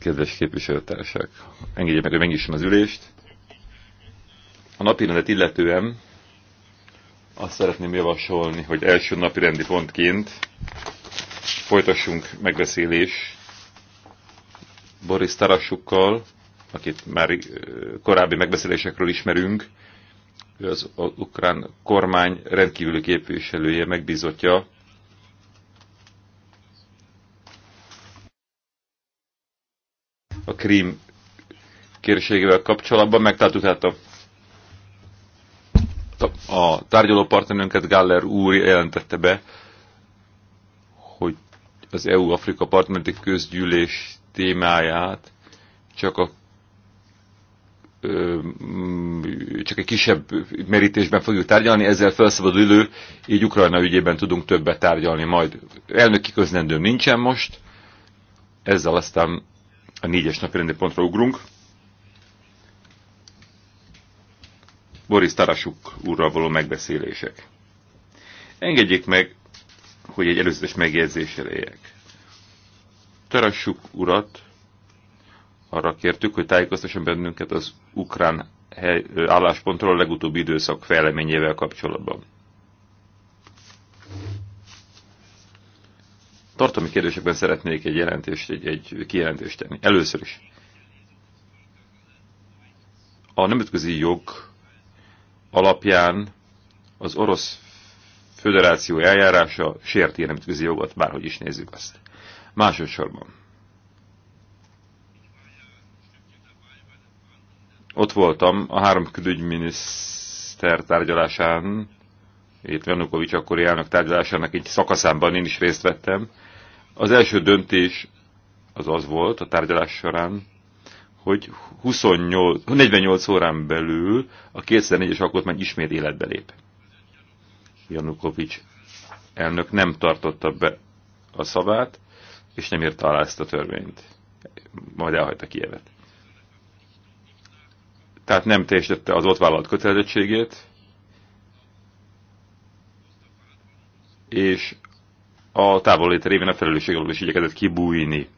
Kedves képviselőtársak, engedje meg, hogy megnyissam az ülést. A napirendet illetően azt szeretném javasolni, hogy első napirendi pontként folytassunk megbeszélés Boris Tarasukkal, akit már korábbi megbeszélésekről ismerünk, ő az ukrán kormány rendkívüli képviselője, megbízottja Krím kérségével kapcsolatban megtáltuk tehát a, a tárgyaló partnerünket Galler úr jelentette be, hogy az EU-Afrika partnerti közgyűlés témáját csak a csak egy kisebb merítésben fogjuk tárgyalni, ezzel felszabadul idő, így Ukrajna ügyében tudunk többet tárgyalni majd. Elnöki köznendőm nincsen most, ezzel aztán a négyes napi rendi pontra ugrunk. Boris Tarasuk úrral való megbeszélések. Engedjék meg, hogy egy előzetes megjegyzéssel éljek. Tarasuk urat arra kértük, hogy tájékoztasson bennünket az ukrán álláspontról a legutóbbi időszak fejleményével kapcsolatban. tartalmi kérdésekben szeretnék egy jelentést, egy, egy kijelentést tenni. Először is. A nemzetközi jog alapján az orosz föderáció eljárása sérti a nemzetközi jogot, bárhogy is nézzük azt. Másodszorban. Ott voltam a három külügyminiszter tárgyalásán, itt Janukovics akkori elnök tárgyalásának egy szakaszában én is részt vettem. Az első döntés az az volt a tárgyalás során, hogy 28, 48 órán belül a 2004-es alkotmány ismét életbe lép. Janukovics elnök nem tartotta be a szabát és nem írta alá ezt a törvényt. Majd elhagyta Kievet. Tehát nem teljesítette az ott vállalt kötelezettségét, és a távolléte révén a felelősség alól is igyekezett kibújni.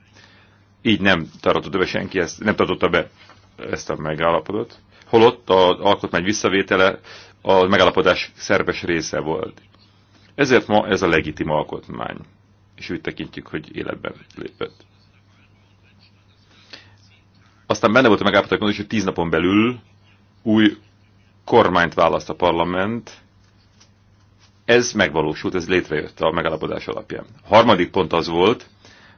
Így nem tartotta be senki ezt, nem tartotta be ezt a megállapodót. Holott az alkotmány visszavétele a megállapodás szerves része volt. Ezért ma ez a legitim alkotmány, és úgy tekintjük, hogy életben lépett. Aztán benne volt a megállapodás, hogy tíz napon belül új kormányt választ a parlament, ez megvalósult, ez létrejött a megállapodás alapján. A harmadik pont az volt,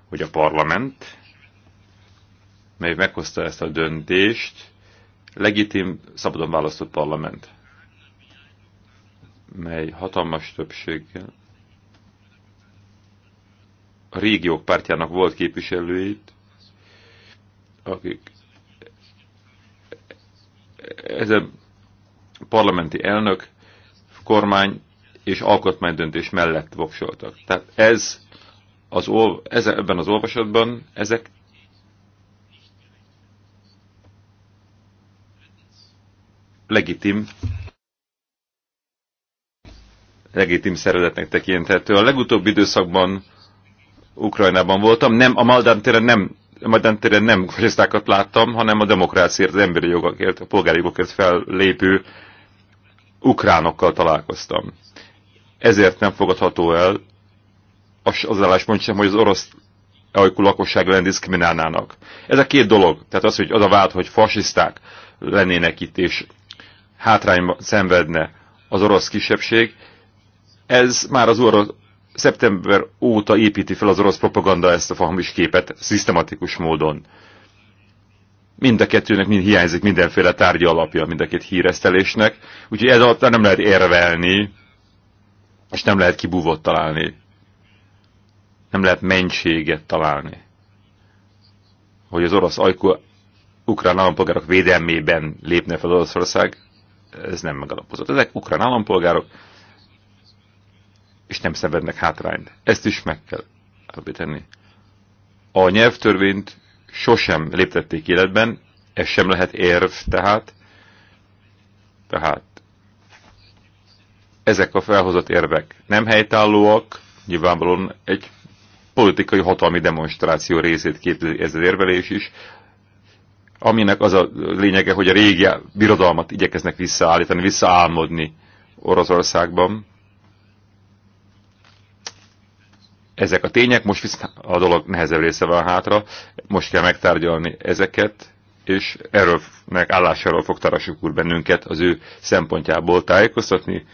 hogy a parlament, mely meghozta ezt a döntést, legitim, szabadon választott parlament, mely hatalmas többséggel a régiók pártjának volt képviselőit, akik ezen parlamenti elnök, kormány és alkotmánydöntés mellett voksoltak. Tehát ez az, ez, ebben az olvasatban ezek legitim legitim szervezetnek tekinthető. A legutóbbi időszakban Ukrajnában voltam, nem, a Maldán téren nem a Maldán téren nem gazdákat láttam, hanem a demokráciért, az emberi jogokért, a polgári jogokért fellépő ukránokkal találkoztam ezért nem fogadható el az álláspont sem, hogy az orosz ajkú lakosság ellen diszkriminálnának. Ez a két dolog, tehát az, hogy az a vád, hogy fasiszták lennének itt, és hátrányba szenvedne az orosz kisebbség, ez már az orosz szeptember óta építi fel az orosz propaganda ezt a fahamis képet szisztematikus módon. Mind a kettőnek mind hiányzik mindenféle tárgyalapja, alapja, mind a két híresztelésnek, úgyhogy ez alatt nem lehet érvelni, és nem lehet kibúvót találni. Nem lehet mentséget találni. Hogy az orosz ajkú ukrán állampolgárok védelmében lépne fel Oroszország, ez nem megalapozott. Ezek ukrán állampolgárok, és nem szenvednek hátrányt. Ezt is meg kell állapítani. A nyelvtörvényt sosem léptették életben, ez sem lehet érv tehát, tehát ezek a felhozott érvek nem helytállóak, nyilvánvalóan egy politikai hatalmi demonstráció részét képzi ez az érvelés is, aminek az a lényege, hogy a régi birodalmat igyekeznek visszaállítani, visszaálmodni Oroszországban. Ezek a tények, most viszont a dolog nehezebb része van hátra, most kell megtárgyalni ezeket, és erről meg állásáról fog Tarasuk úr bennünket az ő szempontjából tájékoztatni,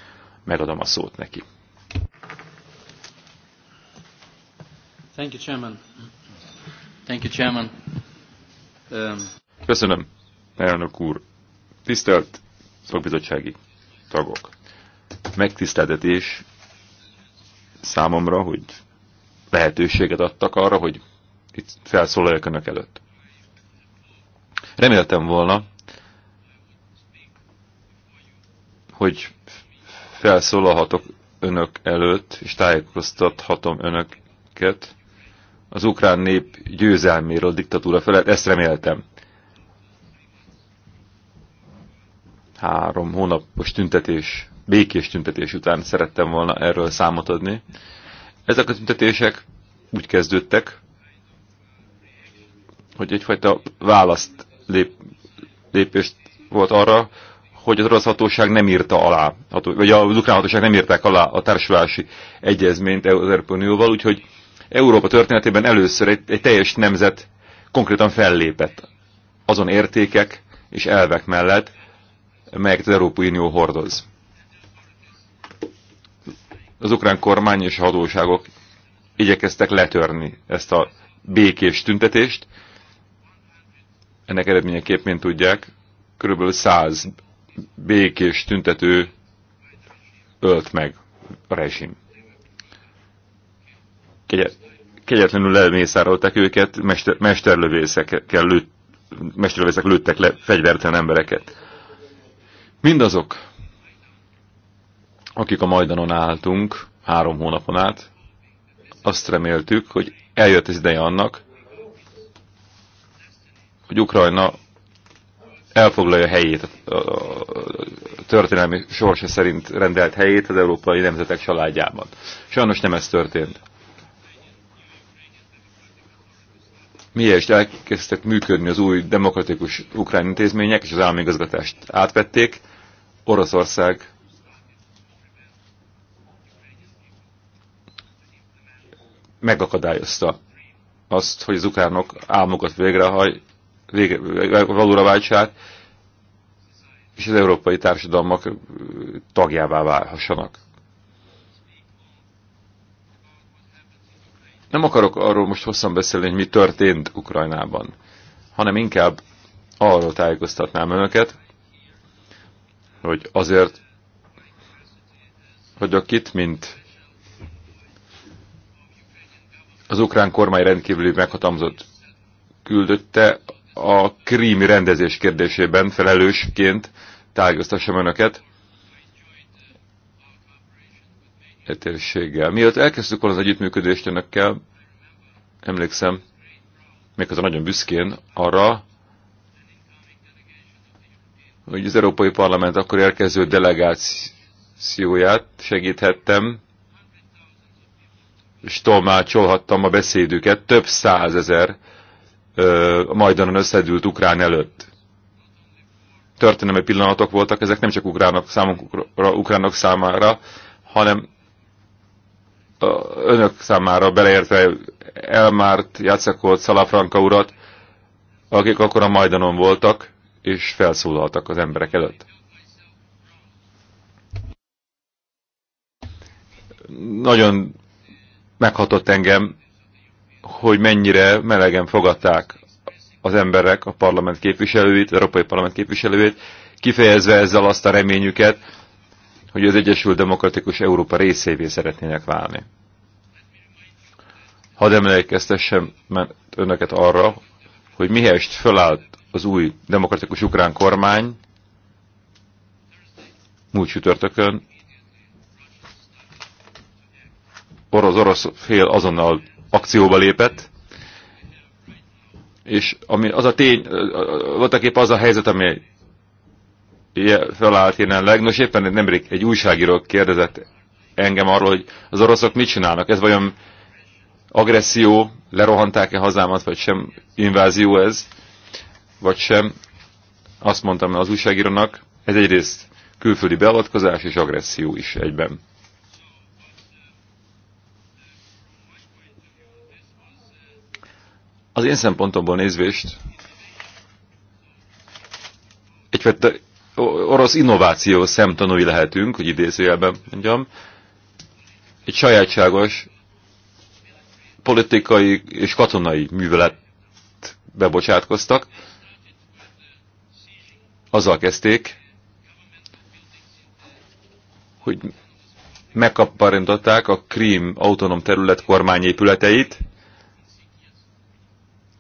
megadom a szót neki. Thank you, Chairman. Thank you, Chairman. Um... Köszönöm, elnök úr. Tisztelt szakbizottsági tagok. Megtiszteltetés számomra, hogy lehetőséget adtak arra, hogy itt felszólaljak önök előtt. Reméltem volna, hogy felszólalhatok önök előtt, és tájékoztathatom önöket az ukrán nép győzelméről diktatúra felett, ezt reméltem. Három hónapos tüntetés, békés tüntetés után szerettem volna erről számot adni. Ezek a tüntetések úgy kezdődtek, hogy egyfajta választ lép, lépést volt arra, hogy az orosz hatóság nem írta alá, vagy az ukrán hatóság nem írták alá a társulási egyezményt az Európai Unióval, úgyhogy Európa történetében először egy, egy teljes nemzet konkrétan fellépett azon értékek és elvek mellett, melyeket az Európai Unió hordoz. Az ukrán kormány és a hatóságok igyekeztek letörni ezt a békés tüntetést. Ennek eredményeképp, mint tudják, körülbelül 100 békés tüntető ölt meg a rezsim. Kegyet, kegyetlenül elmészárolták őket, mester, mesterlövészekkel lőtt, mesterlövészek lőttek le fegyvertelen embereket. Mindazok, akik a Majdanon álltunk három hónapon át, azt reméltük, hogy eljött az ideje annak, hogy Ukrajna elfoglalja helyét, a történelmi sorsa szerint rendelt helyét az európai nemzetek családjában. Sajnos nem ez történt. Miért elkezdtek működni az új demokratikus ukrán intézmények, és az állami igazgatást átvették, Oroszország megakadályozta azt, hogy az ukránok álmokat végrehajt, valóra váltsák, és az európai társadalmak tagjává válhassanak. Nem akarok arról most hosszan beszélni, hogy mi történt Ukrajnában, hanem inkább arról tájékoztatnám önöket, hogy azért vagyok itt, mint az ukrán kormány rendkívüli meghatalmazott küldötte a krími rendezés kérdésében felelősként tájékoztassam önöket Etérséggel. térséggel. Mielőtt elkezdtük volna az együttműködést önökkel, emlékszem, méghozzá nagyon büszkén arra, hogy az Európai Parlament akkor érkező delegációját segíthettem, és tolmácsolhattam a beszédüket több százezer Majdanon összedült Ukrán előtt. Történelmi pillanatok voltak, ezek nem csak ukránok, számunkra, ukránok számára, hanem önök számára beleértve Elmárt, Jacekot, Szalafranka urat, akik akkor a Majdanon voltak, és felszólaltak az emberek előtt. Nagyon meghatott engem hogy mennyire melegen fogadták az emberek, a parlament képviselőit, az Európai Parlament képviselőit, kifejezve ezzel azt a reményüket, hogy az Egyesült Demokratikus Európa részévé szeretnének válni. Hadd emlékeztessem önöket arra, hogy mihelyest fölállt az új demokratikus ukrán kormány múlt csütörtökön, orosz, orosz fél azonnal akcióba lépett, és ami, az a tény, voltak épp az a helyzet, ami felállt jelenleg. Nos, éppen nemrég egy újságíró kérdezett engem arról, hogy az oroszok mit csinálnak. Ez vajon agresszió, lerohanták-e hazámat, vagy sem invázió ez, vagy sem. Azt mondtam az újságírónak, ez egyrészt külföldi beavatkozás és agresszió is egyben. Az én szempontomból nézvést egyfajta orosz innováció szemtanúi lehetünk, hogy idézőjelben mondjam, egy sajátságos politikai és katonai művelet bebocsátkoztak. Azzal kezdték, hogy megkaparintották a Krím autonóm terület kormányépületeit,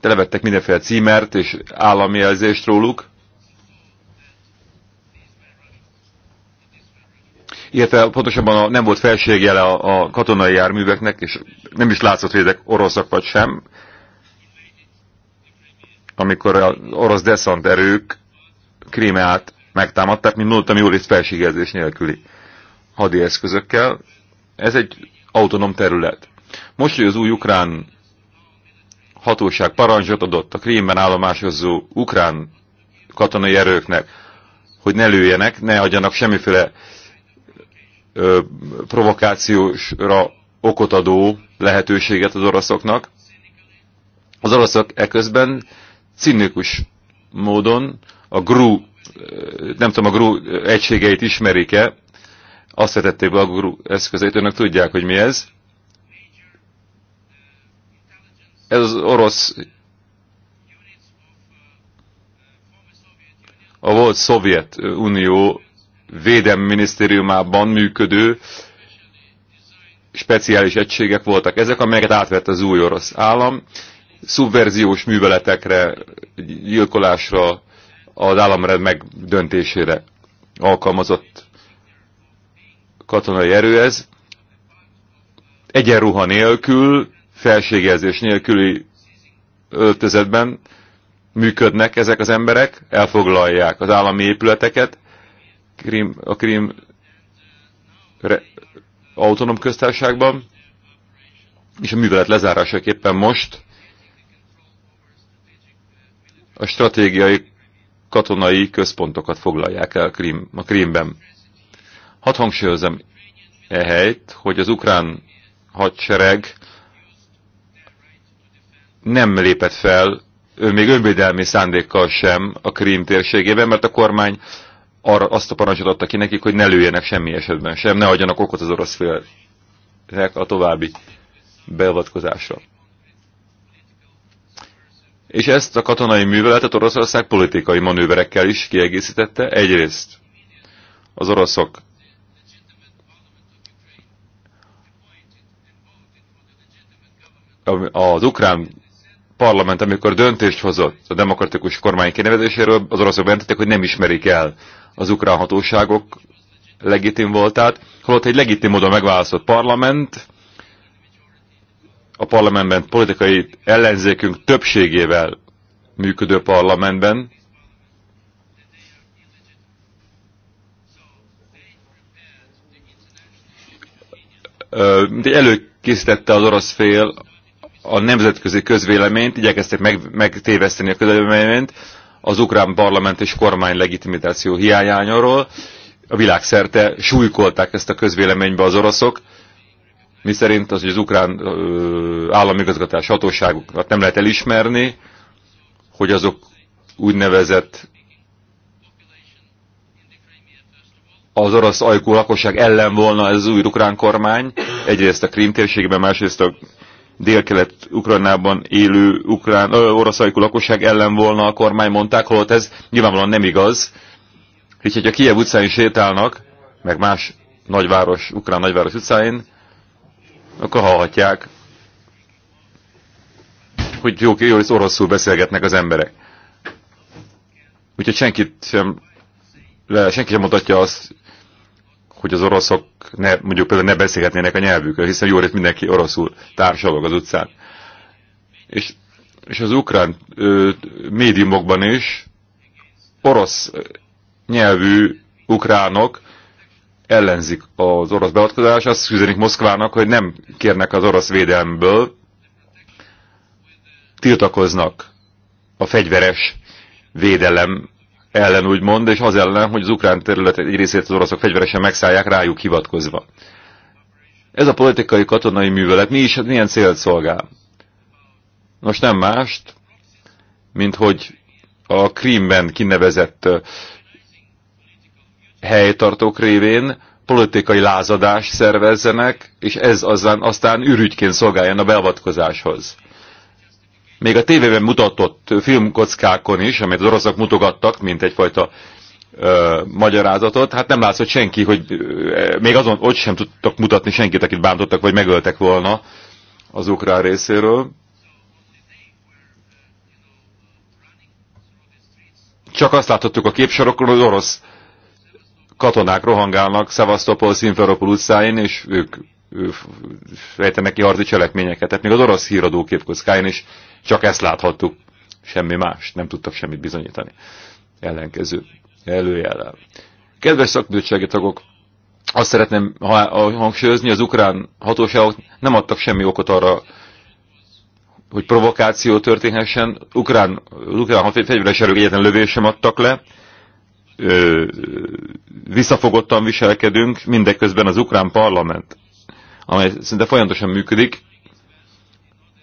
televettek mindenféle címert és állami jelzést róluk, illetve pontosabban a, nem volt felségjele a, a katonai járműveknek, és nem is látszott, hogy ezek oroszak vagy sem, amikor az orosz deszant erők Krímeát megtámadták, mint mondtam, jól itt felségjelzés nélküli hadieszközökkel. eszközökkel. Ez egy autonóm terület. Most, hogy az új ukrán hatóság parancsot adott a Krímben állomásozó ukrán katonai erőknek, hogy ne lőjenek, ne adjanak semmiféle ö, provokációsra okot adó lehetőséget az oroszoknak. Az oroszok eközben cinikus módon a GRU, nem tudom, a GRU egységeit ismerik-e, azt vetették be a GRU eszközeit, önök tudják, hogy mi ez. ez az orosz a volt Szovjet Unió védelmi minisztériumában működő speciális egységek voltak ezek, amelyeket átvett az új orosz állam, szubverziós műveletekre, gyilkolásra, az államrend megdöntésére alkalmazott katonai erő ez. Egyenruha nélkül felségezés nélküli öltözetben működnek ezek az emberek, elfoglalják az állami épületeket, Krim, a Krim re, autonóm köztárságban, és a művelet lezárásaképpen most a stratégiai katonai központokat foglalják el Krím, a Krímben. Hadd hangsúlyozom ehelyt, hogy az ukrán hadsereg nem lépett fel ő még önvédelmi szándékkal sem a Krím térségében, mert a kormány arra azt a parancsot adta ki nekik, hogy ne lőjenek semmi esetben sem, ne adjanak okot az orosz félnek a további beavatkozásra. És ezt a katonai műveletet Oroszország politikai manőverekkel is kiegészítette. Egyrészt az oroszok az ukrán parlament, amikor döntést hozott a demokratikus kormány kinevezéséről, az oroszok bejelentették, hogy nem ismerik el az ukrán hatóságok legitim voltát, holott egy legitim módon megválasztott parlament, a parlamentben politikai ellenzékünk többségével működő parlamentben, előkészítette az orosz fél a nemzetközi közvéleményt, igyekeztek meg, megtéveszteni a közvéleményt az ukrán parlament és kormány legitimitáció hiányáról. A világszerte súlykolták ezt a közvéleménybe az oroszok, miszerint az, hogy az ukrán államigazgatás hatóságokat nem lehet elismerni, hogy azok úgynevezett az orosz ajkú lakosság ellen volna ez az új ukrán kormány, egyrészt a Krím térségben, másrészt a dél-kelet-Ukrajnában élő ukrán, ö, oraszaiku lakosság ellen volna a kormány, mondták, holott ez nyilvánvalóan nem igaz. Hisz, hogyha Kiev utcáin sétálnak, meg más nagyváros, ukrán nagyváros utcáin, akkor hallhatják, hogy jó, jó oroszul beszélgetnek az emberek. Úgyhogy senkit sem, le, senki sem mutatja azt, hogy az oroszok ne, mondjuk például ne beszélhetnének a nyelvükön, hiszen jó mindenki oroszul társalog az utcán. És, és az ukrán ö, médiumokban is orosz nyelvű ukránok ellenzik az orosz beavatkozást, azt üzenik Moszkvának, hogy nem kérnek az orosz védelmből, tiltakoznak a fegyveres védelem ellen úgy mond, és az ellen, hogy az ukrán terület egy részét az oroszok fegyveresen megszállják rájuk hivatkozva. Ez a politikai katonai művelet mi is milyen célt szolgál? Most nem mást, mint hogy a Krímben kinevezett helytartók révén politikai lázadást szervezzenek, és ez aztán, aztán ürügyként szolgáljon a beavatkozáshoz még a tévében mutatott filmkockákon is, amit az oroszok mutogattak, mint egyfajta ö, magyarázatot, hát nem látszott senki, hogy ö, még azon ott sem tudtak mutatni senkit, akit bántottak, vagy megöltek volna az ukrán részéről. Csak azt láthattuk a képsorokról, hogy orosz katonák rohangálnak Szevasztopol, Szimferopol utcáin, és ők fejtenek ki harci cselekményeket. Tehát még az orosz híradó képkockáin is csak ezt láthattuk, semmi más, nem tudtak semmit bizonyítani. Ellenkező előjellel. Kedves szakbizottsági tagok, azt szeretném hangsúlyozni, az ukrán hatóságok nem adtak semmi okot arra, hogy provokáció történhessen. Ukrán, ukrán fegyveres erők egyetlen lövés sem adtak le. Ö, visszafogottan viselkedünk, mindeközben az ukrán parlament, amely szinte folyamatosan működik,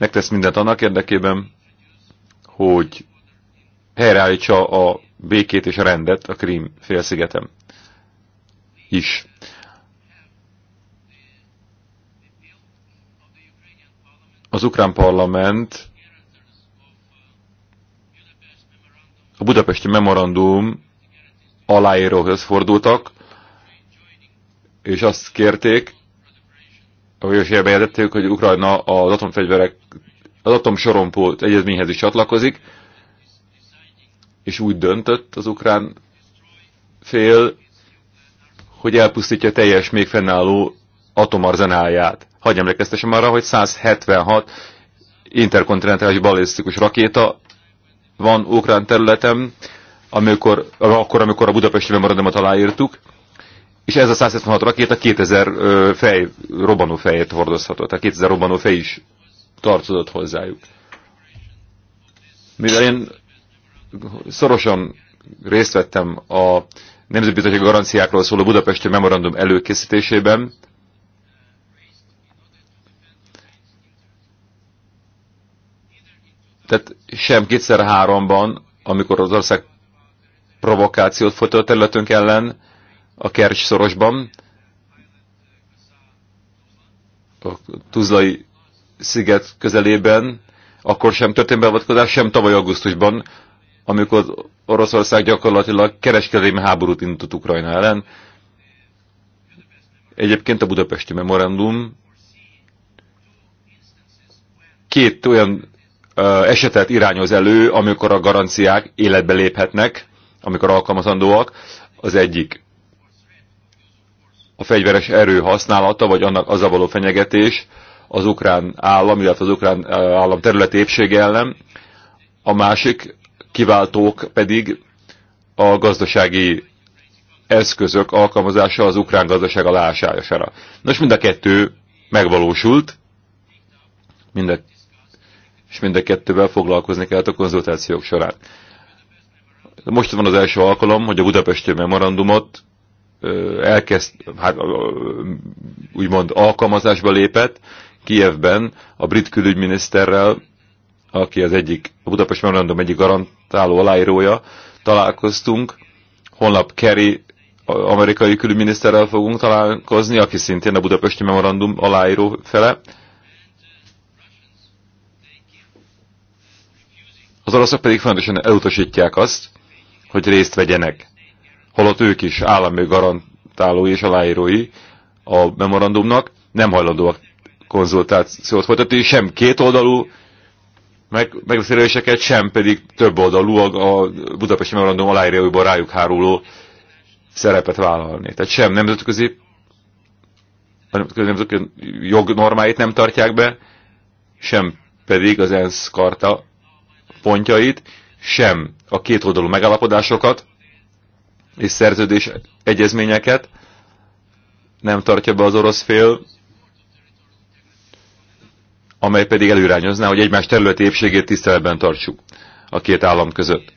megtesz mindent annak érdekében, hogy helyreállítsa a békét és a rendet a Krím félszigetem is. Az ukrán parlament a budapesti memorandum aláíróhoz fordultak, és azt kérték, ahogy is bejelentettük, hogy Ukrajna az atomfegyverek, az atomsorompót egyezményhez is csatlakozik, és úgy döntött az ukrán fél, hogy elpusztítja teljes még fennálló atomarzenáját. Hagy emlékeztessem arra, hogy 176 interkontinentális balisztikus rakéta van ukrán területen, amikor, akkor, amikor a budapesti memorandumot aláírtuk, és ez a 176 rakéta 2000 fej, robbanó fejet hordozhatott, tehát 2000 robbanó fej is tartozott hozzájuk. Mivel én szorosan részt vettem a nemzetbiztonsági garanciákról szóló Budapesti memorandum előkészítésében, tehát sem 2003-ban, amikor az ország provokációt folytatott területünk ellen, a Kercs szorosban, a Tuzlai sziget közelében, akkor sem történt beavatkozás, sem tavaly augusztusban, amikor Oroszország gyakorlatilag kereskedelmi háborút indított Ukrajna ellen. Egyébként a budapesti memorandum két olyan ö, esetet irányoz elő, amikor a garanciák életbe léphetnek, amikor alkalmazandóak. Az egyik a fegyveres erő használata, vagy annak az a való fenyegetés az ukrán állam, illetve az ukrán eh, állam területi épsége ellen, a másik kiváltók pedig a gazdasági eszközök alkalmazása az ukrán gazdaság alásájására. Nos, mind a kettő megvalósult, mind a, és mind a kettővel foglalkozni kellett a konzultációk során. Most van az első alkalom, hogy a Budapesti memorandumot elkezd, hát, úgymond alkalmazásba lépett Kijevben a brit külügyminiszterrel, aki az egyik, a Budapest Memorandum egyik garantáló aláírója, találkoztunk. Honlap Kerry amerikai külügyminiszterrel fogunk találkozni, aki szintén a Budapesti Memorandum aláíró fele. Az oroszok pedig fontosan elutasítják azt, hogy részt vegyenek holott ők is állami garantálói és aláírói a memorandumnak, nem hajlandóak konzultációt folytatni, sem kétoldalú meg, megbeszéléseket, sem pedig több oldalú a, a budapesti memorandum aláíróiból rájuk háruló szerepet vállalni. Tehát sem nemzetközi, nemzetközi jognormáit nem tartják be, sem pedig az ENSZ karta pontjait, sem a kétoldalú megállapodásokat, és szerződés egyezményeket nem tartja be az orosz fél, amely pedig előrányozná, hogy egymás területi épségét tiszteletben tartsuk a két állam között.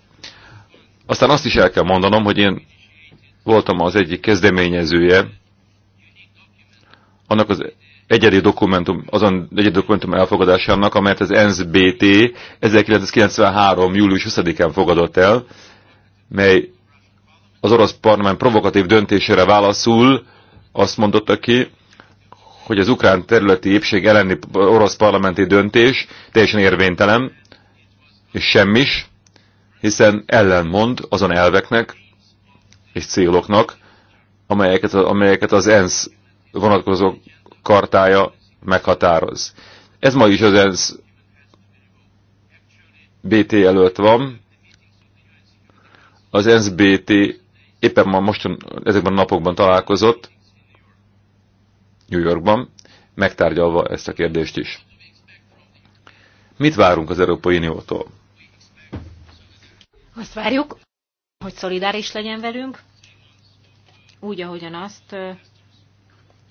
Aztán azt is el kell mondanom, hogy én voltam az egyik kezdeményezője annak az egyedi dokumentum, azon egyedi dokumentum elfogadásának, amelyet az ENSZ-BT 1993. július 20-án fogadott el, mely az orosz parlament provokatív döntésére válaszul azt mondotta ki, hogy az ukrán területi épség elleni orosz parlamenti döntés teljesen érvénytelen, és semmis, hiszen ellenmond azon elveknek és céloknak, amelyeket, amelyeket az ENSZ vonatkozó kartája meghatároz. Ez ma is az ENSZ BT előtt van, az ENSZ BT éppen ma most ezekben a napokban találkozott New Yorkban, megtárgyalva ezt a kérdést is. Mit várunk az Európai Uniótól? Azt várjuk, hogy szolidáris legyen velünk, úgy, ahogyan azt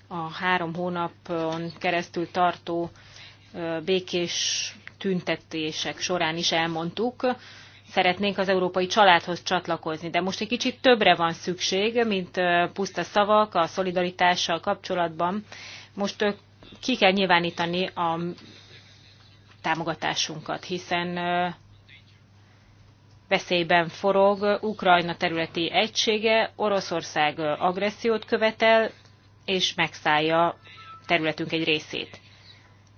a három hónapon keresztül tartó békés tüntetések során is elmondtuk, szeretnénk az európai családhoz csatlakozni, de most egy kicsit többre van szükség, mint puszta szavak a szolidaritással kapcsolatban. Most ki kell nyilvánítani a támogatásunkat, hiszen veszélyben forog Ukrajna területi egysége, Oroszország agressziót követel, és megszállja területünk egy részét.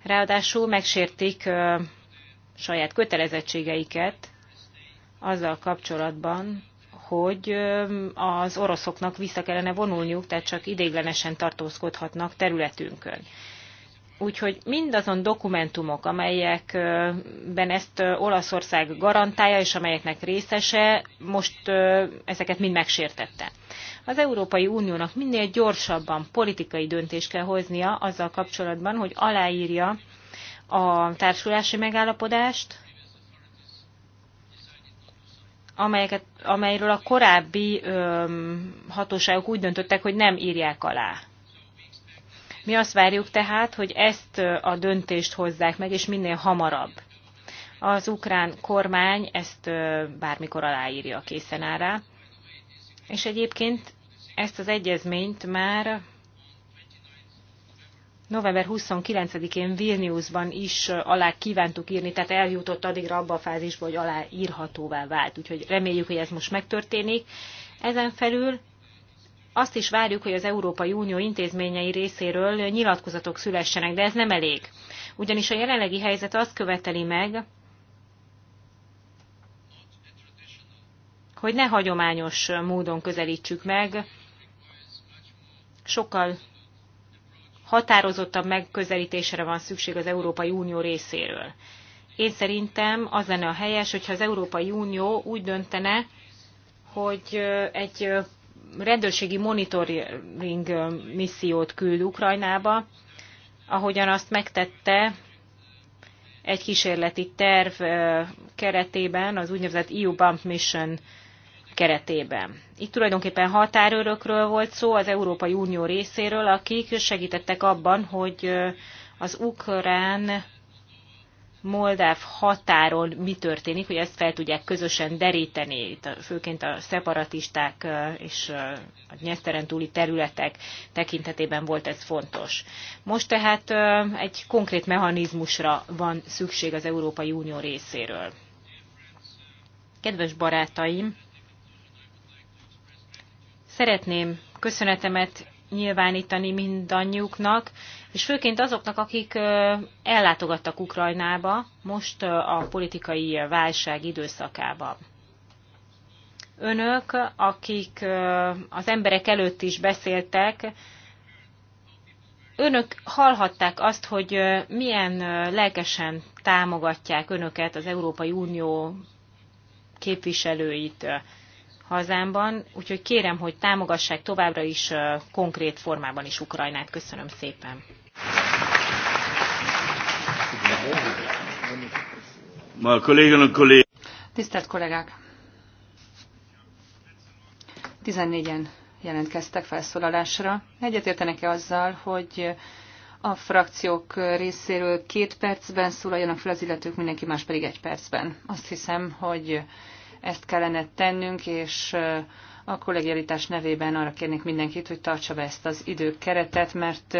Ráadásul megsértik saját kötelezettségeiket, azzal kapcsolatban, hogy az oroszoknak vissza kellene vonulniuk, tehát csak ideiglenesen tartózkodhatnak területünkön. Úgyhogy mindazon dokumentumok, amelyekben ezt Olaszország garantálja, és amelyeknek részese, most ezeket mind megsértette. Az Európai Uniónak minél gyorsabban politikai döntést kell hoznia azzal kapcsolatban, hogy aláírja a társulási megállapodást, amelyeket, amelyről a korábbi öm, hatóságok úgy döntöttek, hogy nem írják alá. Mi azt várjuk tehát, hogy ezt a döntést hozzák meg, és minél hamarabb. Az ukrán kormány ezt bármikor aláírja, készen áll rá. És egyébként ezt az egyezményt már november 29-én Vilniusban is alá kívántuk írni, tehát eljutott addigra abba a fázisba, hogy alá írhatóvá vált. Úgyhogy reméljük, hogy ez most megtörténik. Ezen felül azt is várjuk, hogy az Európai Unió intézményei részéről nyilatkozatok szülessenek, de ez nem elég. Ugyanis a jelenlegi helyzet azt követeli meg, hogy ne hagyományos módon közelítsük meg, sokkal határozottabb megközelítésre van szükség az Európai Unió részéről. Én szerintem az lenne a helyes, hogyha az Európai Unió úgy döntene, hogy egy rendőrségi monitoring missziót küld Ukrajnába, ahogyan azt megtette egy kísérleti terv keretében az úgynevezett EU Bump Mission keretében. Itt tulajdonképpen határőrökről volt szó, az Európai Unió részéről, akik segítettek abban, hogy az ukrán Moldáv határon mi történik, hogy ezt fel tudják közösen deríteni, főként a szeparatisták és a nyeszteren túli területek tekintetében volt ez fontos. Most tehát egy konkrét mechanizmusra van szükség az Európai Unió részéről. Kedves barátaim, Szeretném köszönetemet nyilvánítani mindannyiuknak, és főként azoknak, akik ellátogattak Ukrajnába most a politikai válság időszakában. Önök, akik az emberek előtt is beszéltek, önök hallhatták azt, hogy milyen lelkesen támogatják önöket az Európai Unió képviselőit hazámban, úgyhogy kérem, hogy támogassák továbbra is konkrét formában is Ukrajnát. Köszönöm szépen. Tisztelt kollégák! 14-en jelentkeztek felszólalásra. Egyetértenek-e azzal, hogy a frakciók részéről két percben szólaljanak fel az illetők, mindenki más pedig egy percben? Azt hiszem, hogy ezt kellene tennünk, és a kollegialitás nevében arra kérnék mindenkit, hogy tartsa be ezt az időkeretet, mert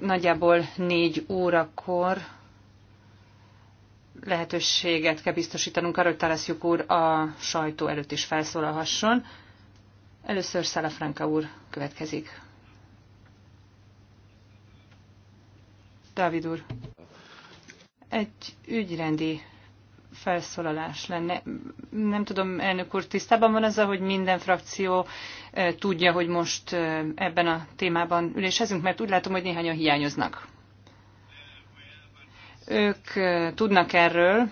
nagyjából négy órakor lehetőséget kell biztosítanunk arra, hogy Tarasjuk úr a sajtó előtt is felszólalhasson. Először Franka úr következik. Dávid úr. Egy ügyrendi felszólalás lenne. Nem tudom, elnök úr, tisztában van azzal, hogy minden frakció e, tudja, hogy most e, ebben a témában ülésezünk, mert úgy látom, hogy néhányan hiányoznak. Ők e, tudnak erről,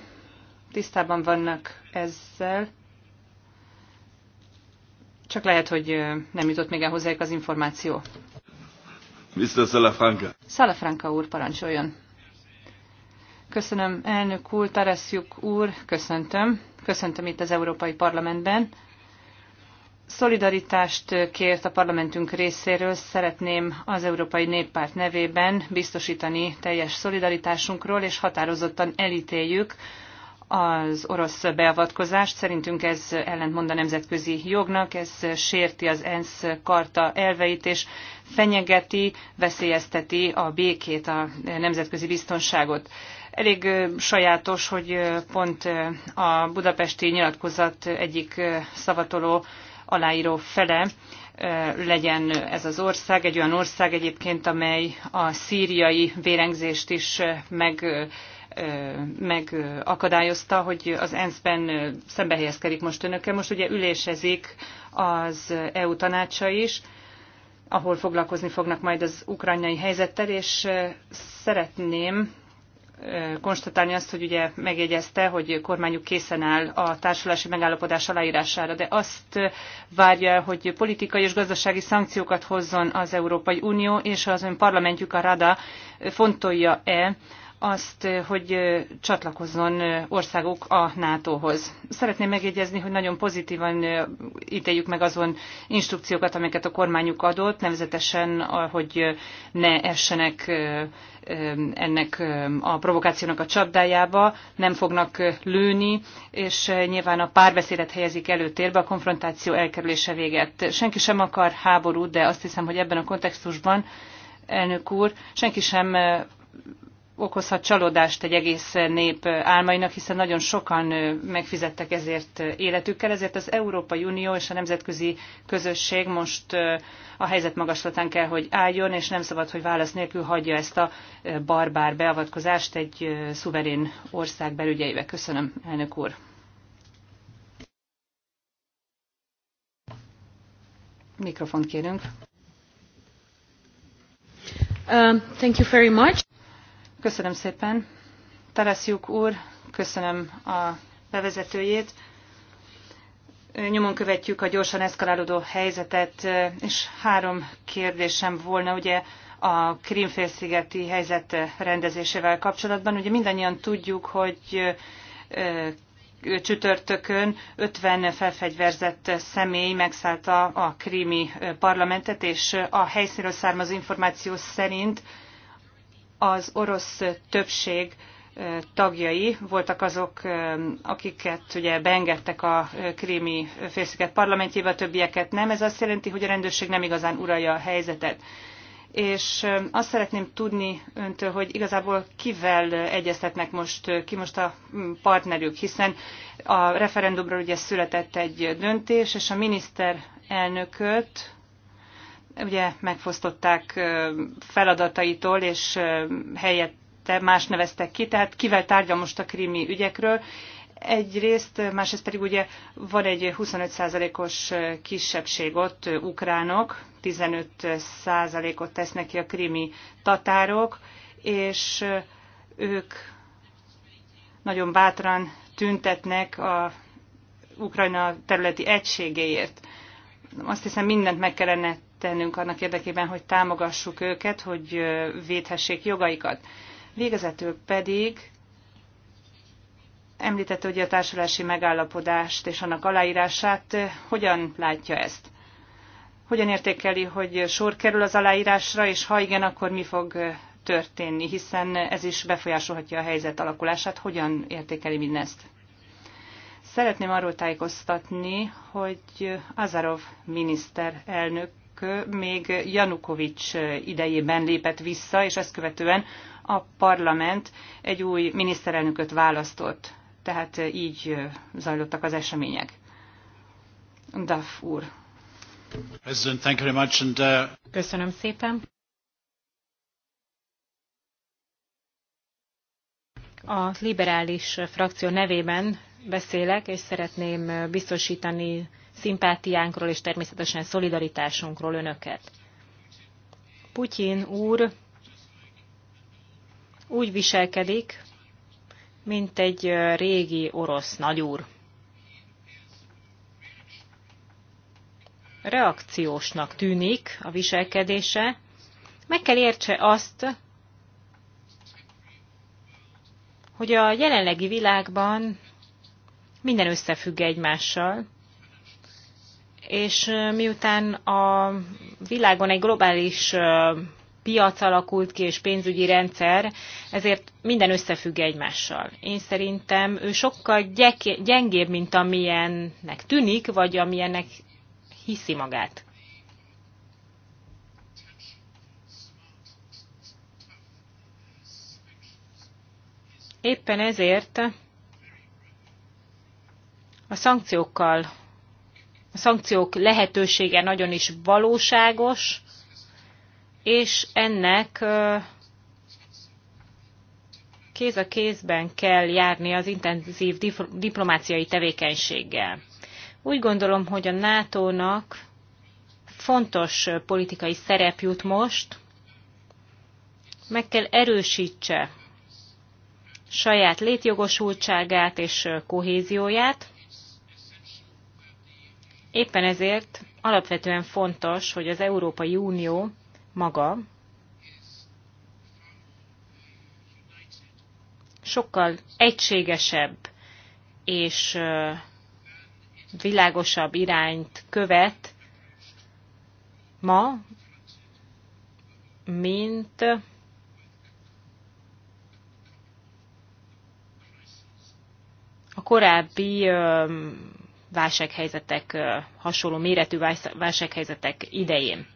tisztában vannak ezzel, csak lehet, hogy nem jutott még el hozzájuk az információ. Mr. Salafranca. Salafranca úr, parancsoljon. Köszönöm, elnök úr, Tarasjuk úr, köszöntöm. Köszöntöm itt az Európai Parlamentben. Szolidaritást kért a parlamentünk részéről, szeretném az Európai Néppárt nevében biztosítani teljes szolidaritásunkról, és határozottan elítéljük az orosz beavatkozást. Szerintünk ez ellentmond a nemzetközi jognak, ez sérti az ENSZ karta elveit, és fenyegeti, veszélyezteti a békét, a nemzetközi biztonságot. Elég sajátos, hogy pont a budapesti nyilatkozat egyik szavatoló aláíró fele legyen ez az ország, egy olyan ország egyébként, amely a szíriai vérengzést is meg megakadályozta, hogy az ENSZ-ben helyezkedik most önökkel. Most ugye ülésezik az EU tanácsa is, ahol foglalkozni fognak majd az ukrajnai helyzettel, és szeretném konstatálni azt, hogy ugye megjegyezte, hogy kormányuk készen áll a társulási megállapodás aláírására, de azt várja, hogy politikai és gazdasági szankciókat hozzon az Európai Unió, és az ön parlamentjük a Rada fontolja-e azt, hogy csatlakozzon országok a NATO-hoz. Szeretném megjegyezni, hogy nagyon pozitívan ítéljük meg azon instrukciókat, amiket a kormányuk adott, nevezetesen, hogy ne essenek ennek a provokációnak a csapdájába, nem fognak lőni, és nyilván a párbeszédet helyezik előtérbe, a konfrontáció elkerülése véget. Senki sem akar háborút, de azt hiszem, hogy ebben a kontextusban, elnök úr, senki sem okozhat csalódást egy egész nép álmainak, hiszen nagyon sokan megfizettek ezért életükkel, ezért az Európai Unió és a nemzetközi közösség most a helyzet magaslatán kell, hogy álljon, és nem szabad, hogy válasz nélkül hagyja ezt a barbár beavatkozást egy szuverén ország belügyeibe. Köszönöm, elnök úr. Mikrofont kérünk. Uh, thank you very much. Köszönöm szépen. Tarasziuk úr, köszönöm a bevezetőjét. Nyomon követjük a gyorsan eszkalálódó helyzetet, és három kérdésem volna, ugye a Krímfélszigeti helyzet rendezésével kapcsolatban. Ugye mindannyian tudjuk, hogy csütörtökön 50 felfegyverzett személy megszállta a krími parlamentet, és a helyszínről származó információ szerint az orosz többség tagjai voltak azok, akiket ugye beengedtek a krími félsziget parlamentjébe, a többieket nem. Ez azt jelenti, hogy a rendőrség nem igazán uralja a helyzetet. És azt szeretném tudni öntől, hogy igazából kivel egyeztetnek most, ki most a mm, partnerük, hiszen a referendumról ugye született egy döntés, és a miniszterelnököt ugye megfosztották feladataitól, és helyette más neveztek ki, tehát kivel tárgyal most a krimi ügyekről, egyrészt, másrészt pedig ugye van egy 25%-os kisebbség ott, ukránok, 15%-ot tesznek ki a krimi tatárok, és ők nagyon bátran tüntetnek a Ukrajna területi egységéért. Azt hiszem mindent meg kellene tennünk annak érdekében, hogy támogassuk őket, hogy védhessék jogaikat. Végezetül pedig említette hogy a társulási megállapodást és annak aláírását. Hogyan látja ezt? Hogyan értékeli, hogy sor kerül az aláírásra, és ha igen, akkor mi fog történni, hiszen ez is befolyásolhatja a helyzet alakulását. Hogyan értékeli mindezt? Szeretném arról tájékoztatni, hogy Azarov miniszterelnök még Janukovics idejében lépett vissza, és ezt követően a parlament egy új miniszterelnököt választott. Tehát így zajlottak az események. Daf úr. Uh, Köszönöm szépen. A liberális frakció nevében beszélek, és szeretném biztosítani szimpátiánkról és természetesen szolidaritásunkról önöket. Putyin úr úgy viselkedik, mint egy régi orosz nagyúr. Reakciósnak tűnik a viselkedése. Meg kell értse azt, hogy a jelenlegi világban minden összefügg egymással, és miután a világon egy globális piac alakult ki, és pénzügyi rendszer, ezért minden összefügg egymással. Én szerintem ő sokkal gyengébb, mint amilyennek tűnik, vagy amilyennek hiszi magát. Éppen ezért a szankciókkal a szankciók lehetősége nagyon is valóságos, és ennek kéz a kézben kell járni az intenzív diplomáciai tevékenységgel. Úgy gondolom, hogy a NATO-nak fontos politikai szerep jut most, meg kell erősítse saját létjogosultságát és kohézióját, Éppen ezért alapvetően fontos, hogy az Európai Unió maga sokkal egységesebb és világosabb irányt követ ma, mint a korábbi válsághelyzetek, hasonló méretű válsághelyzetek idején.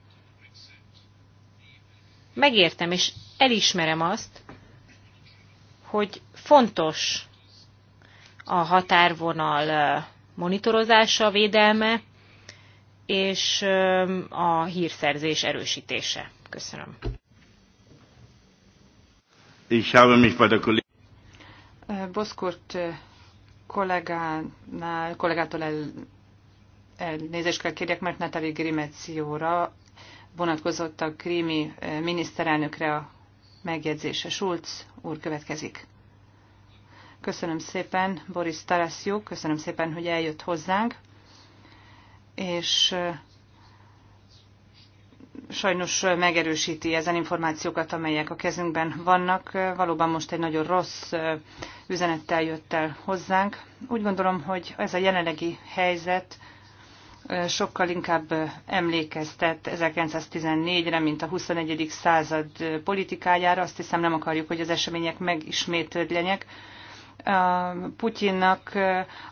Megértem és elismerem azt, hogy fontos a határvonal monitorozása, védelme és a hírszerzés erősítése. Köszönöm. Ich habe mich bei der Boszkurt kollégánál, kollégától el, elnézést kell kérjek, mert Natali Grimecióra vonatkozott a krími eh, miniszterelnökre a megjegyzése. Schulz úr következik. Köszönöm szépen, Boris Tarasjuk, köszönöm szépen, hogy eljött hozzánk, és eh, sajnos megerősíti ezen információkat, amelyek a kezünkben vannak. Valóban most egy nagyon rossz üzenettel jött el hozzánk. Úgy gondolom, hogy ez a jelenlegi helyzet sokkal inkább emlékeztet 1914-re, mint a 21. század politikájára. Azt hiszem nem akarjuk, hogy az események megismétlődjenek Putyinnak,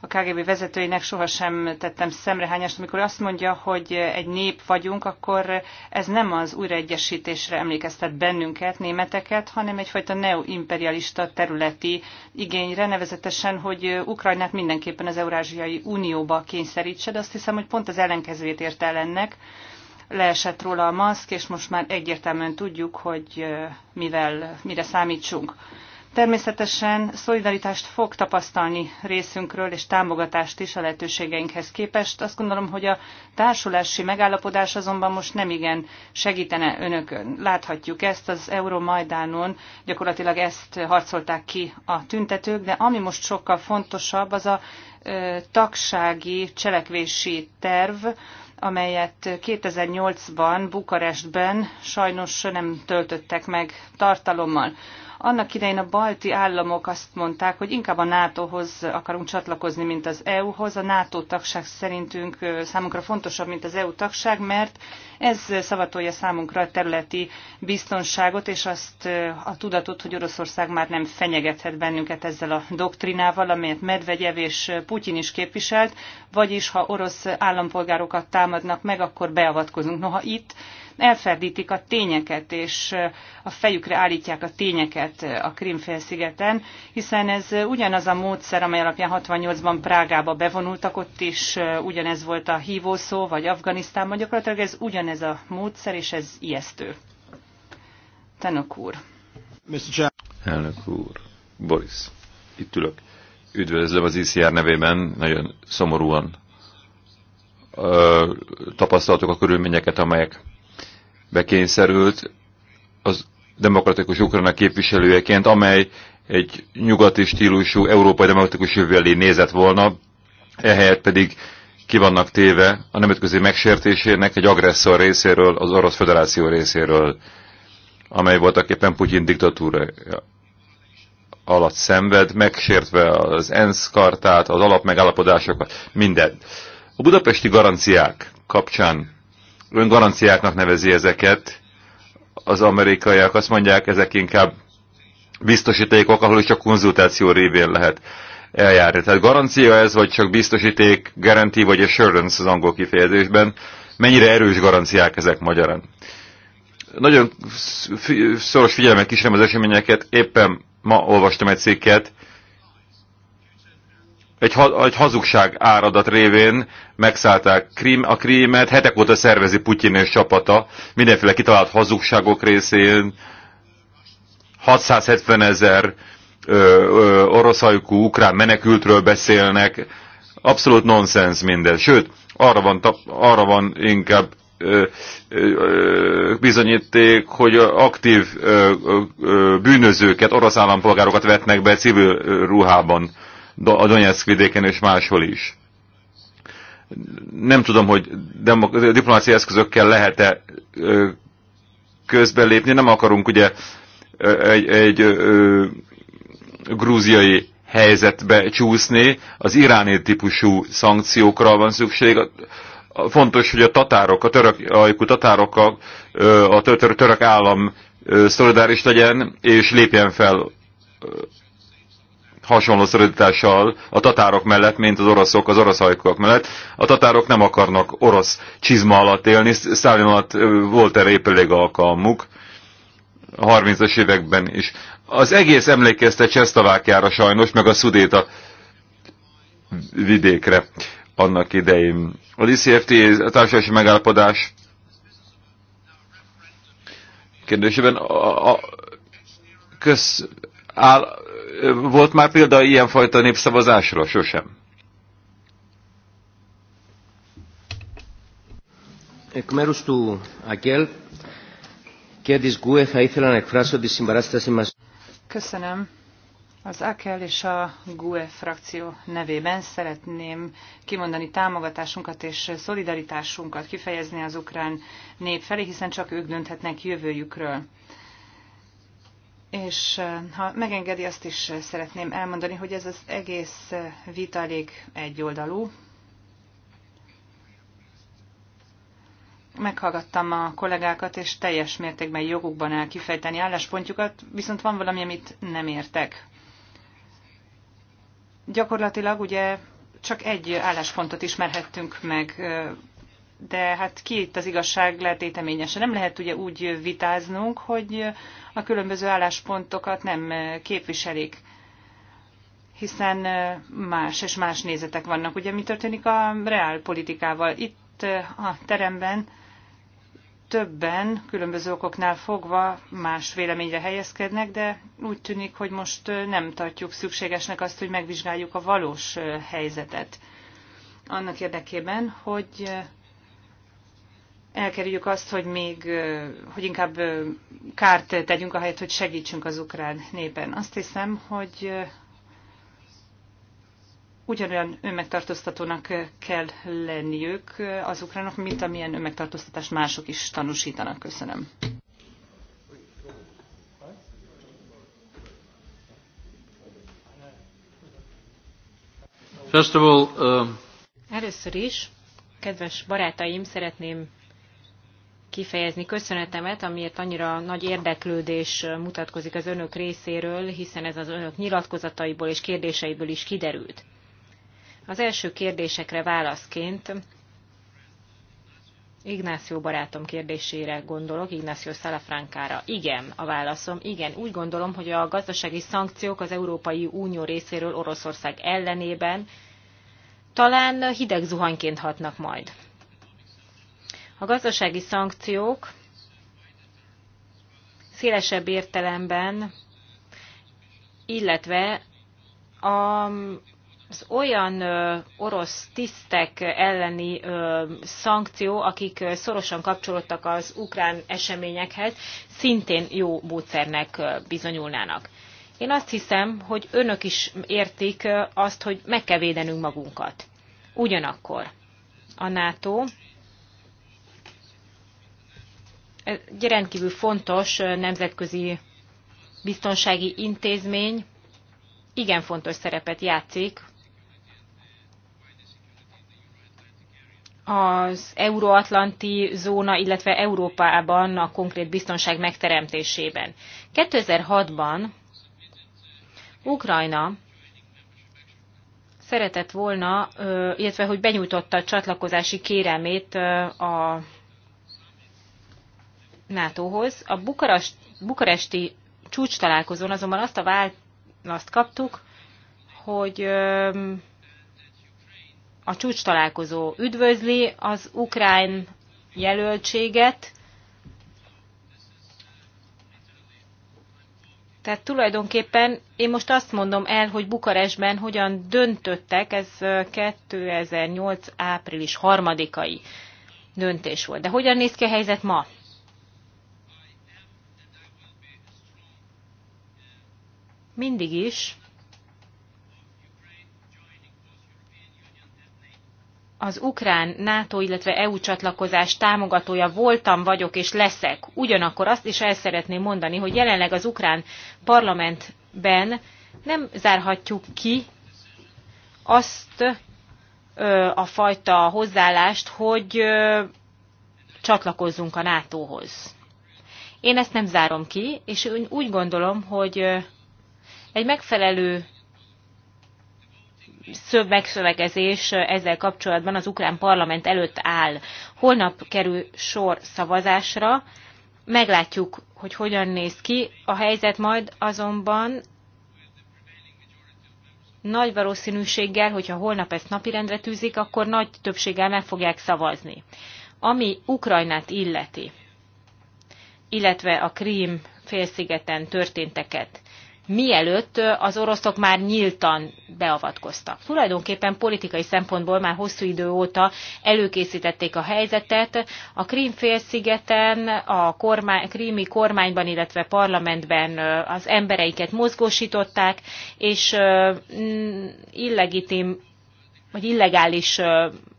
a KGB vezetőinek sohasem tettem szemrehányást, amikor azt mondja, hogy egy nép vagyunk, akkor ez nem az újraegyesítésre emlékeztet bennünket, németeket, hanem egyfajta neoimperialista területi igényre, nevezetesen, hogy Ukrajnát mindenképpen az Eurázsiai Unióba kényszerítse, de azt hiszem, hogy pont az ellenkezőjét ért el ennek. Leesett róla a maszk, és most már egyértelműen tudjuk, hogy mivel, mire számítsunk. Természetesen szolidaritást fog tapasztalni részünkről, és támogatást is a lehetőségeinkhez képest. Azt gondolom, hogy a társulási megállapodás azonban most nem igen segítene önökön. Láthatjuk ezt az Euromajdánon, gyakorlatilag ezt harcolták ki a tüntetők, de ami most sokkal fontosabb, az a ö, tagsági cselekvési terv, amelyet 2008-ban Bukarestben sajnos nem töltöttek meg tartalommal. Annak idején a balti államok azt mondták, hogy inkább a NATO-hoz akarunk csatlakozni, mint az EU-hoz. A NATO tagság szerintünk számunkra fontosabb, mint az EU tagság, mert ez szavatolja számunkra a területi biztonságot, és azt a tudatot, hogy Oroszország már nem fenyegethet bennünket ezzel a doktrinával, amelyet Medvegyev és Putyin is képviselt, vagyis ha orosz állampolgárokat támadnak meg, akkor beavatkozunk. Noha itt elferdítik a tényeket, és a fejükre állítják a tényeket a Krimfélszigeten, hiszen ez ugyanaz a módszer, amely alapján 68-ban Prágába bevonultak, ott is ugyanez volt a hívószó, vagy Afganisztán, gyakorlatilag ez ugyanez a módszer, és ez ijesztő. Tenok úr. Elnök úr. Boris. Itt ülök. Üdvözlöm az ICR nevében, nagyon szomorúan tapasztaltuk a körülményeket, amelyek bekényszerült az demokratikus Ukrajna képviselőjeként, amely egy nyugati stílusú európai demokratikus jövő elé nézett volna, ehelyett pedig ki vannak téve a nemzetközi megsértésének egy agresszor részéről, az Orosz Föderáció részéről, amely voltak éppen Putyin diktatúra alatt szenved, megsértve az ENSZ kartát, az alapmegállapodásokat, mindent. A budapesti garanciák kapcsán ön garanciáknak nevezi ezeket, az amerikaiak azt mondják, ezek inkább biztosítékok, ahol csak konzultáció révén lehet eljárni. Tehát garancia ez, vagy csak biztosíték, garanti vagy assurance az angol kifejezésben. Mennyire erős garanciák ezek magyarán? Nagyon szoros figyelmet kísérem az eseményeket. Éppen ma olvastam egy cikket, egy, ha, egy hazugság áradat révén megszállták Krím, a Krímet, hetek óta szervezi Putyin és csapata, mindenféle kitalált hazugságok részén, 670 ezer oroszajkú ukrán menekültről beszélnek, abszolút nonsens minden. Sőt, arra van, arra van inkább bizonyíték, hogy aktív bűnözőket, orosz állampolgárokat vetnek be civil ruhában a Donetsk vidéken és máshol is. Nem tudom, hogy diplomáciai eszközökkel lehet-e közbelépni, nem akarunk ugye egy, egy ö, grúziai helyzetbe csúszni, az iráni típusú szankciókra van szükség. Fontos, hogy a tatárok, a török, ajkú tatárokkal a török, török állam szolidáris legyen, és lépjen fel hasonló szorítással a tatárok mellett, mint az oroszok az oroszajkok mellett. A tatárok nem akarnak orosz csizma alatt élni, Szálin alatt volt erre épp elég alkalmuk, a 30-as években is. Az egész emlékezte Csehszlovákiára sajnos, meg a Szudéta vidékre annak idején. A DCFT, a társadalmi megállapodás kérdésében a, a köz, áll, volt már példa ilyenfajta népszavazásra? Sosem. Εκ μέρους του ΑΚΕΛ και της ΓΚΟΕ θα ήθελα να εκφράσω τη συμπαράσταση μας. Köszönöm. Az AKEL és a GUE frakció nevében szeretném kimondani támogatásunkat és szolidaritásunkat kifejezni az ukrán nép felé, hiszen csak ők dönthetnek jövőjükről és eh, ha megengedi, azt is eh, szeretném elmondani, hogy ez az egész eh, vita elég egyoldalú. Meghallgattam a kollégákat, és teljes mértékben jogukban el kifejteni álláspontjukat, viszont van valami, amit nem értek. Gyakorlatilag ugye csak egy álláspontot ismerhettünk meg de hát ki itt az igazság letéteményese. Nem lehet ugye úgy vitáznunk, hogy a különböző álláspontokat nem képviselik hiszen más és más nézetek vannak. Ugye mi történik a reál politikával? Itt a teremben többen különböző okoknál fogva más véleményre helyezkednek, de úgy tűnik, hogy most nem tartjuk szükségesnek azt, hogy megvizsgáljuk a valós helyzetet. Annak érdekében, hogy elkerüljük azt, hogy még, hogy inkább kárt tegyünk, ahelyett, hogy segítsünk az ukrán népen. Azt hiszem, hogy ugyanolyan önmegtartóztatónak kell lenniük az ukránok, mint amilyen önmegtartóztatást mások is tanúsítanak. Köszönöm. First of all, um, Először is, kedves barátaim, szeretném kifejezni köszönetemet, amiért annyira nagy érdeklődés mutatkozik az önök részéről, hiszen ez az önök nyilatkozataiból és kérdéseiből is kiderült. Az első kérdésekre válaszként Ignácio barátom kérdésére gondolok, Ignácio Salafrankára. Igen, a válaszom. Igen, úgy gondolom, hogy a gazdasági szankciók az Európai Unió részéről Oroszország ellenében talán hideg zuhanyként hatnak majd. A gazdasági szankciók szélesebb értelemben, illetve az olyan orosz tisztek elleni szankció, akik szorosan kapcsolódtak az ukrán eseményekhez, szintén jó módszernek bizonyulnának. Én azt hiszem, hogy önök is értik azt, hogy meg kell védenünk magunkat. Ugyanakkor a NATO egy rendkívül fontos nemzetközi biztonsági intézmény igen fontos szerepet játszik az euróatlanti zóna, illetve Európában a konkrét biztonság megteremtésében. 2006-ban Ukrajna szeretett volna, illetve hogy benyújtotta a csatlakozási kérelmét a NATO-hoz. A Bukarest, bukaresti csúcs találkozón azonban azt a választ kaptuk, hogy a csúcs találkozó üdvözli az ukrán jelöltséget, Tehát tulajdonképpen én most azt mondom el, hogy Bukarestben hogyan döntöttek, ez 2008. április harmadikai döntés volt. De hogyan néz ki a helyzet ma? mindig is az ukrán NATO, illetve EU csatlakozás támogatója voltam, vagyok és leszek. Ugyanakkor azt is el szeretném mondani, hogy jelenleg az ukrán parlamentben nem zárhatjuk ki azt ö, a fajta hozzáállást, hogy ö, csatlakozzunk a NATO-hoz. Én ezt nem zárom ki, és úgy gondolom, hogy egy megfelelő megszövegezés ezzel kapcsolatban az ukrán parlament előtt áll. Holnap kerül sor szavazásra, meglátjuk, hogy hogyan néz ki. A helyzet majd azonban nagy valószínűséggel, hogyha holnap ezt napirendre tűzik, akkor nagy többséggel meg fogják szavazni. Ami Ukrajnát illeti, illetve a Krím félszigeten történteket mielőtt az oroszok már nyíltan beavatkoztak. Tulajdonképpen politikai szempontból már hosszú idő óta előkészítették a helyzetet. A félszigeten, a kormány, krími kormányban, illetve parlamentben az embereiket mozgósították, és illegitim vagy illegális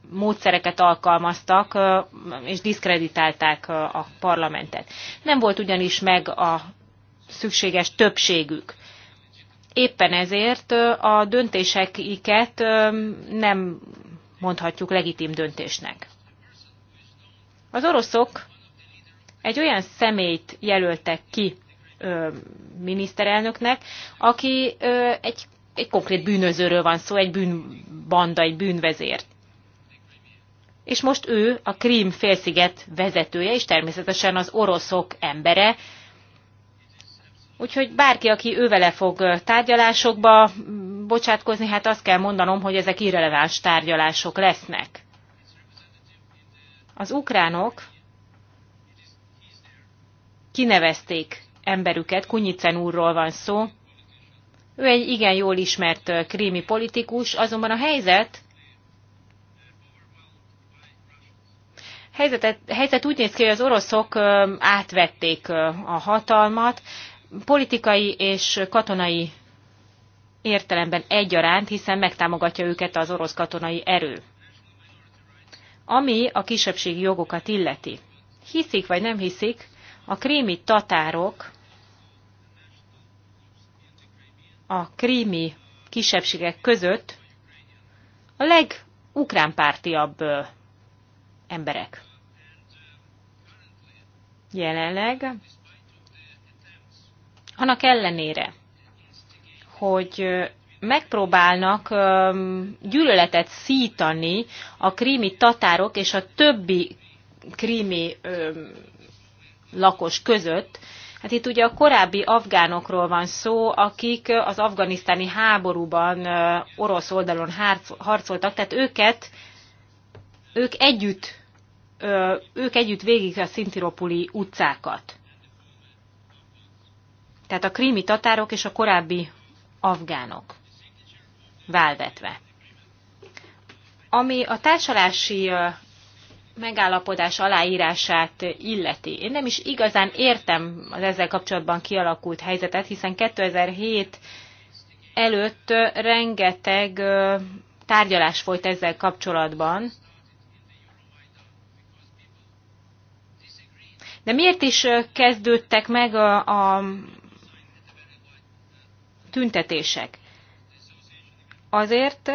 módszereket alkalmaztak, és diszkreditálták a parlamentet. Nem volt ugyanis meg a szükséges többségük. Éppen ezért a döntéseiket nem mondhatjuk legitim döntésnek. Az oroszok egy olyan személyt jelöltek ki ö, miniszterelnöknek, aki ö, egy, egy konkrét bűnözőről van szó, egy bűnbanda, egy bűnvezér. És most ő a Krím félsziget vezetője, és természetesen az oroszok embere, Úgyhogy bárki, aki ővele fog tárgyalásokba bocsátkozni, hát azt kell mondanom, hogy ezek irreleváns tárgyalások lesznek. Az ukránok kinevezték emberüket, Kunyicen úrról van szó. Ő egy igen jól ismert krími politikus, azonban a helyzet helyzetet, helyzet úgy néz ki, hogy az oroszok átvették a hatalmat, politikai és katonai értelemben egyaránt, hiszen megtámogatja őket az orosz katonai erő. Ami a kisebbségi jogokat illeti. Hiszik vagy nem hiszik, a krími tatárok a krími kisebbségek között a legukránpártiabb emberek. Jelenleg annak ellenére, hogy megpróbálnak gyűlöletet szítani a krími tatárok és a többi krími lakos között, Hát itt ugye a korábbi afgánokról van szó, akik az afganisztáni háborúban orosz oldalon harcoltak, tehát őket, ők együtt, ők együtt végig a Szintiropuli utcákat. Tehát a krími tatárok és a korábbi afgánok válvetve. Ami a társalási megállapodás aláírását illeti. Én nem is igazán értem az ezzel kapcsolatban kialakult helyzetet, hiszen 2007 előtt rengeteg tárgyalás folyt ezzel kapcsolatban. De miért is kezdődtek meg a, a tüntetések. Azért,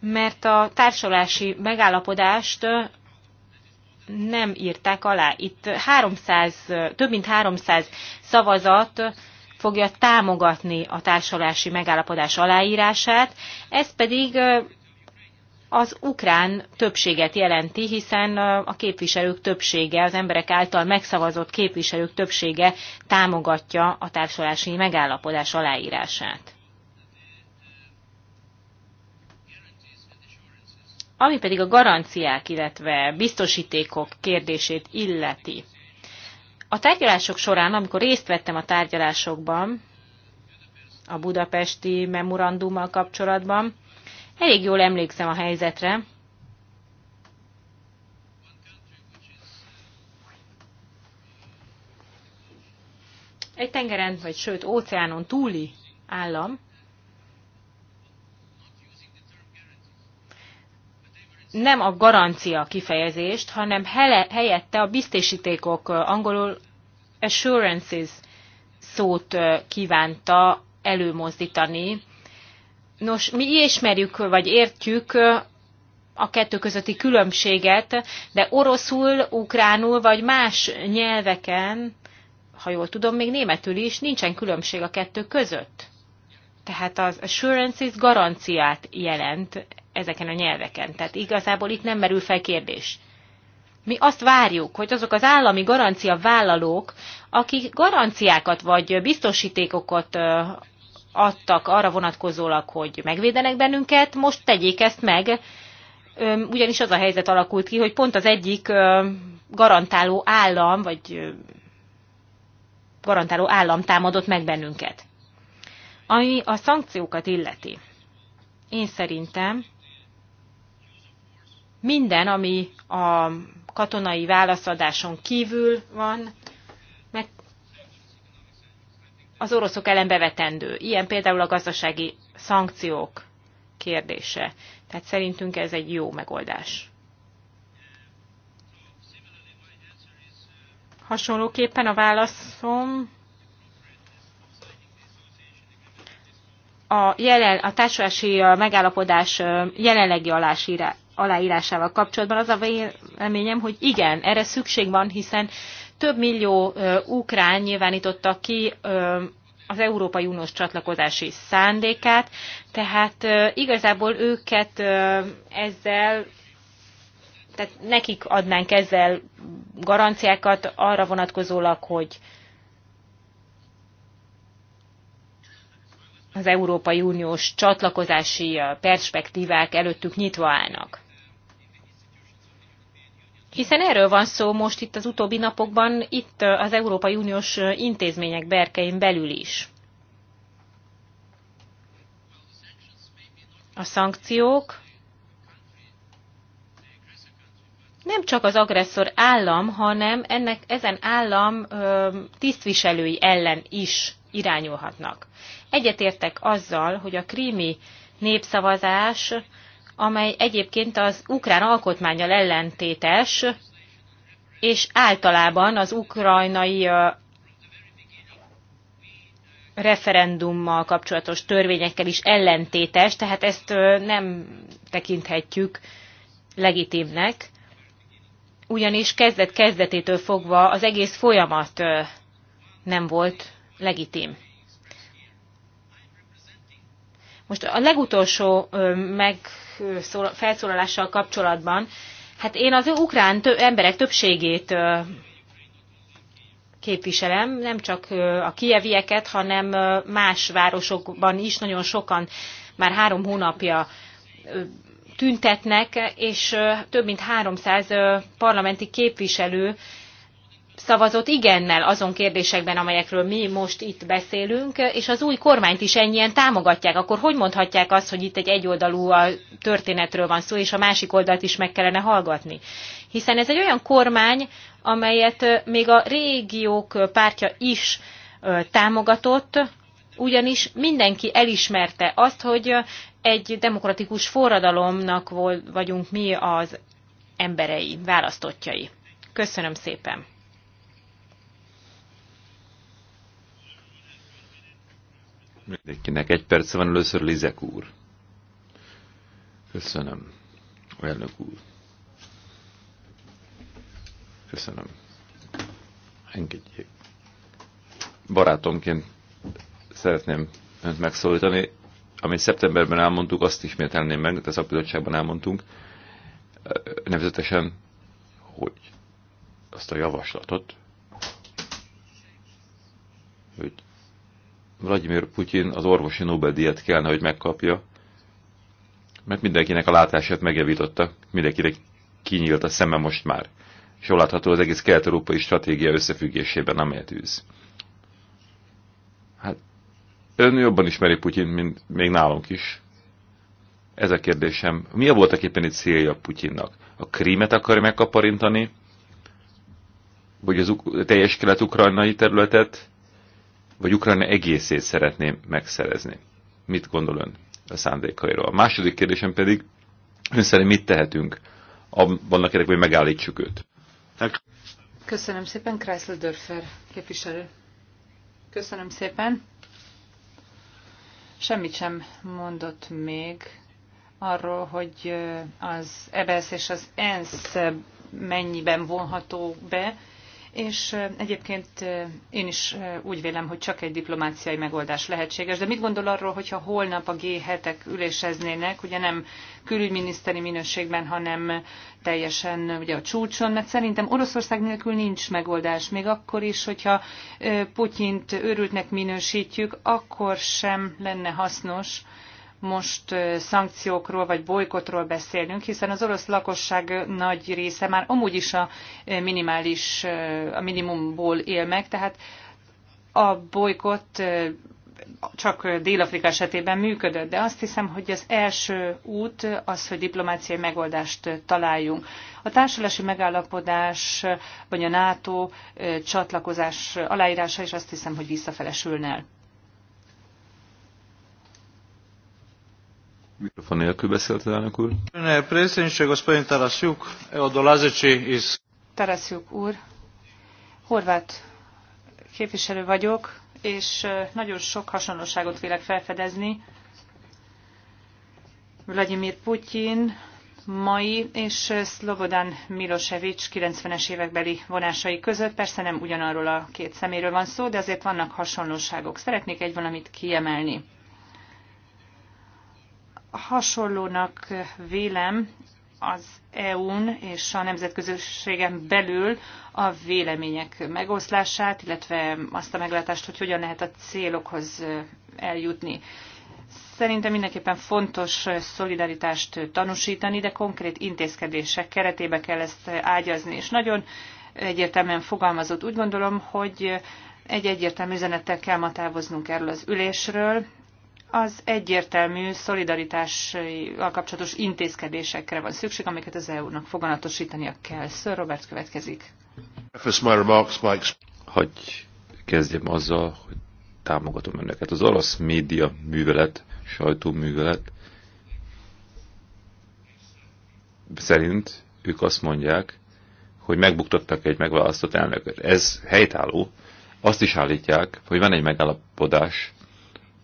mert a társulási megállapodást nem írták alá. Itt 300, több mint 300 szavazat fogja támogatni a társulási megállapodás aláírását, ez pedig az ukrán többséget jelenti, hiszen a képviselők többsége, az emberek által megszavazott képviselők többsége támogatja a társulási megállapodás aláírását. Ami pedig a garanciák, illetve biztosítékok kérdését illeti. A tárgyalások során, amikor részt vettem a tárgyalásokban, a budapesti memorandummal kapcsolatban, Elég jól emlékszem a helyzetre. Egy tengeren, vagy sőt óceánon túli állam nem a garancia kifejezést, hanem hele, helyette a biztosítékok, angolul assurances szót kívánta előmozdítani Nos, mi ismerjük, vagy értjük a kettő közötti különbséget, de oroszul, ukránul, vagy más nyelveken, ha jól tudom, még németül is, nincsen különbség a kettő között. Tehát az assurances garanciát jelent ezeken a nyelveken. Tehát igazából itt nem merül fel kérdés. Mi azt várjuk, hogy azok az állami garancia vállalók, akik garanciákat vagy biztosítékokat adtak arra vonatkozólag, hogy megvédenek bennünket, most tegyék ezt meg, ugyanis az a helyzet alakult ki, hogy pont az egyik garantáló állam, vagy garantáló állam támadott meg bennünket. Ami a szankciókat illeti, én szerintem minden, ami a katonai válaszadáson kívül van, az oroszok ellen bevetendő. Ilyen például a gazdasági szankciók kérdése. Tehát szerintünk ez egy jó megoldás. Hasonlóképpen a válaszom a, jelen, a társulási megállapodás jelenlegi alásírá, aláírásával kapcsolatban az a véleményem, hogy igen, erre szükség van, hiszen több millió ukrán nyilvánította ki az Európai Uniós csatlakozási szándékát, tehát igazából őket ezzel, tehát nekik adnánk ezzel garanciákat arra vonatkozólag, hogy az Európai Uniós csatlakozási perspektívák előttük nyitva állnak. Hiszen erről van szó most itt az utóbbi napokban, itt az Európai Uniós intézmények berkein belül is. A szankciók nem csak az agresszor állam, hanem ennek ezen állam ö, tisztviselői ellen is irányulhatnak. Egyetértek azzal, hogy a krími népszavazás amely egyébként az ukrán alkotmányjal ellentétes, és általában az ukrajnai referendummal kapcsolatos törvényekkel is ellentétes, tehát ezt nem tekinthetjük legitimnek, ugyanis kezdet-kezdetétől fogva az egész folyamat nem volt legitim. Most a legutolsó meg felszólalással kapcsolatban. Hát én az ukrán tö- emberek többségét képviselem, nem csak a kievieket, hanem más városokban is nagyon sokan már három hónapja tüntetnek, és több mint 300 parlamenti képviselő szavazott igennel azon kérdésekben, amelyekről mi most itt beszélünk, és az új kormányt is ennyien támogatják, akkor hogy mondhatják azt, hogy itt egy egyoldalú történetről van szó, és a másik oldalt is meg kellene hallgatni? Hiszen ez egy olyan kormány, amelyet még a régiók pártja is támogatott, ugyanis mindenki elismerte azt, hogy egy demokratikus forradalomnak vagyunk mi az emberei, választottjai. Köszönöm szépen! Mindenkinek egy perc van először Lizek úr. Köszönöm, elnök úr. Köszönöm. Engedjék. Barátomként szeretném önt megszólítani. Amit szeptemberben elmondtuk, azt ismételném meg, az a bizottságban elmondtunk, nevezetesen, hogy azt a javaslatot, hogy Vladimir Putyin az orvosi Nobel-díjat kellene, hogy megkapja, mert mindenkinek a látását megjavította, mindenkinek kinyílt a szeme most már. És jól látható az egész kelet-európai stratégia összefüggésében, amelyet űz. Hát, ön jobban ismeri Putyin, mint még nálunk is. Ez a kérdésem. Mi a voltak éppen itt célja Putyinnak? A krímet akarja megkaparintani? Vagy az teljes kelet-ukrajnai területet? vagy Ukrajna egészét szeretné megszerezni. Mit gondol ön a szándékairól? A második kérdésem pedig, ön szerint mit tehetünk abban a kérdek, hogy megállítsuk őt? Köszönöm szépen, Kreisler Dörfer képviselő. Köszönöm szépen. Semmit sem mondott még arról, hogy az EBSZ e és az ENSZ e e mennyiben vonható be, és egyébként én is úgy vélem, hogy csak egy diplomáciai megoldás lehetséges. De mit gondol arról, hogyha holnap a G7-ek üléseznének, ugye nem külügyminiszteri minőségben, hanem teljesen ugye a csúcson, mert szerintem Oroszország nélkül nincs megoldás. Még akkor is, hogyha Putyint őrültnek minősítjük, akkor sem lenne hasznos, most szankciókról vagy bolykotról beszélünk, hiszen az orosz lakosság nagy része már amúgy is a minimális, a minimumból él meg, tehát a bolykott csak Dél-Afrika esetében működött, de azt hiszem, hogy az első út az, hogy diplomáciai megoldást találjunk. A társulási megállapodás, vagy a NATO csatlakozás aláírása is azt hiszem, hogy visszafelesülne el. Mikrofon nélkül beszélt az elnök úr. Tarasjuk úr, horvát képviselő vagyok, és nagyon sok hasonlóságot vélek felfedezni Vladimir Putyin mai és Slobodan Milosevic 90-es évekbeli vonásai között. Persze nem ugyanarról a két szeméről van szó, de azért vannak hasonlóságok. Szeretnék egy valamit kiemelni hasonlónak vélem az EU-n és a nemzetközösségen belül a vélemények megoszlását, illetve azt a meglátást, hogy hogyan lehet a célokhoz eljutni. Szerintem mindenképpen fontos szolidaritást tanúsítani, de konkrét intézkedések keretébe kell ezt ágyazni, és nagyon egyértelműen fogalmazott. Úgy gondolom, hogy egy egyértelmű üzenettel kell ma távoznunk erről az ülésről, az egyértelmű szolidaritással kapcsolatos intézkedésekre van szükség, amiket az EU-nak foganatosítania kell. Sir Robert következik. Hogy kezdjem azzal, hogy támogatom önöket. Az orosz média művelet, sajtóművelet szerint ők azt mondják, hogy megbuktattak egy megválasztott elnököt. Ez helytálló. Azt is állítják, hogy van egy megállapodás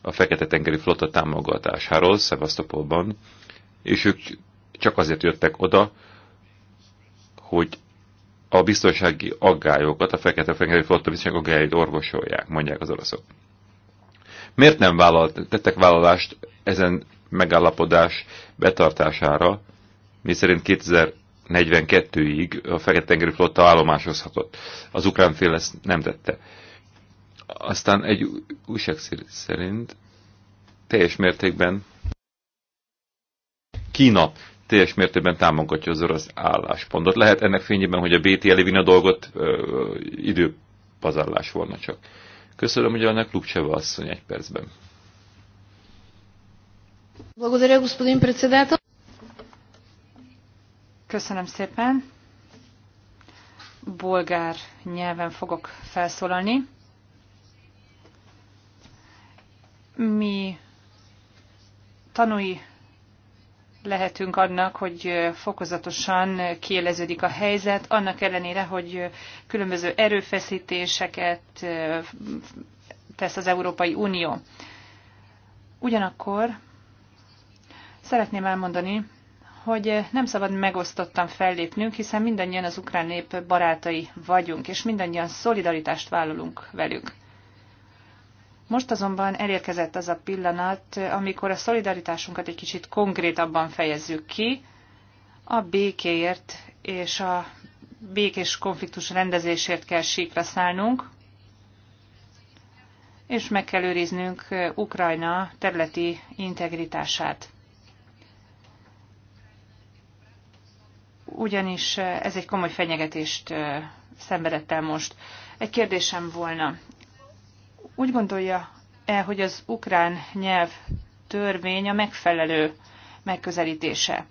a Fekete-tengeri flotta támogatásáról Szevasztopolban, és ők csak azért jöttek oda, hogy a biztonsági aggályokat, a Fekete-tengeri flotta biztonsági aggályait orvosolják, mondják az oroszok. Miért nem vállalt, tettek vállalást ezen megállapodás betartására, mi szerint 2042-ig a Fekete-tengeri flotta állomásozhatott. Az ukrán fél ezt nem tette. Aztán egy újság szerint teljes mértékben Kína teljes mértékben támogatja az orosz álláspontot. Lehet ennek fényében, hogy a BT elévin a dolgot, időpazarlás volna csak. Köszönöm, hogy annak Lukcseva asszony egy percben. Köszönöm szépen. Bolgár nyelven fogok felszólalni. Mi tanúi lehetünk annak, hogy fokozatosan kieleződik a helyzet, annak ellenére, hogy különböző erőfeszítéseket tesz az Európai Unió. Ugyanakkor szeretném elmondani, hogy nem szabad megosztottan fellépnünk, hiszen mindannyian az ukrán nép barátai vagyunk, és mindannyian szolidaritást vállalunk velük. Most azonban elérkezett az a pillanat, amikor a szolidaritásunkat egy kicsit konkrétabban fejezzük ki, a békéért és a békés konfliktus rendezésért kell síkra szállnunk, és meg kell őriznünk Ukrajna területi integritását. Ugyanis ez egy komoly fenyegetést szenvedett el most. Egy kérdésem volna. Úgy gondolja-e, hogy az ukrán nyelv törvény a megfelelő megközelítése?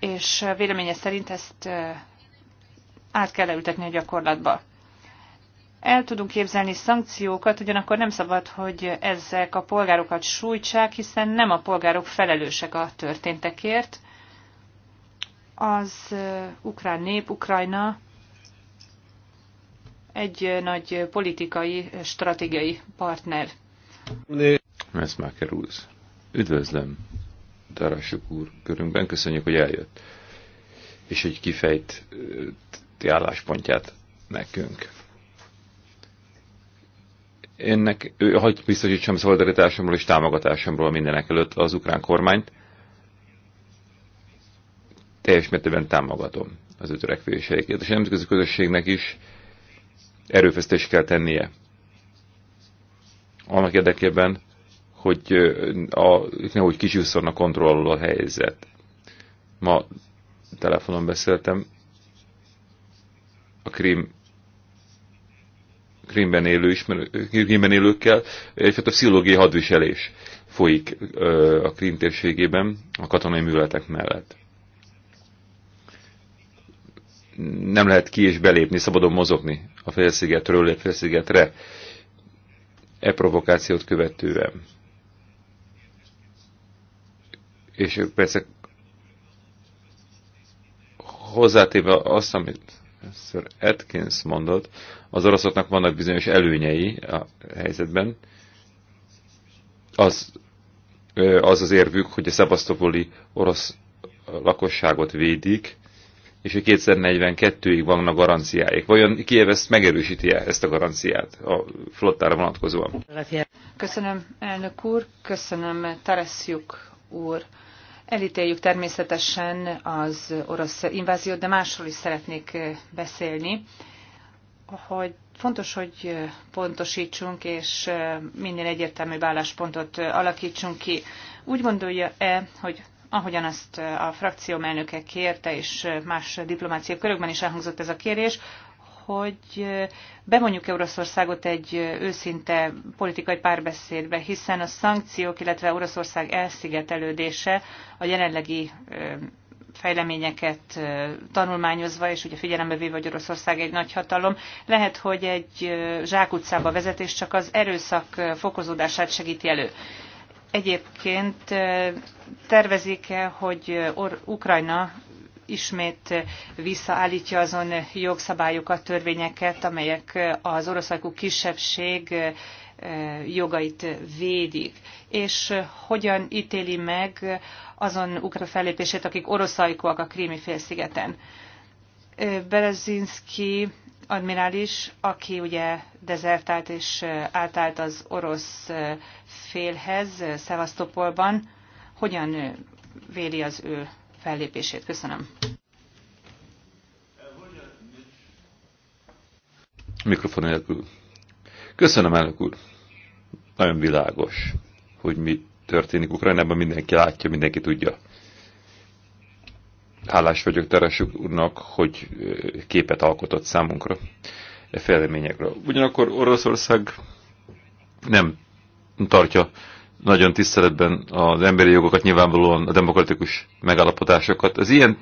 És véleménye szerint ezt át kell leültetni a gyakorlatba. El tudunk képzelni szankciókat, ugyanakkor nem szabad, hogy ezek a polgárokat sújtsák, hiszen nem a polgárok felelősek a történtekért. Az ukrán nép, Ukrajna egy nagy politikai, stratégiai partner. Messmaker úr, üdvözlöm Darasuk úr körünkben, köszönjük, hogy eljött, és hogy kifejt álláspontját nekünk. Ennek, hagy biztosítsam szolidaritásomról és támogatásomról mindenek előtt az ukrán kormányt. Teljes mértében támogatom az ő törekvéseiket, és a nemzetközi közösségnek is erőfeszítést kell tennie. Annak érdekében, hogy a, nehogy kisüsszön a a helyzet. Ma telefonon beszéltem a Krim Krimben élő ismerő, Krimben élőkkel, egyfajta pszichológiai hadviselés folyik a Krim térségében a katonai műveletek mellett nem lehet ki és belépni, szabadon mozogni a félszigetről, a félszigetre e provokációt követően. És persze hozzátéve azt, amit Sir Atkins mondott, az oroszoknak vannak bizonyos előnyei a helyzetben. Az az, az érvük, hogy a szebasztopoli orosz lakosságot védik, és hogy 2042-ig vannak garanciáik. Vajon Kiev ezt megerősíti -e, ezt a garanciát a flottára vonatkozóan? Köszönöm, elnök úr, köszönöm, Tarasziuk úr. Elítéljük természetesen az orosz inváziót, de másról is szeretnék beszélni, hogy fontos, hogy pontosítsunk, és minél egyértelműbb álláspontot alakítsunk ki. Úgy gondolja-e, hogy ahogyan azt a frakció elnöke kérte, és más diplomáciai körökben is elhangzott ez a kérés, hogy bevonjuk Oroszországot egy őszinte politikai párbeszédbe, hiszen a szankciók, illetve Oroszország elszigetelődése a jelenlegi fejleményeket tanulmányozva, és ugye figyelembe véve, hogy Oroszország egy nagy hatalom, lehet, hogy egy zsákutcába vezetés csak az erőszak fokozódását segíti elő. Egyébként tervezik-e, hogy Ukrajna ismét visszaállítja azon jogszabályokat, törvényeket, amelyek az oroszlakú kisebbség jogait védik, és hogyan ítéli meg azon ukra fellépését, akik oroszajkúak a krími félszigeten. Berezinski admirális, aki ugye dezertált és átállt az orosz félhez Szevasztopolban, hogyan véli az ő fellépését. Köszönöm. Mikrofon nélkül. Köszönöm, elnök úr. Nagyon világos, hogy mi történik Ukrajnában, mindenki látja, mindenki tudja. Hálás vagyok Teresük úrnak, hogy képet alkotott számunkra e fejleményekről. Ugyanakkor Oroszország nem tartja nagyon tiszteletben az emberi jogokat, nyilvánvalóan a demokratikus megállapodásokat. Az ilyen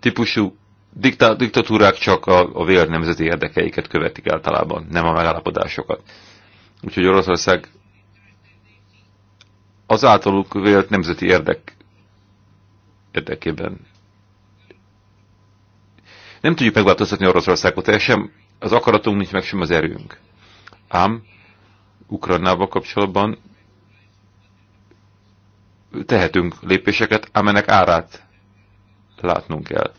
típusú diktá, diktatúrák csak a, a vélt nemzeti érdekeiket követik általában, nem a megállapodásokat. Úgyhogy Oroszország az általuk vélt nemzeti érdek érdekében. Nem tudjuk megváltoztatni Oroszországot, el sem az akaratunk nincs meg, sem az erőnk. Ám Ukrajnával kapcsolatban tehetünk lépéseket, amenek árát látnunk kell.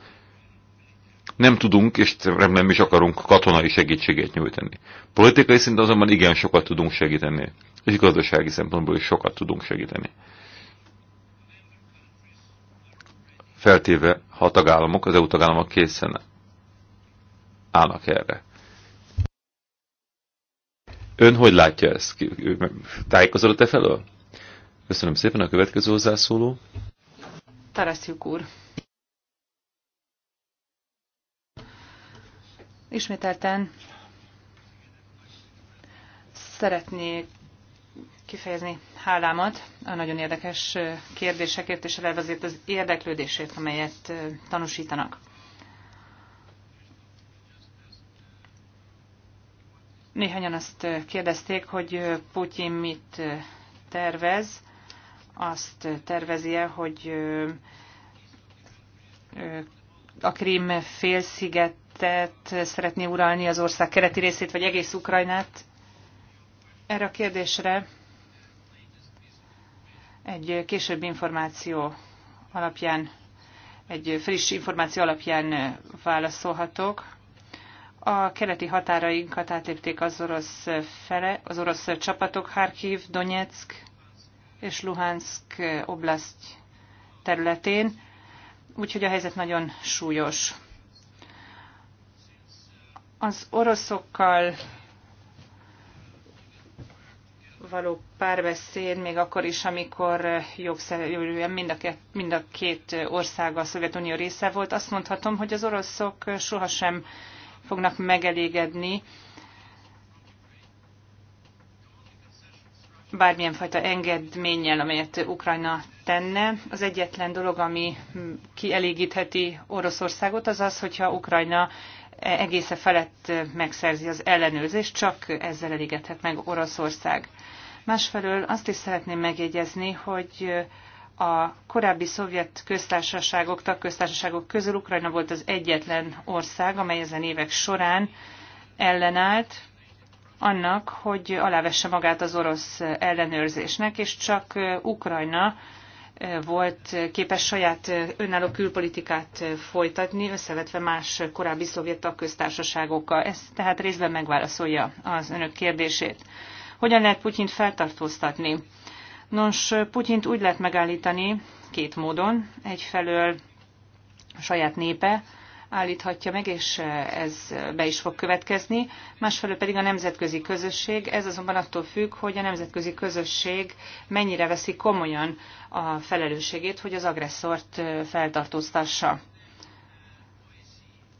Nem tudunk, és remélem is akarunk katonai segítséget nyújtani. Politikai szinten azonban igen sokat tudunk segíteni, és gazdasági szempontból is sokat tudunk segíteni. Feltéve, ha a tagállamok, az EU tagállamok készen állnak erre. Ön hogy látja ezt? Tájékozódott-e felől? Köszönöm szépen a következő hozzászóló. Taraszjuk úr. Ismételten szeretnék kifejezni hálámat a nagyon érdekes kérdésekért és eleve azért az érdeklődésért, amelyet tanúsítanak. Néhányan azt kérdezték, hogy Putyin mit tervez, azt -e, hogy a Krím félszigetet szeretné uralni az ország keleti részét, vagy egész Ukrajnát? Erre a kérdésre egy későbbi információ alapján, egy friss információ alapján válaszolhatok. A keleti határainkat átlépték az orosz fele, az orosz csapatok Harkiv, Donetsk, és Luhansk oblast területén, úgyhogy a helyzet nagyon súlyos. Az oroszokkal való párbeszéd, még akkor is, amikor jogszerűen mind mind a két ország a Szovjetunió része volt, azt mondhatom, hogy az oroszok sohasem fognak megelégedni bármilyen fajta engedménnyel, amelyet Ukrajna tenne. Az egyetlen dolog, ami kielégítheti Oroszországot, az az, hogyha Ukrajna egésze felett megszerzi az ellenőrzést, csak ezzel elégedhet meg Oroszország. Másfelől azt is szeretném megjegyezni, hogy a korábbi szovjet köztársaságok, tagköztársaságok közül Ukrajna volt az egyetlen ország, amely ezen évek során ellenállt, annak, hogy alávesse magát az orosz ellenőrzésnek, és csak Ukrajna volt képes saját önálló külpolitikát folytatni, összevetve más korábbi szovjet köztársaságokkal. Ez tehát részben megválaszolja az önök kérdését. Hogyan lehet Putyint feltartóztatni? Nos, Putyint úgy lehet megállítani két módon. Egyfelől a saját népe, állíthatja meg, és eh, ez be is fog következni. Másfelől pedig a nemzetközi közösség, ez azonban attól függ, hogy a nemzetközi közösség mennyire veszi komolyan a felelősségét, hogy az agresszort eh, feltartóztassa.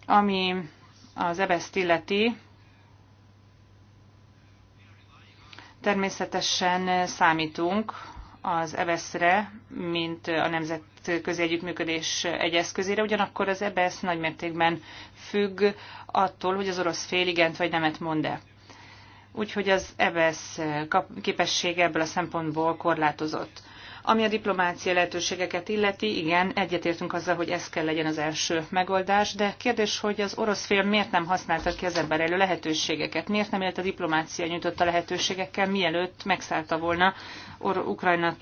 Ami az ebeszt illeti, természetesen eh, számítunk az ebeszre, mint a nemzet nemzetközi együttműködés egy eszközére, ugyanakkor az EBS e nagymértékben függ attól, hogy az orosz fél igent vagy nemet mond-e. Úgyhogy az EBS e képessége ebből a szempontból korlátozott. Ami a diplomácia lehetőségeket illeti, igen, egyetértünk azzal, hogy ez kell legyen az első megoldás, de kérdés, hogy az orosz fél miért nem használta ki az ebben elő lehetőségeket, miért nem élt a diplomácia nyújtotta lehetőségekkel, mielőtt megszállta volna Ukrajna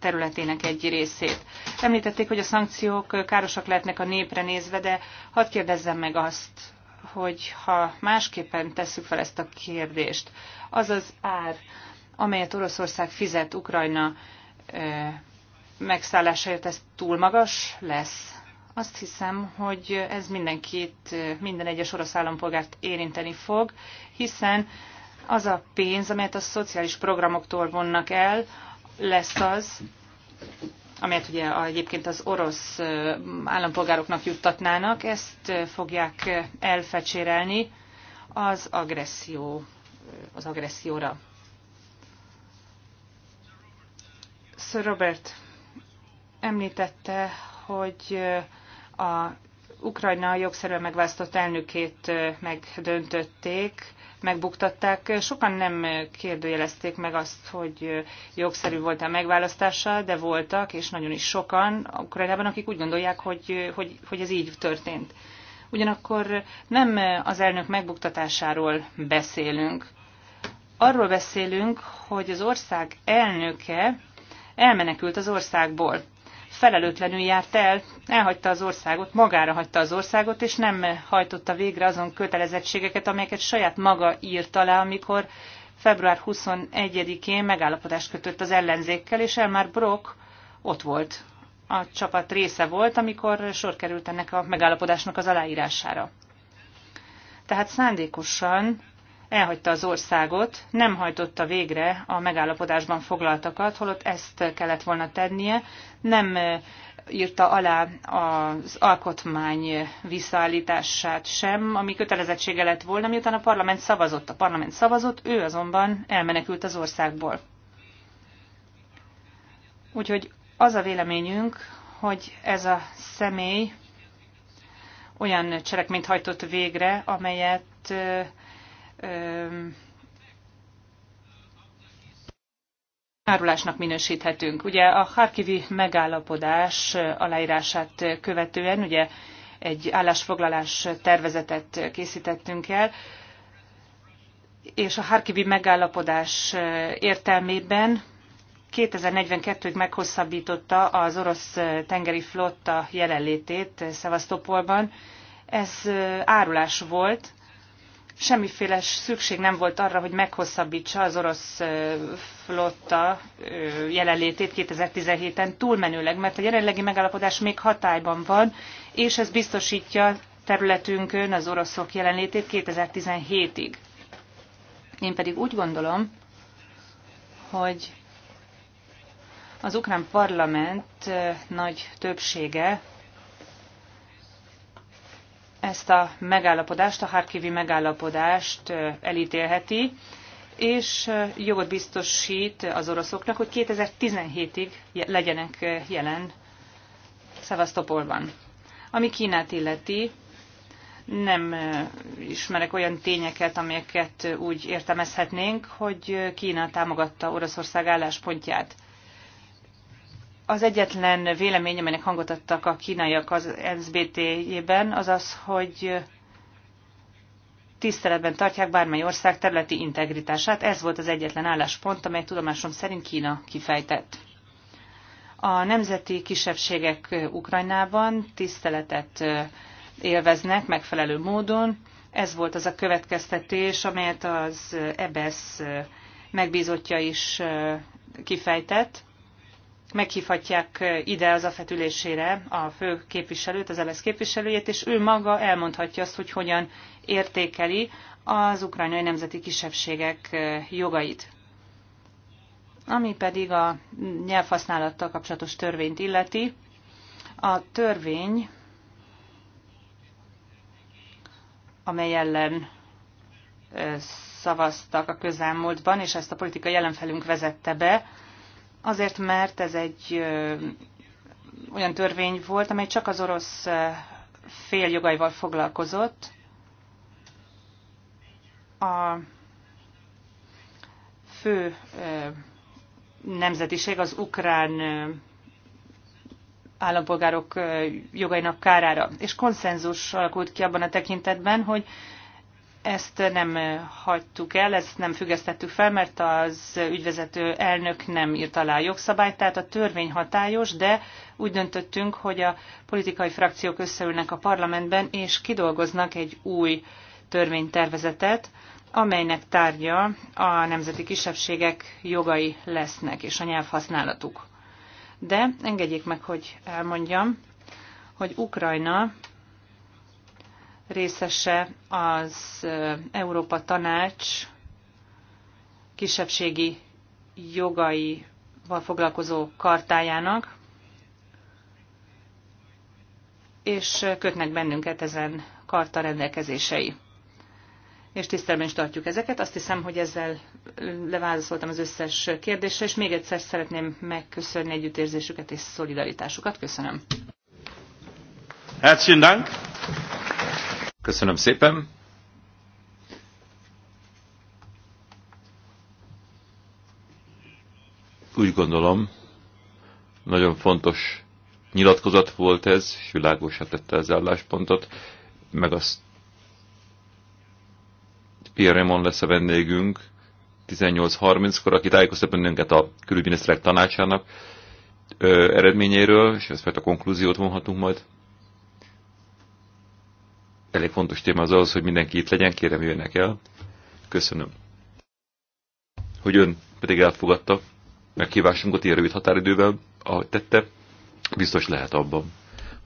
területének egy részét. Említették, hogy a szankciók károsak lehetnek a népre nézve, de hadd kérdezzem meg azt, hogy ha másképpen tesszük fel ezt a kérdést, az az ár, amelyet Oroszország fizet Ukrajna megszállásáért, ez túl magas lesz? Azt hiszem, hogy ez mindenkit, minden egyes orosz állampolgárt érinteni fog, hiszen az a pénz, amelyet a szociális programoktól vonnak el, lesz az, amelyet ugye egyébként az orosz állampolgároknak juttatnának, ezt fogják elfecsérelni az agresszió, az agresszióra. Sir Robert említette, hogy a Ukrajna jogszerűen megválasztott elnökét megdöntötték, megbuktatták. Sokan nem kérdőjelezték meg azt, hogy jogszerű volt a megválasztása, de voltak, és nagyon is sokan Ukrajnában, akik úgy gondolják, hogy, hogy, hogy ez így történt. Ugyanakkor nem az elnök megbuktatásáról beszélünk. Arról beszélünk, hogy az ország elnöke elmenekült az országból felelőtlenül járt el, elhagyta az országot, magára hagyta az országot, és nem hajtotta végre azon kötelezettségeket, amelyeket saját maga írt alá, amikor február 21-én megállapodást kötött az ellenzékkel, és Elmar Brock ott volt, a csapat része volt, amikor sor került ennek a megállapodásnak az aláírására. Tehát szándékosan elhagyta az országot, nem hajtotta végre a megállapodásban foglaltakat, holott ezt kellett volna tennie, nem írta alá az alkotmány visszaállítását sem, ami kötelezettsége lett volna, miután a parlament szavazott. A parlament szavazott, ő azonban elmenekült az országból. Úgyhogy az a véleményünk, hogy ez a személy olyan cselekményt hajtott végre, amelyet árulásnak minősíthetünk. Ugye a Harkivi megállapodás aláírását követően ugye egy állásfoglalás tervezetet készítettünk el, és a Harkivi megállapodás értelmében 2042-ig meghosszabbította az orosz tengeri flotta jelenlétét Szevasztopolban. Ez árulás volt, semmiféle szükség nem volt arra, hogy meghosszabbítsa az orosz flotta jelenlétét 2017-en túlmenőleg, mert a jelenlegi megállapodás még hatályban van, és ez biztosítja területünkön az oroszok jelenlétét 2017-ig. Én pedig úgy gondolom, hogy az ukrán parlament nagy többsége ezt a megállapodást, a Harkivi megállapodást elítélheti, és jogot biztosít az oroszoknak, hogy 2017-ig legyenek jelen Szevasztopolban. Ami Kínát illeti, nem ismerek olyan tényeket, amelyeket úgy értelmezhetnénk, hogy Kína támogatta Oroszország álláspontját. Az egyetlen vélemény, amelynek hangot adtak a kínaiak az nsbt jében az az, hogy tiszteletben tartják bármely ország területi integritását. Ez volt az egyetlen álláspont, amely tudomásom szerint Kína kifejtett. A nemzeti kisebbségek Ukrajnában tiszteletet élveznek megfelelő módon. Ez volt az a következtetés, amelyet az EBSZ e megbízottja is kifejtett meghívhatják ide az a fetülésére a fő képviselőt, az LSZ képviselőjét, és ő maga elmondhatja azt, hogy hogyan értékeli az ukrajnai nemzeti kisebbségek jogait. Ami pedig a nyelvhasználattal kapcsolatos törvényt illeti, a törvény, amely ellen szavaztak a közelmúltban, és ezt a politikai jelenfelünk vezette be, Azért, mert ez egy olyan törvény volt, amely csak az orosz fél jogaival foglalkozott. A fő nemzetiség az ukrán állampolgárok jogainak kárára. És konszenzus alakult ki abban a tekintetben, hogy ezt nem hagytuk el, ezt nem függesztettük fel, mert az ügyvezető elnök nem írt alá jogszabályt, tehát a törvény hatályos, de úgy döntöttünk, hogy a politikai frakciók összeülnek a parlamentben, és kidolgoznak egy új törvénytervezetet, amelynek tárgya a nemzeti kisebbségek jogai lesznek, és a nyelvhasználatuk. De engedjék meg, hogy elmondjam, hogy Ukrajna részese az Európa Tanács kisebbségi jogaival foglalkozó kartájának, és kötnek bennünket ezen karta rendelkezései. És tisztelben is tartjuk ezeket. Azt hiszem, hogy ezzel leválaszoltam az összes kérdésre, és még egyszer szeretném megköszönni együttérzésüket és szolidaritásukat. Köszönöm. Herzlichen Dank. Köszönöm szépen. Úgy gondolom, nagyon fontos nyilatkozat volt ez, és világosá tette az álláspontot, meg azt Pierre Raymond lesz a vendégünk 18.30-kor, aki tájékoztat bennünket a külügyminiszterek tanácsának ö, eredményéről, és ezt a konklúziót vonhatunk majd elég fontos téma az az, hogy mindenki itt legyen, kérem jöjjenek el. Köszönöm. Hogy ön pedig elfogadta meghívásunkat ilyen rövid határidővel, ahogy tette, biztos lehet abban,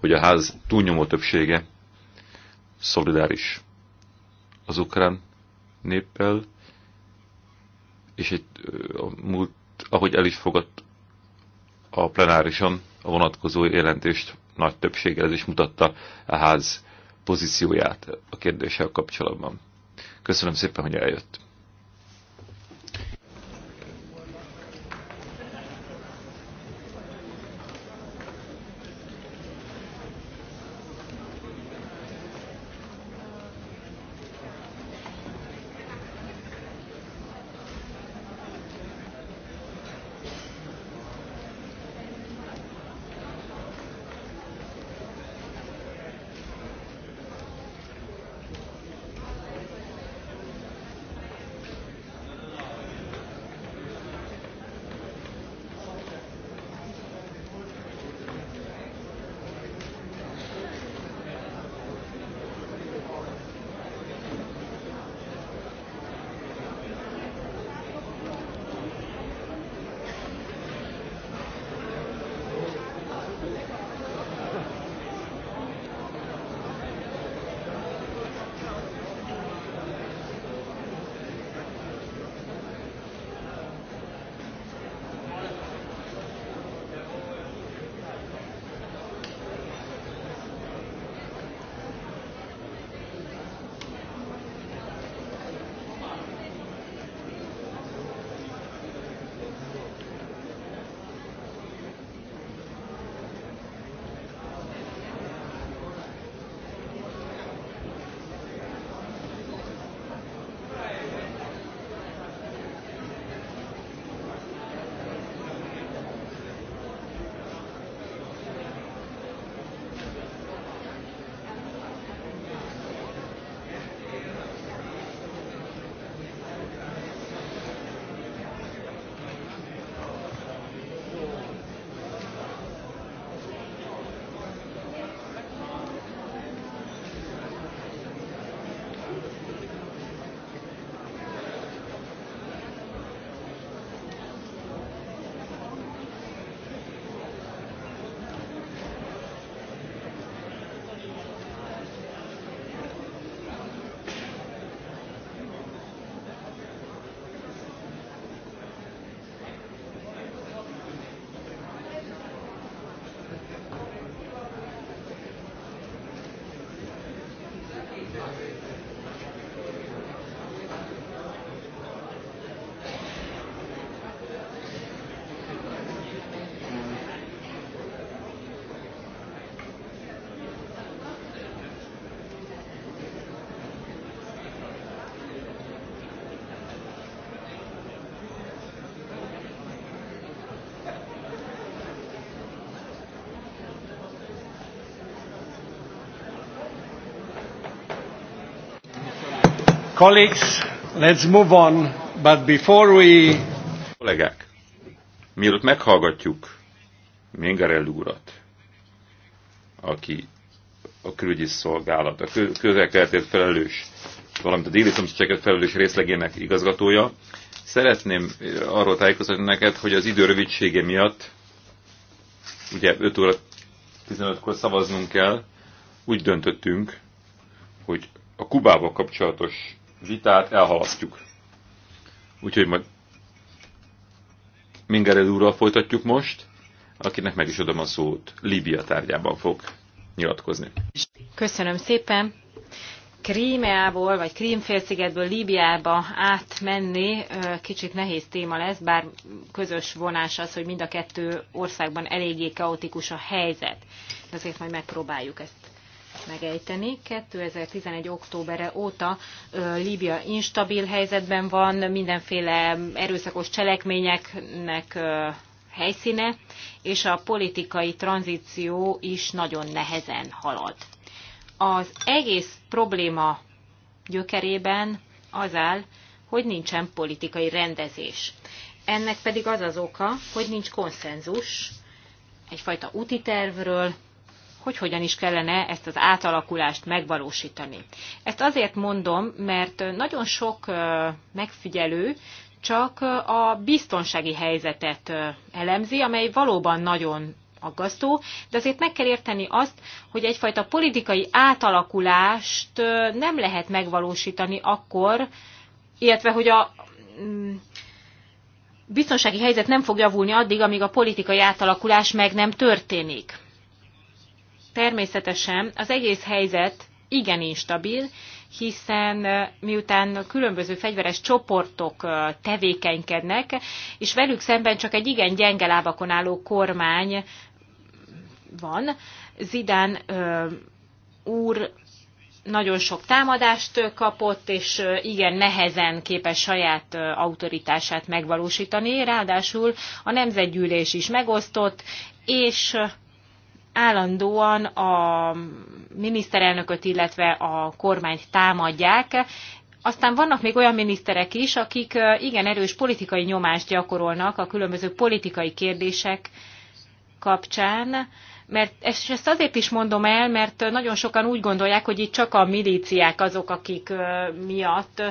hogy a ház túlnyomó többsége szolidáris az ukrán néppel, és egy, a múlt, ahogy el is fogadt a plenárison a vonatkozó jelentést nagy többséggel, ez is mutatta a ház pozícióját a kérdéssel kapcsolatban. Köszönöm szépen, hogy eljött. Colleagues, let's move on, but before we... Kollégák, mielőtt meghallgatjuk Mingarelli urat, aki a külügyi szolgálat, a közelkeletért felelős, valamint a déli szomszédságért felelős részlegének igazgatója, szeretném eh, arról tájékoztatni neked, hogy az idő rövidsége miatt, ugye 5 óra 15-kor szavaznunk kell, úgy döntöttünk, hogy a Kubával kapcsolatos vitát elhalasztjuk. Úgyhogy majd Mingerel úrral folytatjuk most, akinek meg is adom a szót, Líbia tárgyában fog nyilatkozni. Köszönöm szépen! Krímeából, vagy Krímfélszigetből Líbiába átmenni kicsit nehéz téma lesz, bár közös vonás az, hogy mind a kettő országban eléggé kaotikus a helyzet. Ezért majd megpróbáljuk ezt megejteni. 2011. októberre óta Líbia instabil helyzetben van, mindenféle erőszakos cselekményeknek helyszíne, és a politikai tranzíció is nagyon nehezen halad. Az egész probléma gyökerében az áll, hogy nincsen politikai rendezés. Ennek pedig az az oka, hogy nincs konszenzus egyfajta úti tervről, hogy hogyan is kellene ezt az átalakulást megvalósítani. Ezt azért mondom, mert nagyon sok megfigyelő csak a biztonsági helyzetet elemzi, amely valóban nagyon aggasztó, de azért meg kell érteni azt, hogy egyfajta politikai átalakulást nem lehet megvalósítani akkor, illetve hogy a mm, biztonsági helyzet nem fog javulni addig, amíg a politikai átalakulás meg nem történik természetesen az egész helyzet igen instabil, hiszen miután különböző fegyveres csoportok tevékenykednek, és velük szemben csak egy igen gyenge lábakon álló kormány van. Zidán úr nagyon sok támadást kapott, és igen nehezen képes saját autoritását megvalósítani. Ráadásul a nemzetgyűlés is megosztott, és állandóan a miniszterelnököt, illetve a kormányt támadják. Aztán vannak még olyan miniszterek is, akik igen erős politikai nyomást gyakorolnak a különböző politikai kérdések kapcsán, mert ezt azért is mondom el, mert nagyon sokan úgy gondolják, hogy itt csak a milíciák azok, akik miatt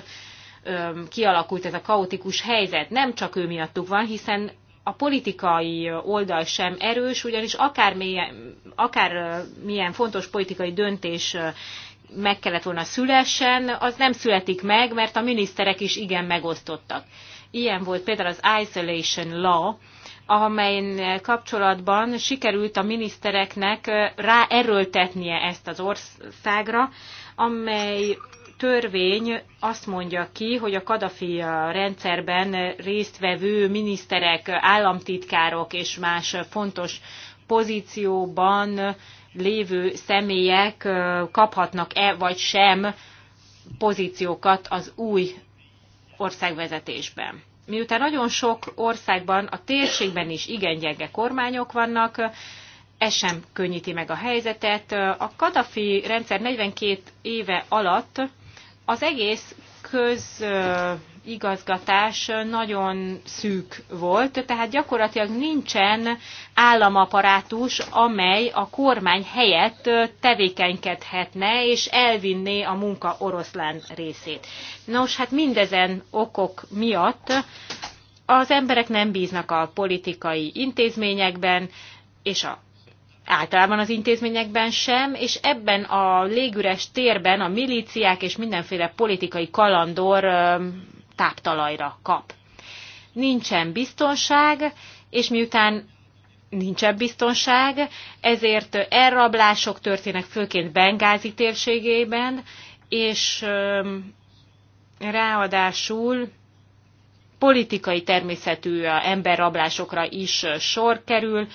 kialakult ez a kaotikus helyzet. Nem csak ő miattuk van, hiszen a politikai oldal sem erős, ugyanis akármilyen, milyen fontos politikai döntés meg kellett volna szülessen, az nem születik meg, mert a miniszterek is igen megosztottak. Ilyen volt például az Isolation Law, amelyen kapcsolatban sikerült a minisztereknek ráerőltetnie ezt az országra, amely törvény azt mondja ki, hogy a Kadafi uh, rendszerben résztvevő miniszterek, államtitkárok és más fontos pozícióban lévő személyek uh, kaphatnak-e vagy sem pozíciókat az új országvezetésben. Miután nagyon sok országban, a térségben is igen gyenge kormányok vannak, ez sem könnyíti meg a helyzetet. A Kadafi rendszer 42 éve alatt az egész közigazgatás nagyon szűk volt, tehát gyakorlatilag nincsen államaparátus, amely a kormány helyett tevékenykedhetne és elvinné a munka oroszlán részét. Nos, hát mindezen okok miatt az emberek nem bíznak a politikai intézményekben, és a általában az intézményekben sem, és ebben a légüres térben a milíciák és mindenféle politikai kalandor táptalajra kap. Nincsen biztonság, és miután nincsen biztonság, ezért elrablások történnek főként Bengázi térségében, és ráadásul politikai természetű emberrablásokra is sor kerül,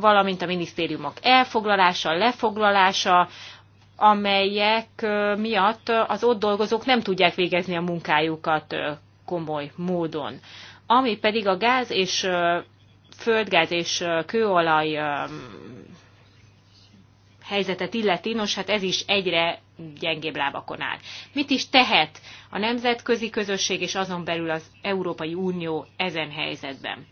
valamint a minisztériumok elfoglalása, lefoglalása, amelyek miatt az ott dolgozók nem tudják végezni a munkájukat komoly módon. Ami pedig a gáz és földgáz és kőolaj helyzetet illeti, nos hát ez is egyre gyengébb lábakon áll. Mit is tehet a nemzetközi közösség és azon belül az Európai Unió ezen helyzetben?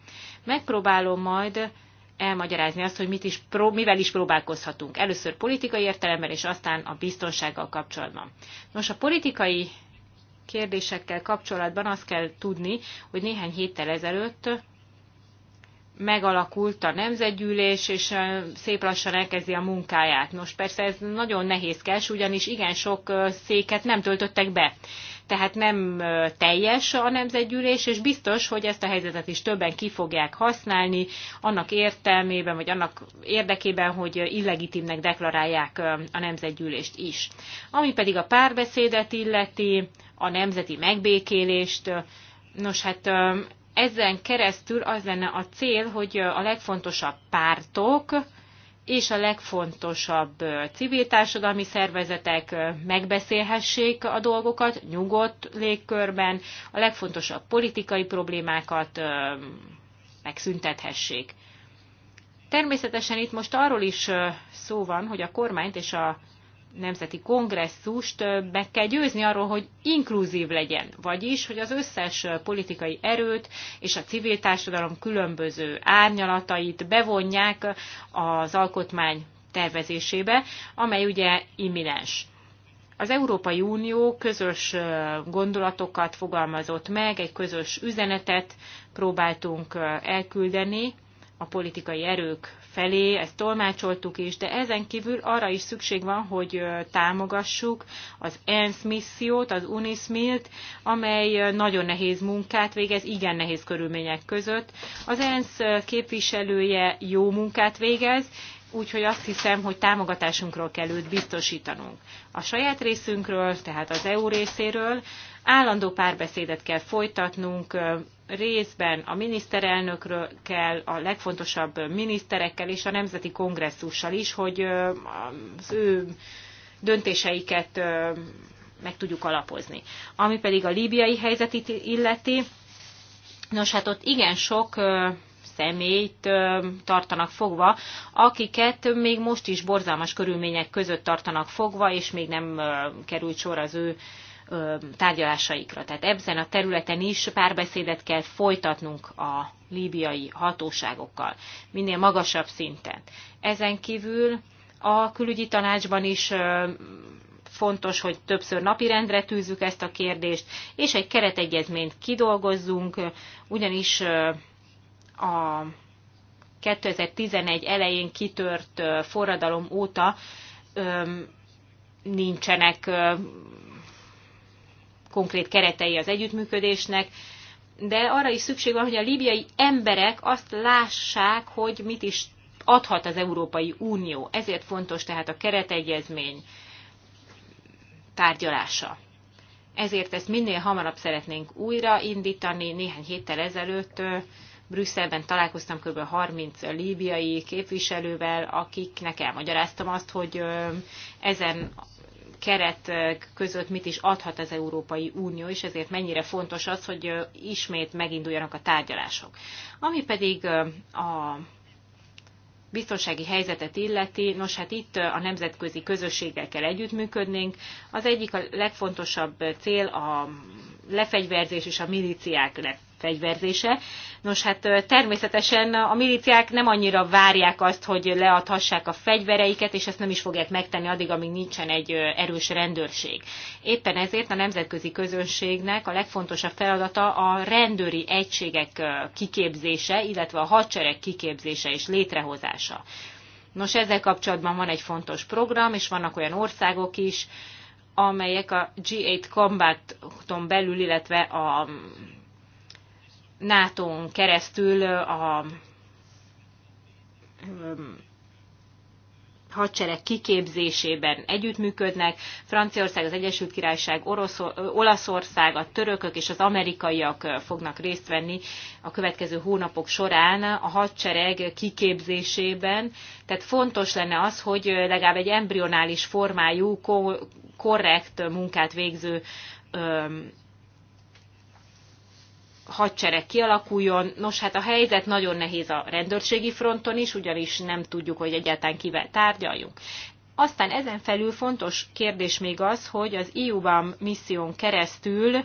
Megpróbálom majd elmagyarázni azt, hogy mit is pró- mivel is próbálkozhatunk. Először politikai értelemben, és aztán a biztonsággal kapcsolatban. Nos, a politikai kérdésekkel kapcsolatban azt kell tudni, hogy néhány héttel ezelőtt megalakult a nemzetgyűlés, és szép lassan elkezdi a munkáját. Nos, persze ez nagyon nehézkes, ugyanis igen sok széket nem töltöttek be tehát nem teljes a nemzetgyűlés, és biztos, hogy ezt a helyzetet is többen ki fogják használni, annak értelmében, vagy annak érdekében, hogy illegitimnek deklarálják a nemzetgyűlést is. Ami pedig a párbeszédet illeti, a nemzeti megbékélést, nos hát ezen keresztül az lenne a cél, hogy a legfontosabb pártok, és a legfontosabb civil társadalmi szervezetek megbeszélhessék a dolgokat nyugodt légkörben, a legfontosabb politikai problémákat megszüntethessék. Természetesen itt most arról is szó van, hogy a kormányt és a nemzeti kongresszust meg kell győzni arról, hogy inkluzív legyen, vagyis, hogy az összes politikai erőt és a civil társadalom különböző árnyalatait bevonják az alkotmány tervezésébe, amely ugye imminens. Az Európai Unió közös gondolatokat fogalmazott meg, egy közös üzenetet próbáltunk elküldeni a politikai erők felé, ezt tolmácsoltuk is, de ezen kívül arra is szükség van, hogy támogassuk az ENSZ missziót, az Unismilt, t amely nagyon nehéz munkát végez, igen nehéz körülmények között. Az ENSZ képviselője jó munkát végez, úgyhogy azt hiszem, hogy támogatásunkról kell őt biztosítanunk. A saját részünkről, tehát az EU részéről állandó párbeszédet kell folytatnunk részben a miniszterelnökről kell, a legfontosabb miniszterekkel és a nemzeti kongresszussal is, hogy az ő döntéseiket meg tudjuk alapozni. Ami pedig a líbiai helyzet illeti, nos hát ott igen sok személyt tartanak fogva, akiket még most is borzalmas körülmények között tartanak fogva, és még nem került sor az ő tárgyalásaikra. Tehát ebben a területen is párbeszédet kell folytatnunk a líbiai hatóságokkal, minél magasabb szinten. Ezen kívül a külügyi tanácsban is fontos, hogy többször napirendre tűzzük ezt a kérdést, és egy keretegyezményt kidolgozzunk, ugyanis a 2011 elején kitört forradalom óta nincsenek konkrét keretei az együttműködésnek, de arra is szükség van, hogy a libiai emberek azt lássák, hogy mit is adhat az Európai Unió. Ezért fontos tehát a keretegyezmény tárgyalása. Ezért ezt minél hamarabb szeretnénk újra indítani. Néhány héttel ezelőtt Brüsszelben találkoztam kb. 30 líbiai képviselővel, akiknek elmagyaráztam azt, hogy ezen keret között mit is adhat az Európai Unió, és ezért mennyire fontos az, hogy ismét meginduljanak a tárgyalások. Ami pedig a biztonsági helyzetet illeti, nos hát itt a nemzetközi közösséggel kell együttműködnénk. Az egyik a legfontosabb cél a lefegyverzés és a milíciák fegyverzése. Nos, hát természetesen a miliciák nem annyira várják azt, hogy leadhassák a fegyvereiket, és ezt nem is fogják megtenni addig, amíg nincsen egy erős rendőrség. Éppen ezért a nemzetközi közönségnek a legfontosabb feladata a rendőri egységek kiképzése, illetve a hadsereg kiképzése és létrehozása. Nos, ezzel kapcsolatban van egy fontos program, és vannak olyan országok is, amelyek a G8 Combaton belül, illetve a nato keresztül a hadsereg kiképzésében együttműködnek. Franciaország, az Egyesült Királyság, Orosz, Olaszország, a törökök és az amerikaiak fognak részt venni a következő hónapok során a hadsereg kiképzésében. Tehát fontos lenne az, hogy legalább egy embrionális formájú, korrekt munkát végző hadsereg kialakuljon. Nos, hát a helyzet nagyon nehéz a rendőrségi fronton is, ugyanis nem tudjuk, hogy egyáltalán kivel tárgyaljunk. Aztán ezen felül fontos kérdés még az, hogy az EU-ban misszión keresztül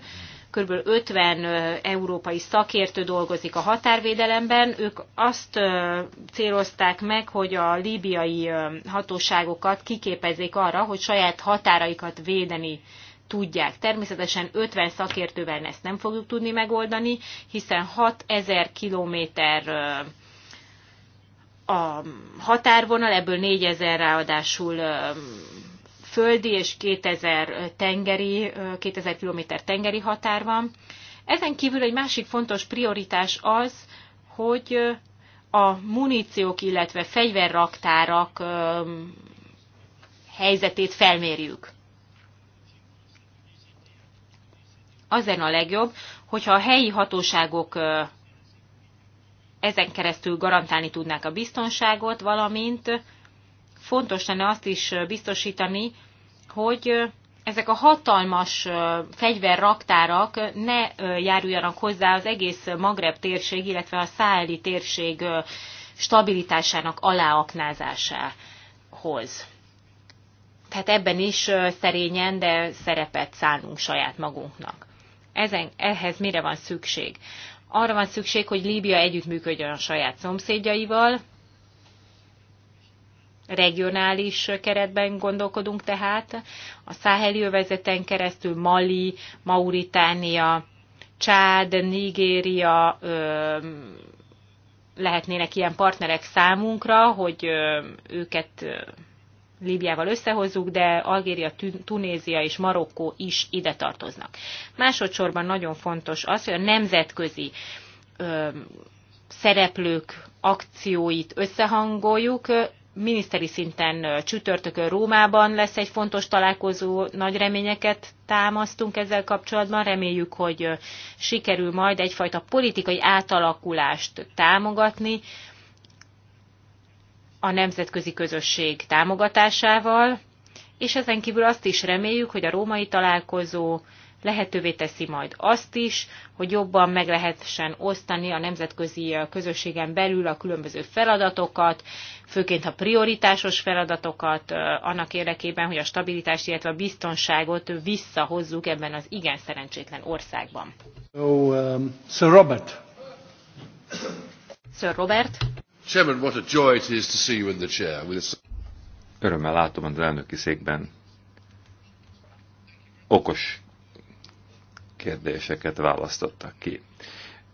kb. 50 európai szakértő dolgozik a határvédelemben. Ők azt célozták meg, hogy a líbiai hatóságokat kiképezzék arra, hogy saját határaikat védeni tudják. Természetesen 50 szakértővel ezt nem fogjuk tudni megoldani, hiszen 6000 kilométer a határvonal, ebből 4000 ráadásul földi és 2000 tengeri, 2000 km tengeri határ van. Ezen kívül egy másik fontos prioritás az, hogy a muníciók, illetve fegyverraktárak helyzetét felmérjük. Az lenne a legjobb, hogyha a helyi hatóságok ezen keresztül garantálni tudnák a biztonságot, valamint fontos lenne azt is biztosítani, hogy ezek a hatalmas fegyverraktárak ne járuljanak hozzá az egész Magreb térség, illetve a száli térség stabilitásának aláaknázásához. Tehát ebben is szerényen, de szerepet szállunk saját magunknak ezen, ehhez mire van szükség? Arra van szükség, hogy Líbia együttműködjön a saját szomszédjaival, regionális keretben gondolkodunk tehát, a száheli övezeten keresztül Mali, Mauritánia, Csád, Nigéria ö, lehetnének ilyen partnerek számunkra, hogy ö, őket ö, Líbiával összehozzuk, de Algéria, Tunézia és Marokkó is ide tartoznak. Másodszorban nagyon fontos az, hogy a nemzetközi ö, szereplők akcióit összehangoljuk. Miniszteri szinten csütörtökön Rómában lesz egy fontos találkozó, nagy reményeket támasztunk ezzel kapcsolatban, reméljük, hogy sikerül majd egyfajta politikai átalakulást támogatni, a nemzetközi közösség támogatásával, és ezen kívül azt is reméljük, hogy a római találkozó lehetővé teszi majd azt is, hogy jobban meg lehessen osztani a nemzetközi közösségen belül a különböző feladatokat, főként a prioritásos feladatokat, annak érdekében, hogy a stabilitást, illetve a biztonságot visszahozzuk ebben az igen szerencsétlen országban. So, um, Sir Robert. Sir Robert a is Örömmel látom az elnöki székben. Okos kérdéseket választottak ki.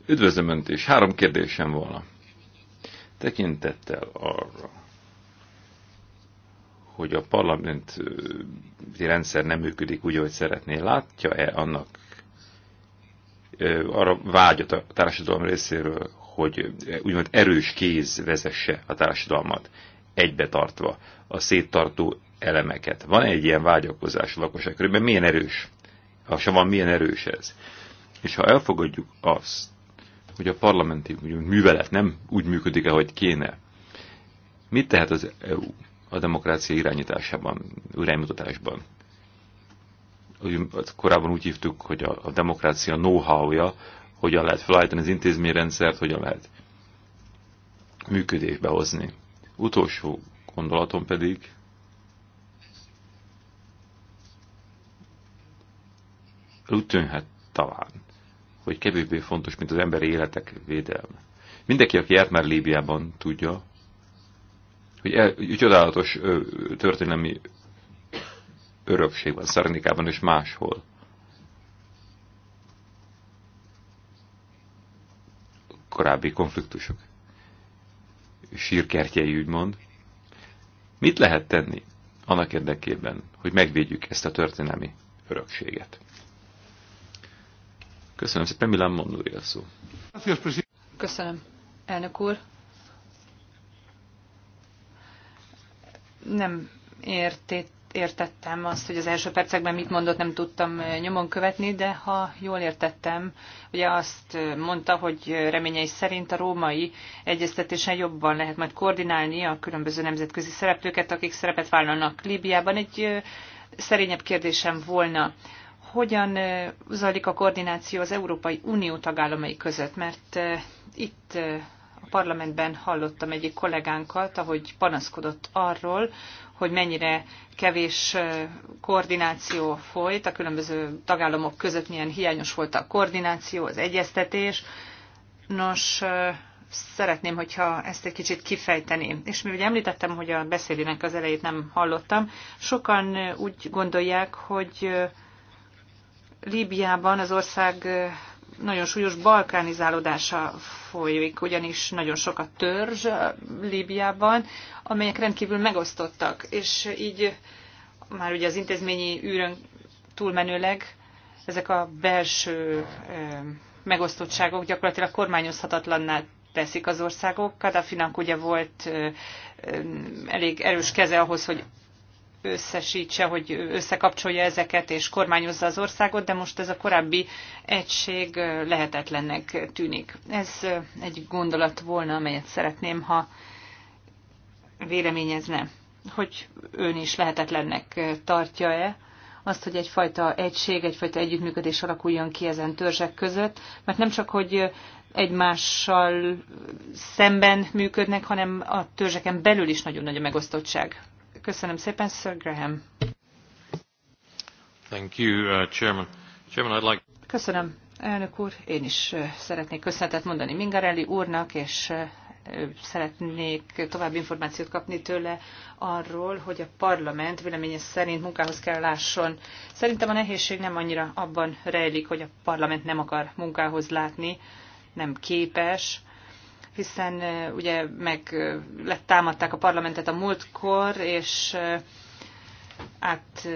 Üdvözlöm Önt is. Három kérdésem volna. Tekintettel arra, hogy a parlamenti rendszer nem működik úgy, ahogy szeretné, látja-e annak arra vágyat a társadalom részéről, hogy eh, úgymond erős kéz vezesse a társadalmat, egybe tartva a széttartó elemeket. Van egy ilyen vágyakozás a lakosság körülben, milyen erős? Ha van, milyen erős ez? És ha elfogadjuk azt, hogy a parlamenti művelet nem úgy működik, ahogy kéne, mit tehet az EU a demokrácia irányításában, iránymutatásban? korábban úgy hívtuk, hogy a, a demokrácia know-how-ja hogyan lehet felállítani az intézményrendszert, hogyan lehet működésbe hozni. Utolsó gondolatom pedig, úgy tűnhet talán, hogy kevésbé fontos, mint az emberi életek védelme. Mindenki, aki járt már Líbiában, tudja, hogy, egy csodálatos történelmi örökség van Szarnikában és máshol. korábbi konfliktusok sírkertjei, úgymond. Mit lehet tenni annak érdekében, hogy megvédjük ezt a történelmi örökséget? Köszönöm szépen, Milán Mondúri a szó. Köszönöm, elnök úr. Nem értét, értettem azt, hogy az első percekben mit mondott, nem tudtam nyomon követni, de ha jól értettem, ugye azt mondta, hogy reményei szerint a római egyeztetésen jobban lehet majd koordinálni a különböző nemzetközi szereplőket, akik szerepet vállalnak Líbiában. Egy szerényebb kérdésem volna, hogyan zajlik a koordináció az Európai Unió tagállamai között, mert itt a parlamentben hallottam egyik kollégánkat, ahogy panaszkodott arról, hogy mennyire kevés koordináció folyt a különböző tagállamok között, milyen hiányos volt a koordináció, az egyeztetés. Nos, szeretném, hogyha ezt egy kicsit kifejteni. És mivel említettem, hogy a beszélének az elejét nem hallottam, sokan úgy gondolják, hogy Líbiában az ország nagyon súlyos balkánizálódása folyik, ugyanis nagyon sok a törzs eh, Líbiában, amelyek rendkívül megosztottak, és így már ugye az intézményi űrön túlmenőleg ezek a belső eh, megosztottságok gyakorlatilag kormányozhatatlanná teszik az országok. Kadafinak ugye volt eh, elég erős keze ahhoz, hogy összesítse, hogy összekapcsolja ezeket és kormányozza az országot, de most ez a korábbi egység lehetetlennek tűnik. Ez egy gondolat volna, amelyet szeretném, ha véleményezne, hogy ön is lehetetlennek tartja-e azt, hogy egyfajta egység, egyfajta együttműködés alakuljon ki ezen törzsek között, mert nem csak, hogy egymással szemben működnek, hanem a törzseken belül is nagyon nagy a megosztottság. Köszönöm szépen, Sir Graham. Thank you, uh, Chairman. Chairman, I'd like... Köszönöm, elnök úr. Én is uh, szeretnék köszönetet mondani Mingarelli úrnak, és uh, uh, szeretnék további információt kapni tőle arról, hogy a parlament véleménye szerint munkához kell lásson. Szerintem a nehézség nem annyira abban rejlik, hogy a parlament nem akar munkához látni, nem képes, hiszen ugye meg lett támadták a parlamentet a múltkor, és át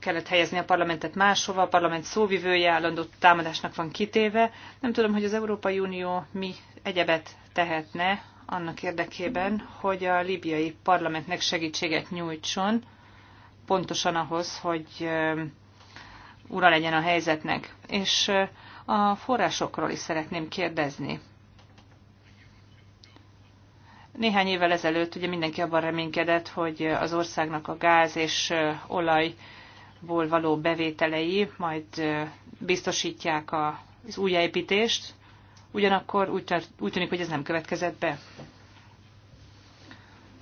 kellett helyezni a parlamentet máshova, a parlament szóvivője állandó támadásnak van kitéve. Nem tudom, hogy az Európai Unió mi egyebet tehetne annak érdekében, hogy a libiai parlamentnek segítséget nyújtson, pontosan ahhoz, hogy ura legyen a helyzetnek. És a forrásokról is szeretném kérdezni. Néhány évvel ezelőtt ugye mindenki abban reménykedett, hogy az országnak a gáz és olajból való bevételei majd biztosítják az újjáépítést, ugyanakkor úgy, úgy tűnik, hogy ez nem következett be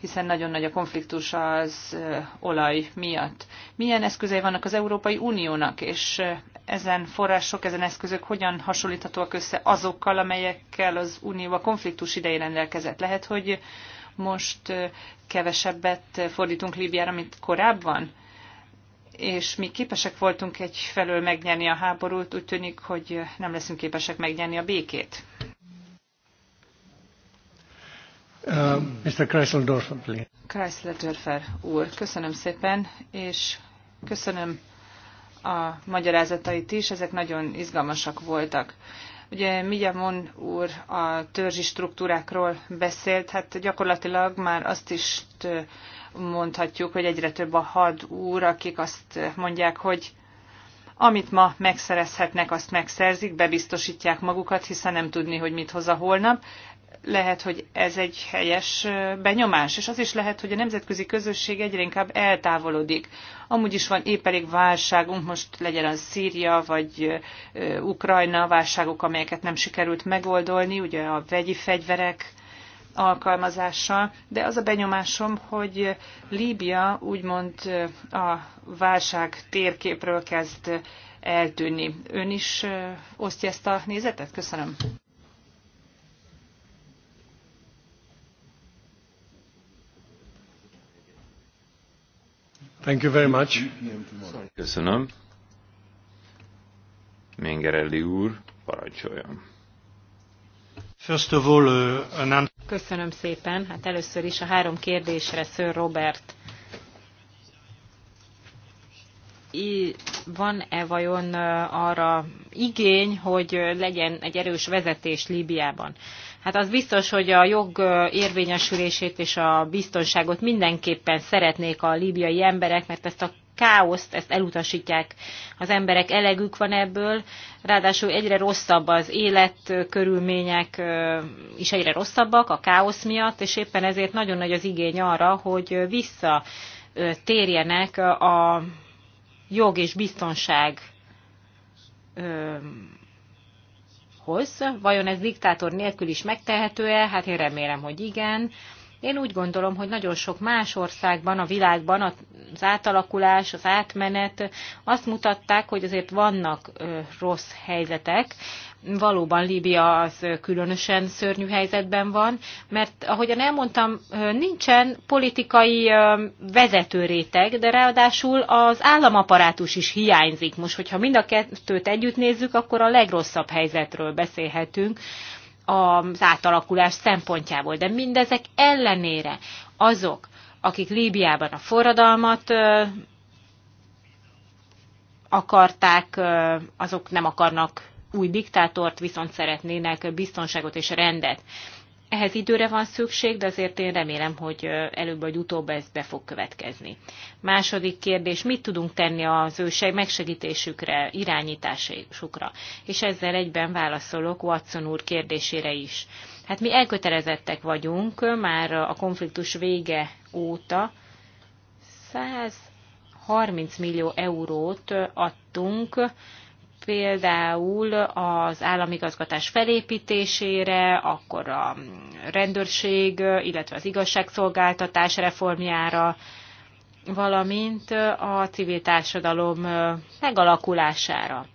hiszen nagyon nagy a konfliktus az olaj miatt. Milyen eszközei vannak az Európai Uniónak, és ezen források, ezen eszközök hogyan hasonlíthatóak össze azokkal, amelyekkel az Unió a konfliktus idején rendelkezett? Lehet, hogy most kevesebbet fordítunk Líbiára, mint korábban? és mi képesek voltunk egyfelől megnyerni a háborút, úgy tűnik, hogy nem leszünk képesek megnyerni a békét. Uh, Mr. Kreisler Dorfer, please. Dorfer úr, köszönöm szépen, és köszönöm a magyarázatait is, ezek nagyon izgalmasak voltak. Ugye mon úr a törzsi struktúrákról beszélt, hát gyakorlatilag már azt is uh, mondhatjuk, hogy egyre több a had úr, akik azt mondják, hogy amit ma megszerezhetnek, azt megszerzik, bebiztosítják magukat, hiszen nem tudni, hogy mit hoz a holnap lehet, hogy ez egy helyes benyomás, és az is lehet, hogy a nemzetközi közösség egyre inkább eltávolodik. Amúgy is van épp elég válságunk, most legyen az Szíria vagy Ukrajna válságok, amelyeket nem sikerült megoldolni, ugye a vegyi fegyverek alkalmazása, de az a benyomásom, hogy Líbia úgymond a válság térképről kezd eltűnni. Ön is osztja ezt a nézetet? Köszönöm. Thank you very much. Köszönöm. Mengerelli úr, parancsoljon. First of all, uh, an... Köszönöm szépen. Hát először is a három kérdésre Sir Robert van-e vajon uh, arra igény, hogy uh, legyen egy erős vezetés Líbiában. Hát az biztos, hogy a jog érvényesülését és a biztonságot mindenképpen szeretnék a líbiai emberek, mert ezt a káoszt, ezt elutasítják az emberek, elegük van ebből, ráadásul egyre rosszabb az életkörülmények is egyre rosszabbak a káosz miatt, és éppen ezért nagyon nagy az igény arra, hogy vissza térjenek a jog és biztonság hoz. Vajon ez diktátor nélkül is megtehető-e? Hát én remélem, hogy igen. Én úgy gondolom, hogy nagyon sok más országban, a világban az átalakulás, az átmenet azt mutatták, hogy azért vannak rossz helyzetek, valóban Líbia az különösen szörnyű helyzetben van, mert ahogyan elmondtam, nincsen politikai vezetőréteg, de ráadásul az államaparátus is hiányzik. Most, hogyha mind a kettőt együtt nézzük, akkor a legrosszabb helyzetről beszélhetünk az átalakulás szempontjából. De mindezek ellenére azok, akik Líbiában a forradalmat akarták, azok nem akarnak új diktátort, viszont szeretnének biztonságot és rendet. Ehhez időre van szükség, de azért én remélem, hogy előbb vagy utóbb ez be fog következni. Második kérdés, mit tudunk tenni az ő megsegítésükre, irányításukra? És ezzel egyben válaszolok Watson úr kérdésére is. Hát mi elkötelezettek vagyunk már a konfliktus vége óta. 130 millió eurót adtunk például az államigazgatás felépítésére, akkor a rendőrség, illetve az igazságszolgáltatás reformjára, valamint a civil társadalom megalakulására.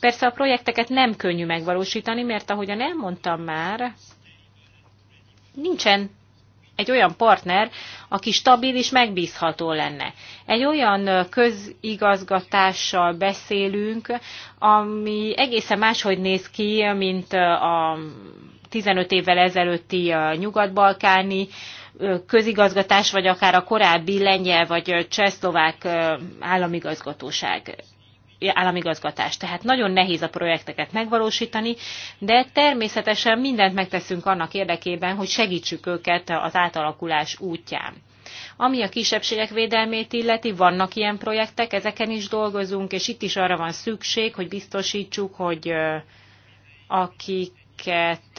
Persze a projekteket nem könnyű megvalósítani, mert ahogyan elmondtam már, nincsen egy olyan partner, aki stabil és megbízható lenne. Egy olyan közigazgatással beszélünk, ami egészen máshogy néz ki, mint a 15 évvel ezelőtti nyugat-balkáni közigazgatás, vagy akár a korábbi lengyel vagy csehszlovák államigazgatóság államigazgatás. Tehát nagyon nehéz a projekteket megvalósítani, de természetesen mindent megteszünk annak érdekében, hogy segítsük őket az átalakulás útján. Ami a kisebbségek védelmét illeti, vannak ilyen projektek, ezeken is dolgozunk, és itt is arra van szükség, hogy biztosítsuk, hogy akiket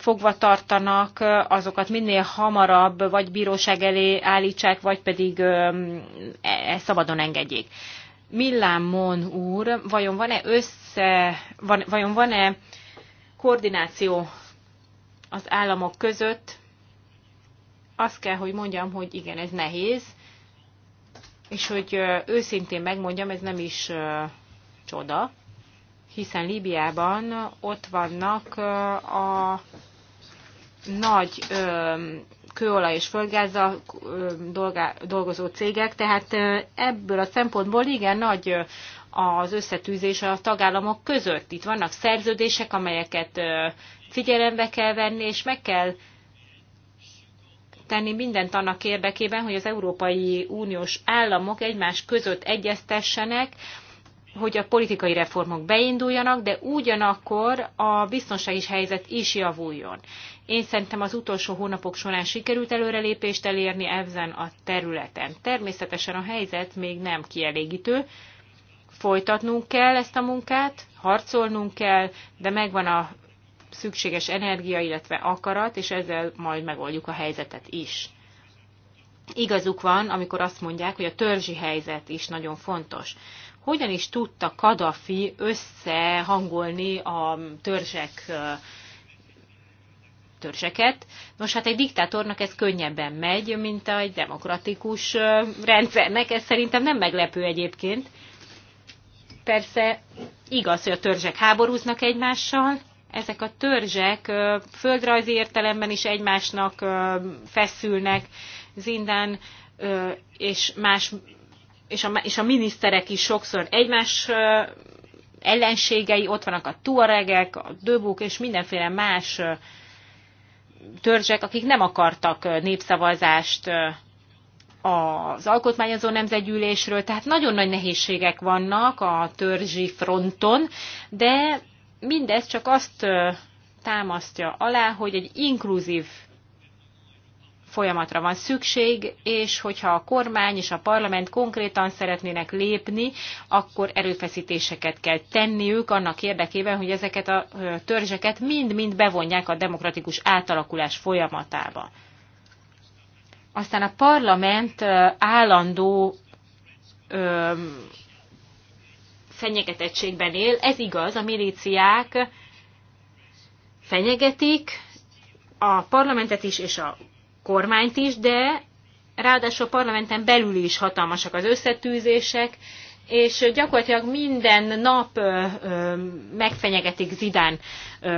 fogva tartanak, azokat minél hamarabb vagy bíróság elé állítsák, vagy pedig e, e, szabadon engedjék. Millán Mon úr, vajon van-e össze, van, vajon van-e koordináció az államok között? Azt kell, hogy mondjam, hogy igen, ez nehéz, és hogy őszintén megmondjam, ez nem is csoda, hiszen Líbiában ott vannak a nagy kőolaj és földgázzal dolgozó cégek, tehát ebből a szempontból igen nagy az összetűzés a tagállamok között. Itt vannak szerződések, amelyeket figyelembe kell venni, és meg kell tenni mindent annak érdekében, hogy az Európai Uniós államok egymás között egyeztessenek, hogy a politikai reformok beinduljanak, de ugyanakkor a biztonsági helyzet is javuljon. Én szerintem az utolsó hónapok során sikerült előrelépést elérni ezen a területen. Természetesen a helyzet még nem kielégítő, folytatnunk kell ezt a munkát, harcolnunk kell, de megvan a szükséges energia, illetve akarat, és ezzel majd megoldjuk a helyzetet is. Igazuk van, amikor azt mondják, hogy a törzsi helyzet is nagyon fontos hogyan is tudta Kadafi összehangolni a törzsek törzseket. Nos, hát egy diktátornak ez könnyebben megy, mint egy demokratikus rendszernek. Ez szerintem nem meglepő egyébként. Persze igaz, hogy a törzsek háborúznak egymással, ezek a törzsek földrajzi értelemben is egymásnak feszülnek, Zindán és más és a, és a miniszterek is sokszor egymás ellenségei, ott vannak a tuaregek, a döbuk és mindenféle más törzsek, akik nem akartak népszavazást az alkotmányozó nemzetgyűlésről, tehát nagyon nagy nehézségek vannak a törzsi fronton, de mindez csak azt támasztja alá, hogy egy inkluzív folyamatra van szükség, és hogyha a kormány és a parlament konkrétan szeretnének lépni, akkor erőfeszítéseket kell tenniük annak érdekében, hogy ezeket a törzseket mind-mind bevonják a demokratikus átalakulás folyamatába. Aztán a parlament állandó fenyegetettségben él. Ez igaz, a milíciák fenyegetik a parlamentet is és a kormányt is, de ráadásul a parlamenten belül is hatalmasak az összetűzések, és gyakorlatilag minden nap megfenyegetik Zidán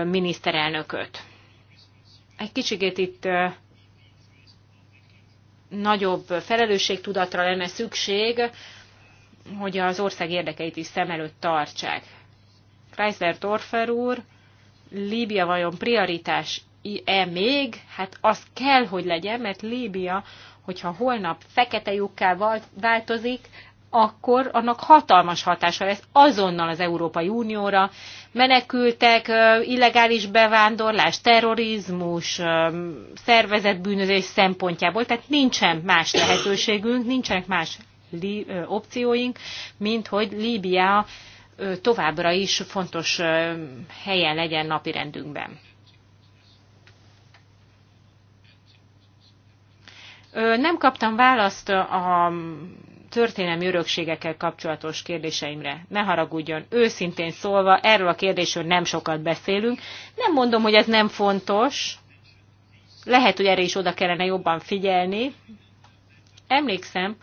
miniszterelnököt. Egy kicsikét itt nagyobb felelősségtudatra lenne szükség, hogy az ország érdekeit is szem előtt tartsák. Chrysler Torfer úr, Líbia vajon prioritás e még? Hát az kell, hogy legyen, mert Líbia, hogyha holnap fekete lyukkel változik, akkor annak hatalmas hatása lesz azonnal az Európai Unióra. Menekültek, illegális bevándorlás, terrorizmus, szervezetbűnözés szempontjából, tehát nincsen más lehetőségünk, nincsenek más opcióink, mint hogy Líbia továbbra is fontos helyen legyen napirendünkben. Nem kaptam választ a történelmi örökségekkel kapcsolatos kérdéseimre. Ne haragudjon, őszintén szólva, erről a kérdésről nem sokat beszélünk. Nem mondom, hogy ez nem fontos. Lehet, hogy erre is oda kellene jobban figyelni. Emlékszem,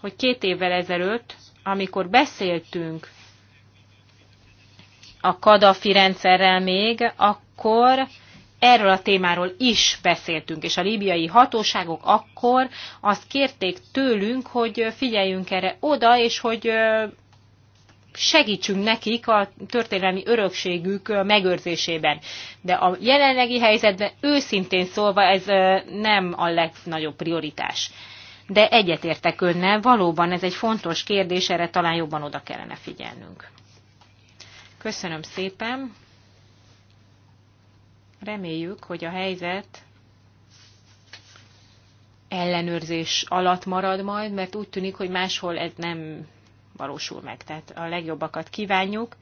hogy két évvel ezelőtt, amikor beszéltünk a Kadafi rendszerrel még, akkor erről a témáról is beszéltünk, és a líbiai hatóságok akkor azt kérték tőlünk, hogy figyeljünk erre oda, és hogy segítsünk nekik a történelmi örökségük megőrzésében. De a jelenlegi helyzetben őszintén szólva ez nem a legnagyobb prioritás. De egyetértek önnel, valóban ez egy fontos kérdés, erre talán jobban oda kellene figyelnünk. Köszönöm szépen! Reméljük, hogy a helyzet ellenőrzés alatt marad majd, mert úgy tűnik, hogy máshol ez nem valósul meg. Tehát a legjobbakat kívánjuk,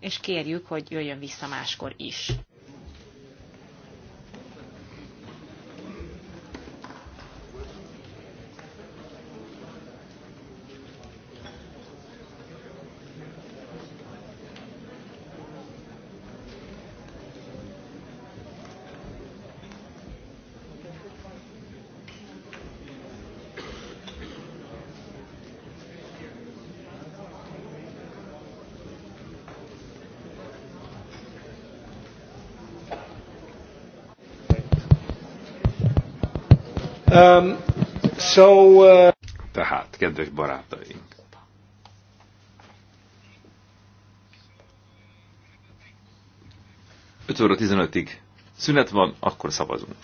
és kérjük, hogy jöjjön vissza máskor is. Um, so, uh... Tehát, kedves barátaink, Öt óra 15-ig szünet van, akkor szavazunk.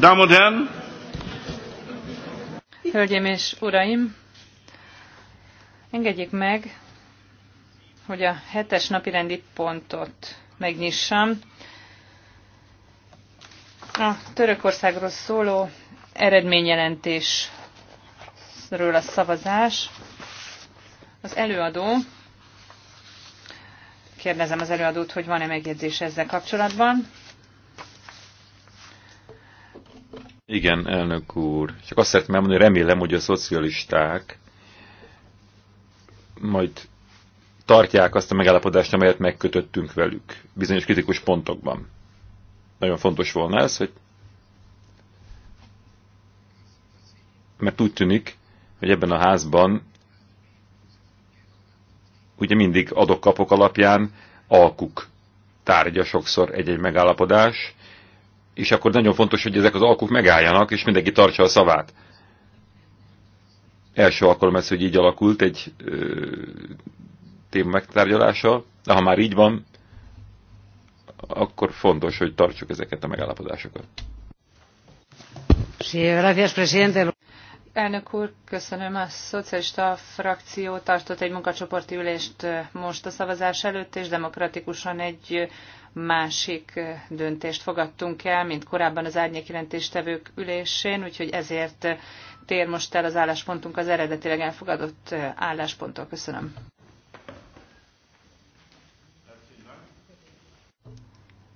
Damen und Herren! Hölgyeim és Uraim! Engedjék meg, hogy a hetes napi rendi pontot megnyissam. A Törökországról szóló eredményjelentésről a szavazás. Az előadó, kérdezem az előadót, hogy van-e megjegyzés ezzel kapcsolatban. Igen, elnök úr. Csak azt szeretném elmondani, hogy remélem, hogy a szocialisták majd tartják azt a megállapodást, amelyet megkötöttünk velük bizonyos kritikus pontokban. Nagyon fontos volna ez, hogy mert úgy tűnik, hogy ebben a házban ugye mindig adok-kapok alapján alkuk tárgya sokszor egy-egy megállapodás, és akkor nagyon fontos, hogy ezek az alkuk megálljanak, és mindenki tartsa a szavát. Első alkalom ez, hogy így alakult egy ö, téma megtárgyalása, de ha már így van, akkor fontos, hogy tartsuk ezeket a megállapodásokat. Sí, gracias, presidente. Elnök úr, köszönöm. A szocialista frakció tartott egy munkacsoporti ülést most a szavazás előtt, és demokratikusan egy másik döntést fogadtunk el, mint korábban az árnyékjelentéstevők ülésén, úgyhogy ezért tér most el az álláspontunk az eredetileg elfogadott állásponttól. Köszönöm.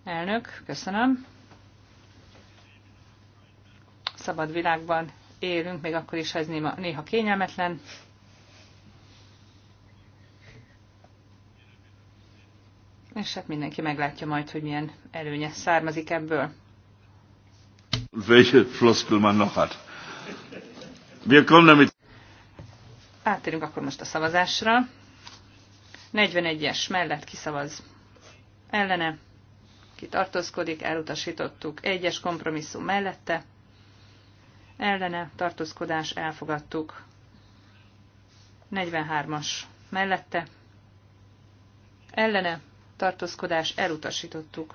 Elnök, köszönöm. Szabad világban élünk, még akkor is ez néha, néha kényelmetlen. És hát mindenki meglátja majd, hogy milyen előnye származik ebből. Welche Floskel man noch hat. Wir kommen damit. akkor most a szavazásra. 41-es mellett kiszavaz. Ellene. kitartózkodik, elutasítottuk. Egyes kompromisszum mellette ellene tartózkodás elfogadtuk. 43-as mellette ellene tartózkodás elutasítottuk.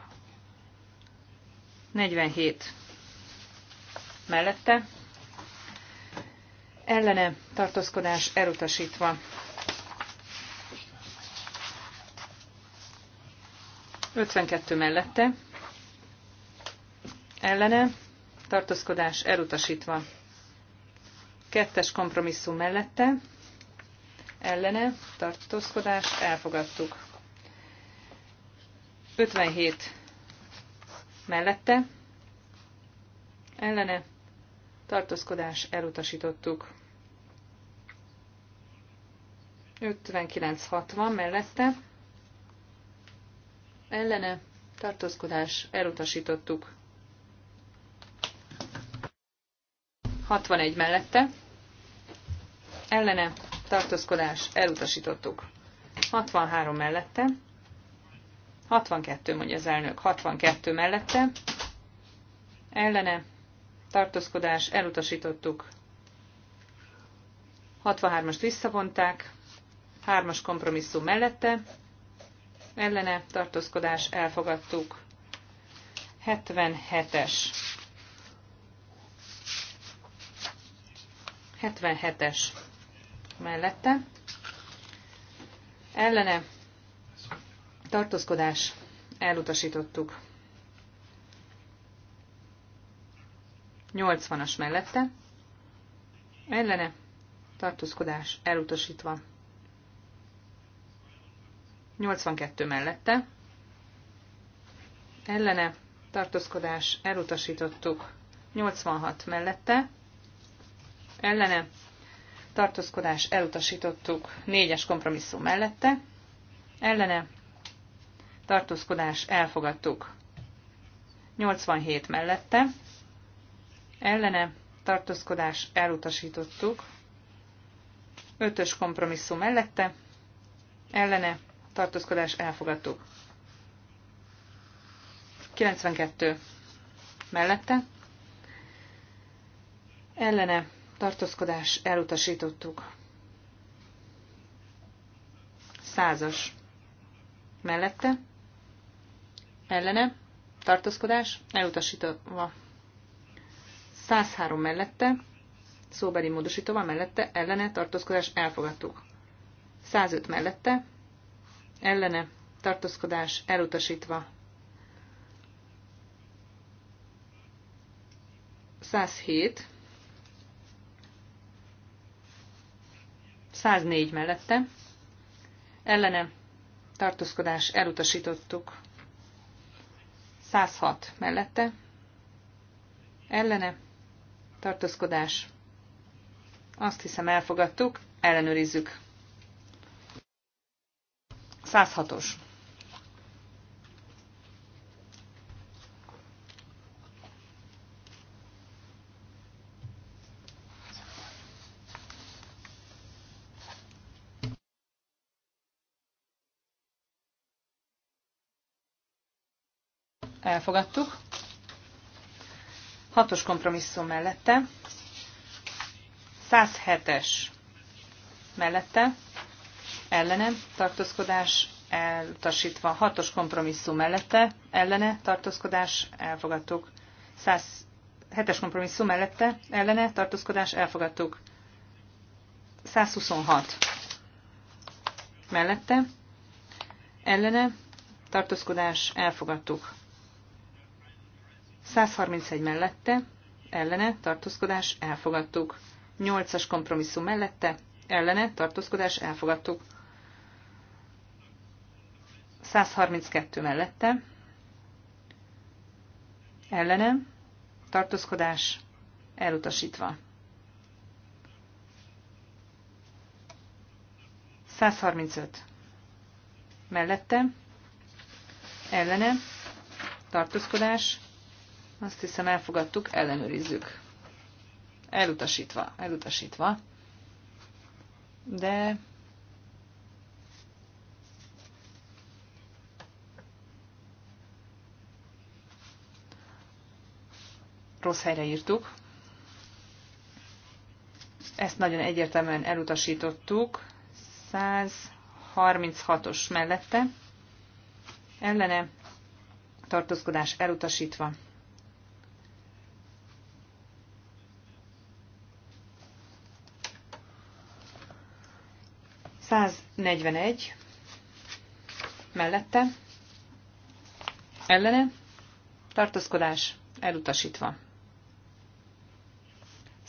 47 mellette ellene tartózkodás elutasítva. 52 mellette ellene tartózkodás elutasítva. Kettes kompromisszum mellette, ellene, tartózkodás, elfogadtuk. 57 mellette, ellene, tartózkodás, elutasítottuk. 59-60 mellette, ellene, tartózkodás, elutasítottuk. 61 mellette, ellene tartózkodás elutasítottuk. 63 mellette, 62 mondja az elnök, 62 mellette, ellene tartózkodás elutasítottuk. 63-ast visszavonták, 3-as kompromisszum mellette, ellene tartózkodás elfogadtuk. 77-es 77-es mellette. Ellene tartózkodás elutasítottuk. 80-as mellette. Ellene tartózkodás elutasítva. 82 mellette. Ellene tartózkodás elutasítottuk. 86 mellette ellene, tartózkodás elutasítottuk négyes kompromisszum mellette, ellene, tartózkodás elfogadtuk 87 mellette, ellene, tartózkodás elutasítottuk ötös kompromisszum mellette, ellene, tartózkodás elfogadtuk 92 mellette, ellene, tartózkodás elutasítottuk. Százas mellette, ellene, tartózkodás elutasítva. 103 mellette, szóbeli módosítóval mellette, ellene, tartózkodás elfogadtuk. 105 mellette, ellene, tartózkodás elutasítva. 107 104 mellette, ellene tartózkodás elutasítottuk. 106 mellette, ellene tartózkodás. Azt hiszem elfogadtuk, ellenőrizzük. 106-os. elfogadtuk. Hatos kompromisszum mellette. 107-es mellette. Ellene tartózkodás elutasítva. Hatos kompromisszum mellette. Ellene tartózkodás elfogadtuk. 107-es kompromisszum mellette. Ellene tartózkodás elfogadtuk. 126 mellette. Ellene tartózkodás elfogadtuk. 131 mellette, ellene, tartózkodás, elfogadtuk. 8-as kompromisszum mellette, ellene, tartózkodás, elfogadtuk. 132 mellette, ellene, tartózkodás, elutasítva. 135 mellette, ellene, tartózkodás, azt hiszem elfogadtuk, ellenőrizzük. Elutasítva, elutasítva. De rossz helyre írtuk. Ezt nagyon egyértelműen elutasítottuk. 136-os mellette. Ellene tartózkodás elutasítva. 141 mellette, ellene, tartózkodás elutasítva.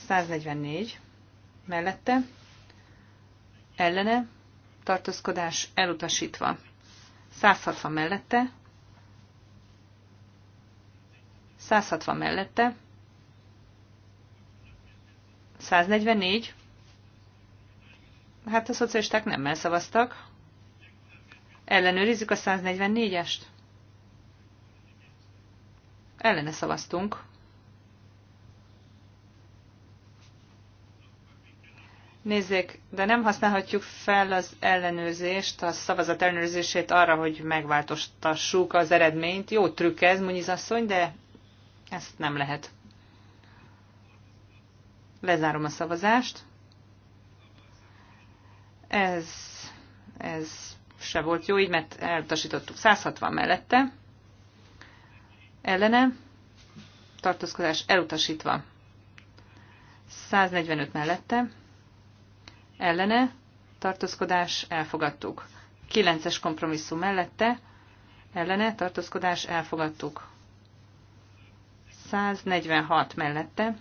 144 mellette, ellene, tartózkodás elutasítva. 160 mellette, 160 mellette, 144, Hát a szocialisták nem elszavaztak. Ellenőrizzük a 144-est. Ellene szavaztunk. Nézzék, de nem használhatjuk fel az ellenőrzést, a szavazat ellenőrzését arra, hogy megváltoztassuk az eredményt. Jó trükk ez, Munyiz asszony, de ezt nem lehet. Lezárom a szavazást. Ez, ez se volt jó, így mert elutasítottuk 160 mellette. Ellene tartózkodás elutasítva. 145 mellette. Ellene tartózkodás elfogadtuk. 9-es kompromisszum mellette. Ellene tartózkodás elfogadtuk. 146 mellette.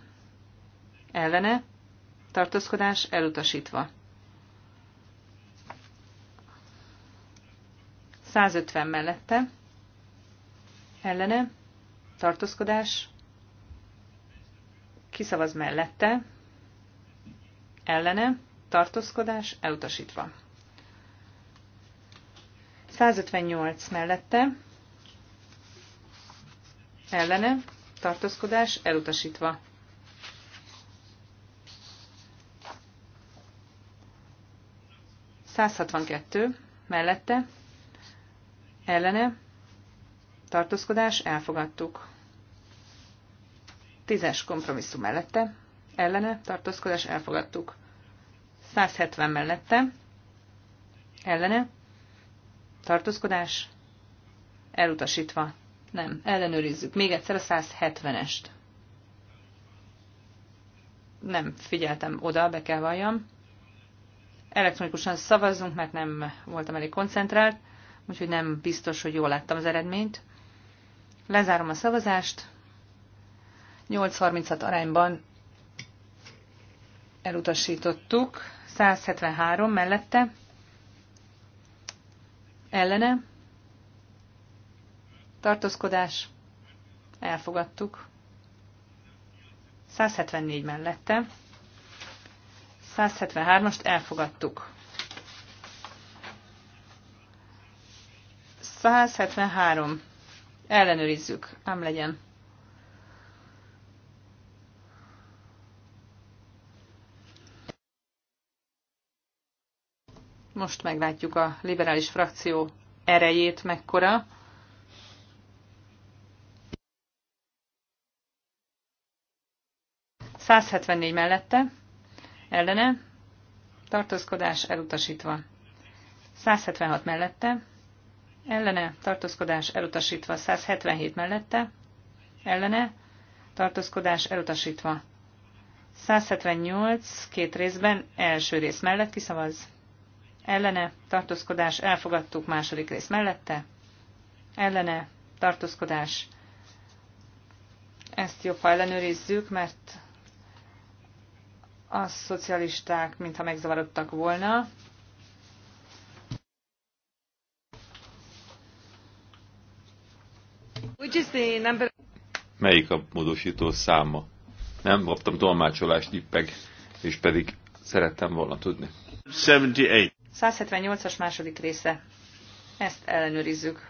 Ellene tartózkodás elutasítva. 150 mellette, ellene, tartózkodás, kiszavaz mellette, ellene, tartózkodás, elutasítva. 158 mellette, ellene, tartózkodás, elutasítva. 162 mellette, ellene, tartózkodás, elfogadtuk. Tízes kompromisszum mellette, ellene, tartózkodás, elfogadtuk. 170 mellette, ellene, tartózkodás, elutasítva. Nem, ellenőrizzük. Még egyszer a 170-est. Nem figyeltem oda, be kell valljam. Elektronikusan szavazzunk, mert nem voltam elég koncentrált úgyhogy nem biztos, hogy jól láttam az eredményt. Lezárom a szavazást. 8.36 arányban elutasítottuk. 173 mellette. Ellene. Tartózkodás. Elfogadtuk. 174 mellette. 173-ast elfogadtuk. 173. Ellenőrizzük. Ám legyen. Most meglátjuk a liberális frakció erejét mekkora. ...174 mellette, ellene, tartózkodás elutasítva. 176 mellette, ellene tartózkodás elutasítva 177 mellette, ellene tartózkodás elutasítva. 178 két részben első rész mellett kiszavaz, ellene tartózkodás elfogadtuk második rész mellette, ellene tartózkodás. Ezt jobb, ha ellenőrizzük, mert a szocialisták mintha megzavarodtak volna. Melyik a módosító száma? Nem kaptam tolmácsolást, ippeg, és pedig szerettem volna tudni. 78. 178-as második része. Ezt ellenőrizzük.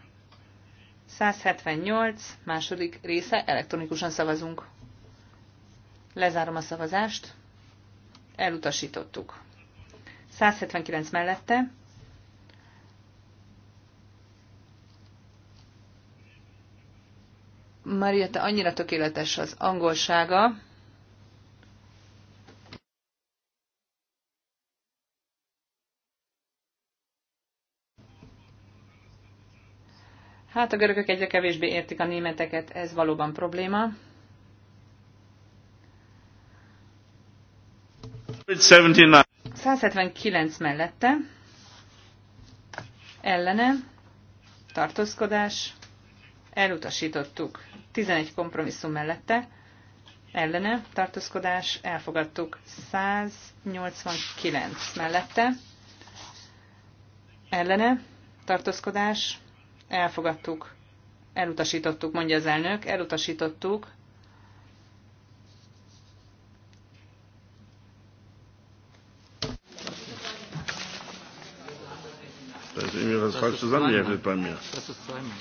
178 második része, elektronikusan szavazunk. Lezárom a szavazást. Elutasítottuk. 179 mellette, Maria, te annyira tökéletes az angolsága. Hát a görögök egyre kevésbé értik a németeket, ez valóban probléma. 179, 179 mellette ellene tartózkodás elutasítottuk. 11 kompromisszum mellette, ellene, tartózkodás, elfogadtuk 189 mellette, ellene, tartózkodás, elfogadtuk, elutasítottuk, mondja az elnök, elutasítottuk, Das ist irgendwie was falsch zusammengeheftet bei mir. Das ist zweimal.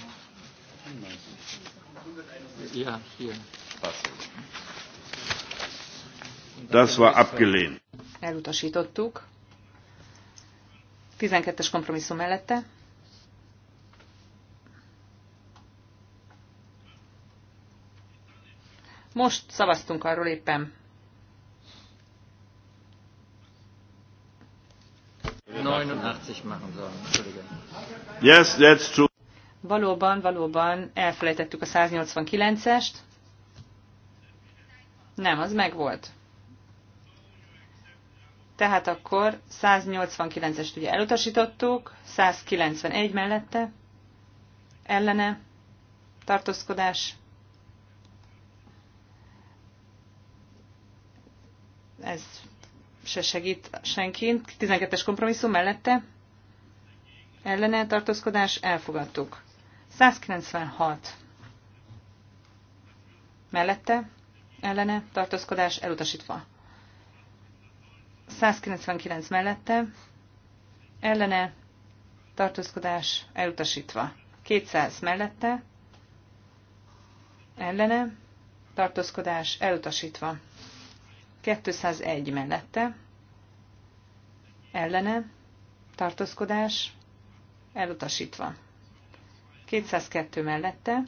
Das war abgelehnt. Elutasítottuk. 12-es kompromisszum mellette. Most szavaztunk arról éppen. Yes, that's true. Valóban, valóban elfelejtettük a 189-est. Nem, az megvolt. Tehát akkor 189-est ugye elutasítottuk, 191 mellette, ellene, tartózkodás. Ez se segít senkint. 12-es kompromisszum mellette, ellene, tartózkodás, elfogadtuk. 196. Mellette, ellene, tartózkodás elutasítva. 199 mellette, ellene, tartózkodás elutasítva. 200 mellette, ellene, tartózkodás elutasítva. 201 mellette, ellene, tartózkodás elutasítva. 202 mellette,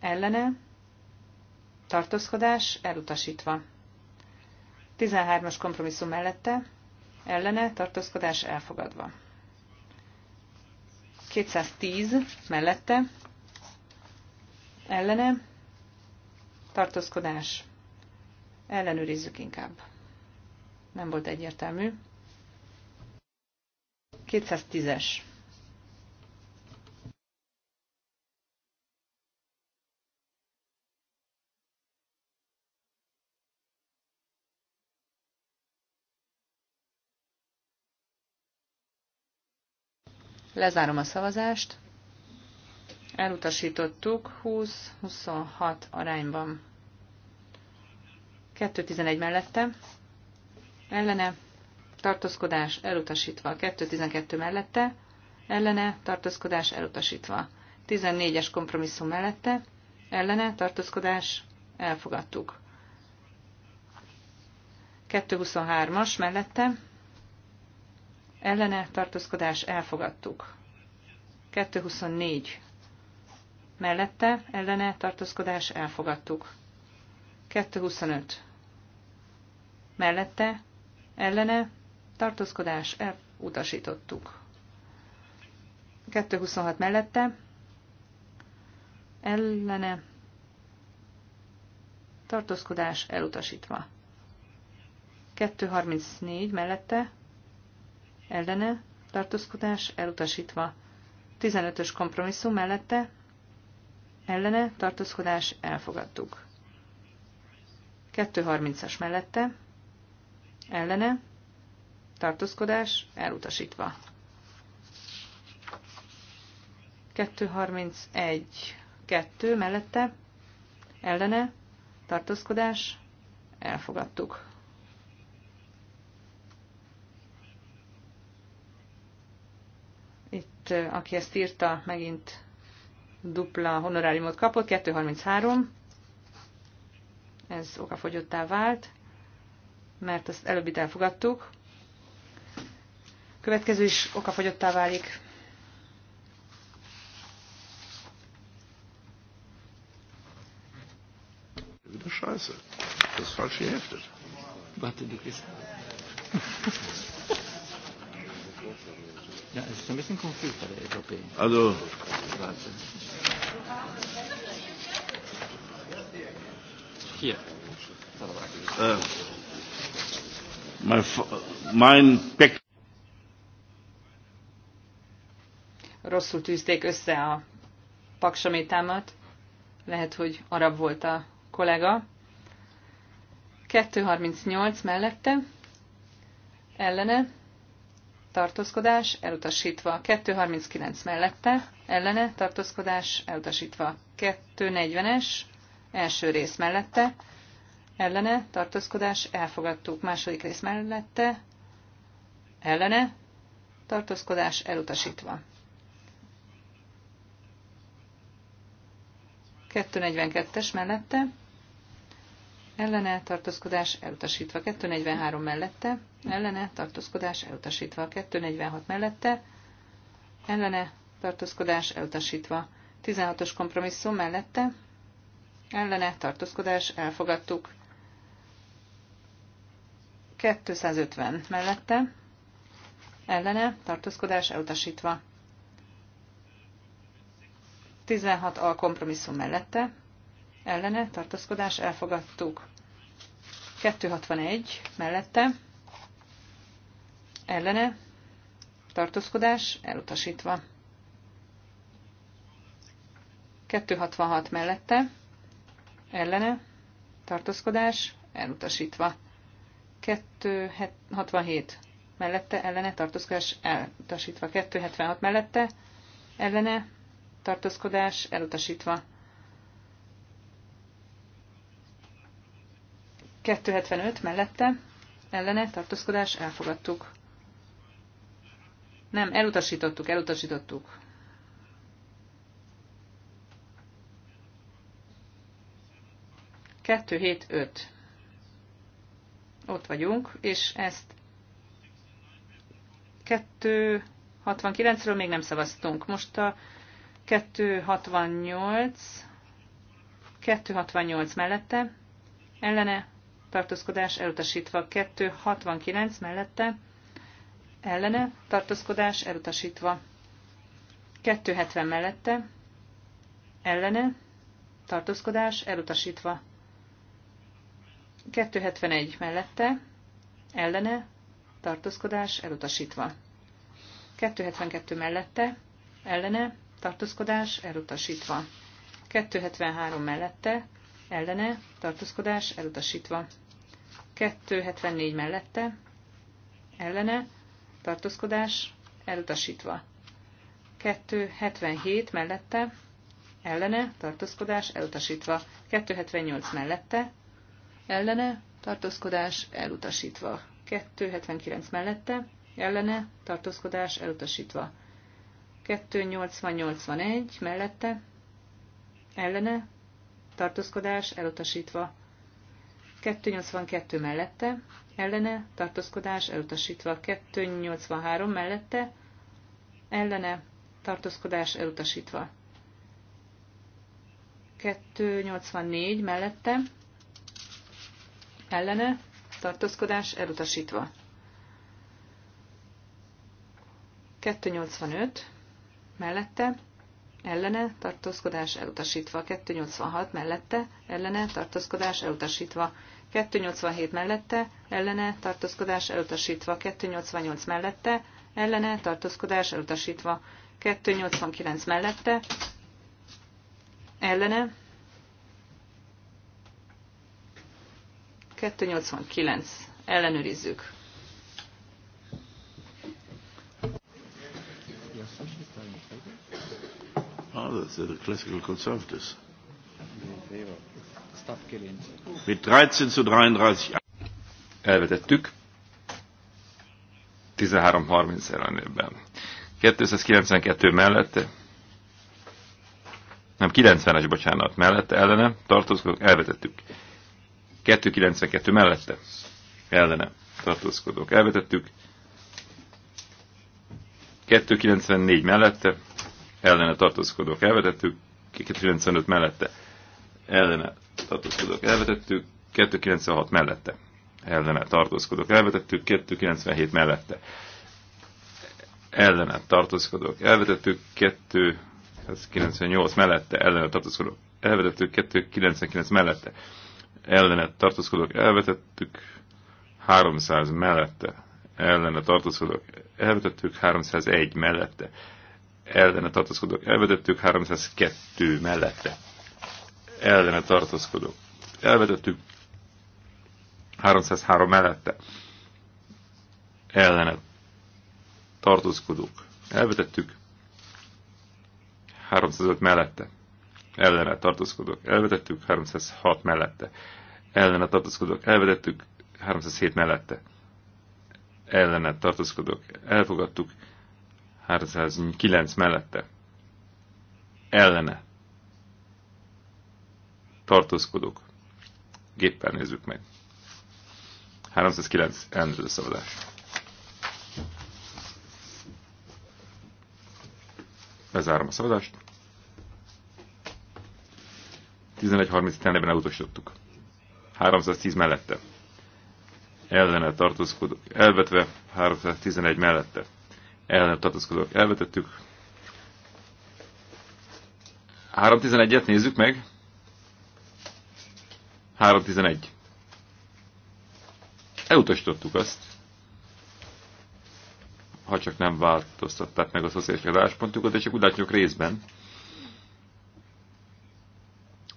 ellene, tartózkodás elutasítva. 13-as kompromisszum mellette, ellene, tartózkodás elfogadva. 210 mellette, ellene, tartózkodás, ellenőrizzük inkább. Nem volt egyértelmű. 210-es. Lezárom a szavazást. Elutasítottuk 20-26 arányban. 2-11 mellette. Ellene tartózkodás elutasítva. 2-12 mellette. Ellene tartózkodás elutasítva. 14-es kompromisszum mellette. Ellene tartózkodás elfogadtuk. 223-as mellette ellene tartózkodás elfogadtuk. 224 mellette ellene tartózkodás elfogadtuk. 225 mellette ellene tartózkodás elutasítottuk. 226 mellette ellene tartózkodás elutasítva. 234 mellette ellene tartózkodás elutasítva. 15-ös kompromisszum mellette ellene tartózkodás elfogadtuk. 230-as mellette ellene tartózkodás elutasítva. 231 2 mellette ellene tartózkodás elfogadtuk. aki ezt írta, megint dupla honoráriumot kapott, 233. Ez okafogyottá vált, mert azt előbbit elfogadtuk. Következő is okafogyottá válik. Scheiße. Das falsche Hälfte. Warte, du gehst. Ja, es ist ein bisschen konfus bei der EVP. Also. Warte. Hier. Äh, mein, mein Rosszul tűzték össze a paksamétámat. Lehet, hogy arab volt a kollega. 238 mellette, ellene, tartózkodás elutasítva, 239 mellette, ellene tartózkodás elutasítva, 240-es első rész mellette, ellene tartózkodás elfogadtuk, második rész mellette, ellene tartózkodás elutasítva. 242-es mellette, ellene tartózkodás elutasítva 243 mellette, ellene tartózkodás elutasítva 246 mellette, ellene tartózkodás elutasítva 16-os kompromisszum mellette, ellene tartózkodás elfogadtuk 250 mellette, ellene tartózkodás elutasítva 16 a kompromisszum mellette, ellene tartózkodás elfogadtuk. 261 mellette ellene tartózkodás elutasítva. 266 mellette ellene tartózkodás elutasítva. 267 mellette ellene tartózkodás elutasítva. 276 mellette ellene tartózkodás elutasítva. 275 mellette, ellene, tartózkodás, elfogadtuk. Nem, elutasítottuk, elutasítottuk. Kettő, hét, öt. Ott vagyunk, és ezt 269-ről még nem szavaztunk. Most a 268, 268 mellette, ellene, tartózkodás elutasítva. 269 mellette ellene tartózkodás elutasítva. 270 mellette ellene tartózkodás elutasítva. 271 mellette ellene tartózkodás elutasítva. 272 mellette ellene tartózkodás elutasítva. 273 mellette ellene, tartózkodás elutasítva. 274 mellette, ellene, tartózkodás elutasítva. 277 mellette, ellene, tartózkodás elutasítva. 278 mellette, ellene, tartózkodás elutasítva. 279 mellette, ellene, tartózkodás elutasítva. 28081 mellette, ellene, tartózkodás elutasítva. 282 mellette, ellene, tartózkodás elutasítva. 283 mellette, ellene, tartózkodás elutasítva. 284 mellette, ellene, tartózkodás elutasítva. 285 mellette, ellene tartózkodás elutasítva, 286 mellette ellene tartózkodás elutasítva, 287 mellette ellene tartózkodás elutasítva, 288 mellette ellene tartózkodás elutasítva, 289 mellette ellene 289 ellenőrizzük. No, the classical conservatives. Mit 13 zu 33. Elvetettük. 13-30 ellenében. 292 mellette, nem 90-es, bocsánat, mellette, ellene, tartózkodók, elvetettük. 292 mellette, ellene, tartózkodók, elvetettük. 294 mellette, ellene tartózkodók elvetettük, 295 mellette ellene tartózkodók elvetettük, 296 mellette ellene tartózkodók elvetettük, 297 mellette ellene tartózkodók elvetettük, 298 mellette ellene tartózkodók elvetettük, 299 mellette ellene tartózkodók elvetettük, 300 mellette ellene tartózkodók elvetettük, 301 mellette ellene tartózkodók elvetettük, 302 mellette ellene tartózkodók elvetettük, 303 mellette ellene tartózkodók elvetettük, 305 mellette ellene tartózkodók elvetettük, 306 mellette ellene tartózkodók elvetettük, 307 mellette ellene tartózkodók elfogadtuk, 309 mellette ellene tartózkodók. Géppel nézzük meg. 309 elnéző szavazás. Bezárom a szavazást. 11.30 ellenében elutasítottuk. 310 mellette. Ellene tartózkodó. Elvetve 311 mellette nem tartozkodok. elvetettük. 3.11-et nézzük meg. 3.11. Elutasítottuk azt. Ha csak nem változtatták meg a szociális álláspontunkat, de csak úgy látjuk részben.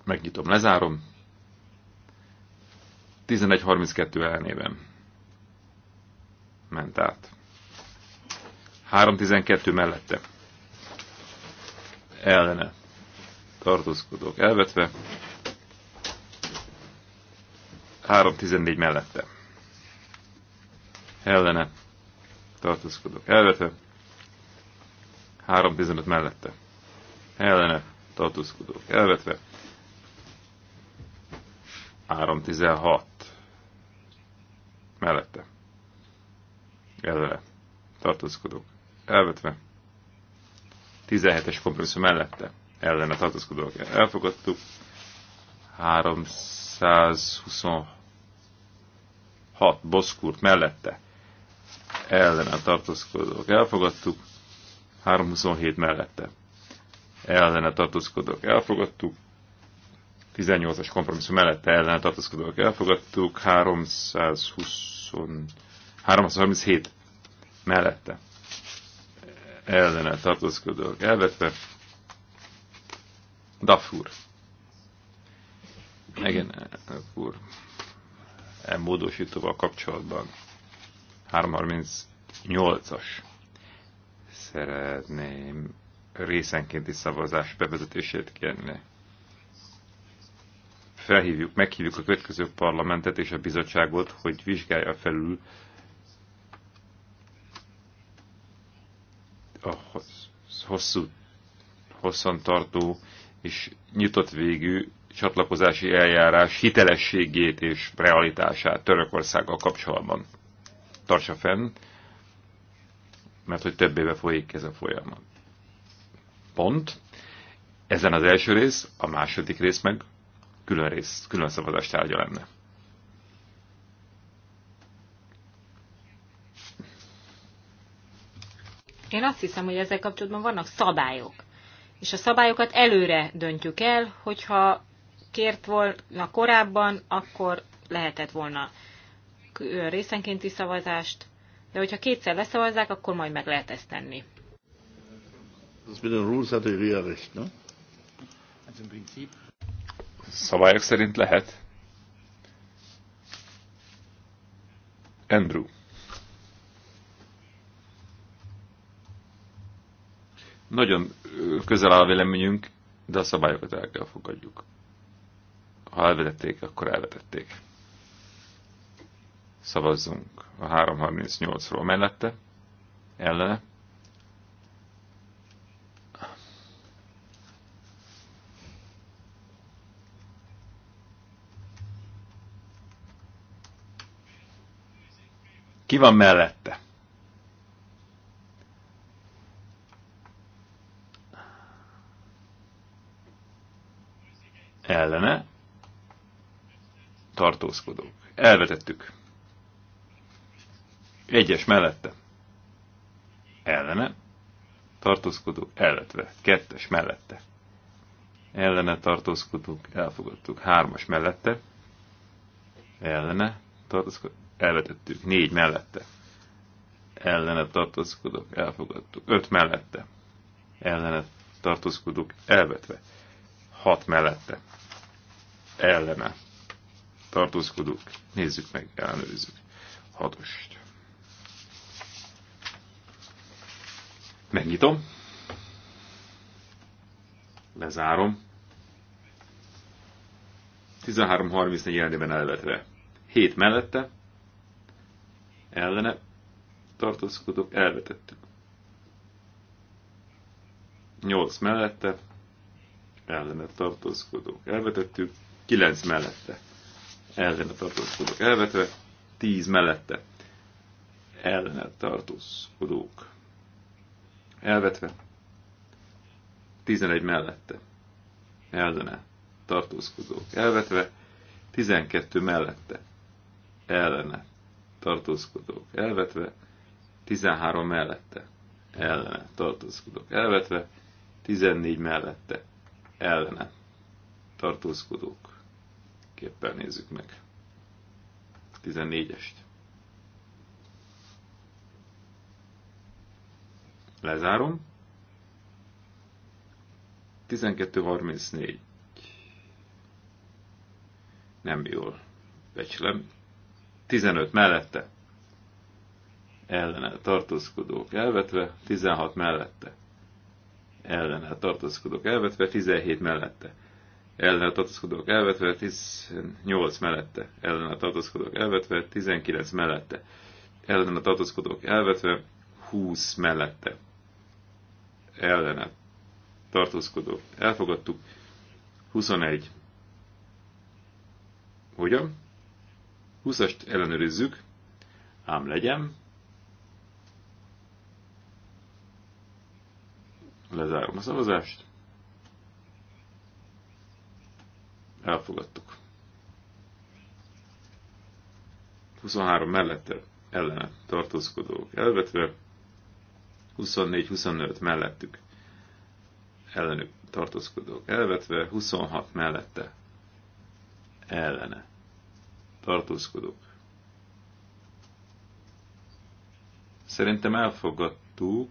Megnyitom, lezárom. 11.32 elnében ment át. 312 mellette. Ellene. Tartózkodók elvetve. 314 mellette. Ellene. Tartózkodók elvetve. 315 mellette. Ellene. Tartózkodók elvetve. 316 mellette. Ellene tartózkodók elvetve. 17-es kompromisszum mellette ellene tartózkodók elfogadtuk. 326 boszkurt mellette ellene tartózkodók elfogadtuk. 327 mellette ellene tartózkodók elfogadtuk. 18-as kompromisszum mellette ellene tartózkodók elfogadtuk. 320, 337 mellette ellene tartózkodók elvette. Dafur. Igen, Dafur. E módosítóval kapcsolatban 338-as. Szeretném részenkénti szavazás bevezetését kérni. Felhívjuk, meghívjuk a következő parlamentet és a bizottságot, hogy vizsgálja felül a hosszú, hosszantartó és nyitott végű csatlakozási eljárás hitelességét és realitását Törökországgal kapcsolatban tartsa fenn, mert hogy több éve folyik ez a folyamat. Pont. Ezen az első rész, a második rész meg külön, rész, külön szavazást tárgya lenne. Én azt hiszem, hogy ezzel kapcsolatban vannak szabályok. És a szabályokat előre döntjük el, hogyha kért volna korábban, akkor lehetett volna részenkénti szavazást, de hogyha kétszer leszavazzák, akkor majd meg lehet ezt tenni. Szabályok szerint lehet. Andrew. Nagyon közel áll a véleményünk, de a szabályokat el kell fogadjuk. Ha elvetették, akkor elvetették. Szavazzunk a 338-ról mellette, ellene. Ki van mellette? ellene tartózkodók. Elvetettük. Egyes mellette ellene tartózkodók elvetve. Kettes mellette ellene tartózkodók elfogadtuk. Hármas mellette ellene tartózkodók elvetettük. Négy mellette ellene tartózkodók elfogadtuk. Öt mellette ellene tartózkodók elvetve hat mellette. Ellene. Tartózkodunk. Nézzük meg, ellenőrizzük. Hatost. Megnyitom. Lezárom. 13.34 jelenében elvetve. 7 mellette. Ellene. Tartózkodok. Elvetettük. 8 mellette ellene tartózkodók elvetettük, 9 mellette ellene tartózkodók elvetve, 10 mellette ellene tartózkodók elvetve, 11 mellette ellene tartózkodók elvetve, 12 mellette ellene tartózkodók elvetve, 13 mellette ellene tartózkodók elvetve, 14 mellette ellene tartózkodók képpel nézzük meg. 14-est. Lezárom. 12.34. Nem jól becslem. 15 mellette ellene tartózkodók elvetve, 16 mellette ellen a tartózkodók elvetve, 17 mellette ellen a tartózkodók elvetve, 18 mellette ellen a tartózkodók elvetve, 19 mellette ellen a tartózkodók elvetve, 20 mellette Ellen a tartózkodók elfogadtuk, 21 hogyan? 20-ast ellenőrizzük, ám legyen, Lezárom a szavazást. Elfogadtuk. 23 mellette ellene tartózkodók elvetve, 24-25 mellettük ellenük tartózkodók elvetve, 26 mellette ellene tartózkodók. Szerintem elfogadtuk,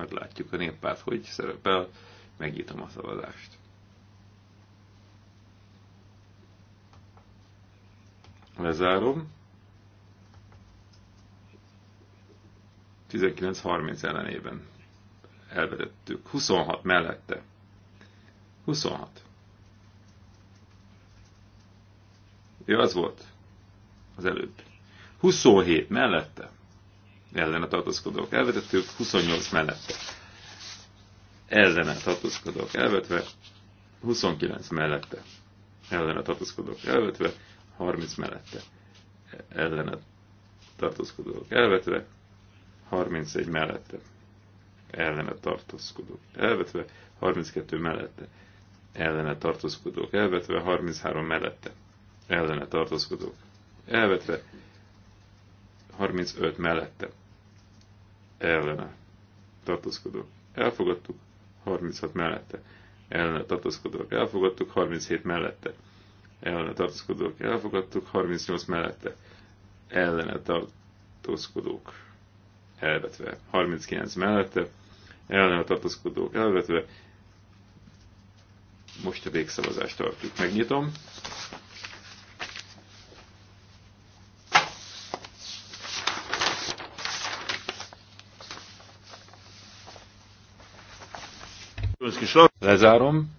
meglátjuk a néppárt, hogy szerepel, megnyitom a szavazást. Lezárom. 19.30 ellenében elvetettük. 26 mellette. 26. Jó, az volt az előbb. 27 mellette ellene tartózkodók elvetettük, 28 mellette ellene tartózkodók elvetve, 29 mellette ellene tartózkodók elvetve, 30 mellette ellene tartózkodók elvetve, 31 mellette ellene tartózkodók elvetve, 32 mellette ellene tartózkodók elvetve, 33 mellette ellene tartózkodók elvetve, 35 mellette ellene tartózkodók elfogadtuk, 36 mellette ellene tartózkodók elfogadtuk, 37 mellette ellene tartózkodók elfogadtuk, 38 mellette ellene tartózkodók elvetve, 39 mellette ellene tartózkodók elvetve, most a végszavazást tartjuk. Megnyitom. Lezárom.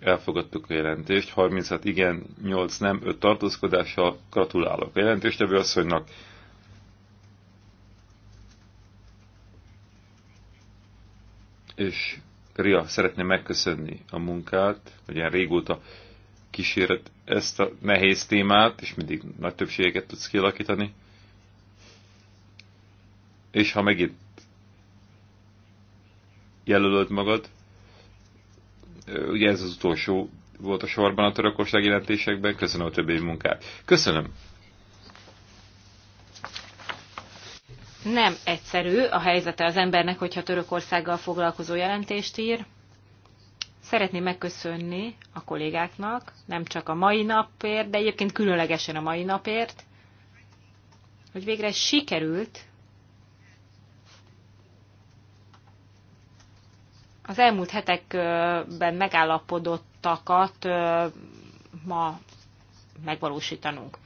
Elfogadtuk a jelentést. 36 igen, 8 nem, 5 tartózkodással. Gratulálok a jelentéstevő asszonynak. És Ria szeretném megköszönni a munkát, hogy ilyen régóta kíséret ezt a nehéz témát, és mindig nagy többségeket tudsz kialakítani. És ha megint jelölöd magad. Ugye ez az utolsó volt a sorban a törökország jelentésekben. Köszönöm a többi munkát. Köszönöm. Nem egyszerű a helyzete az embernek, hogyha Törökországgal foglalkozó jelentést ír. Szeretném megköszönni a kollégáknak, nem csak a mai napért, de egyébként különlegesen a mai napért, hogy végre sikerült az elmúlt hetekben megállapodottakat ma megvalósítanunk.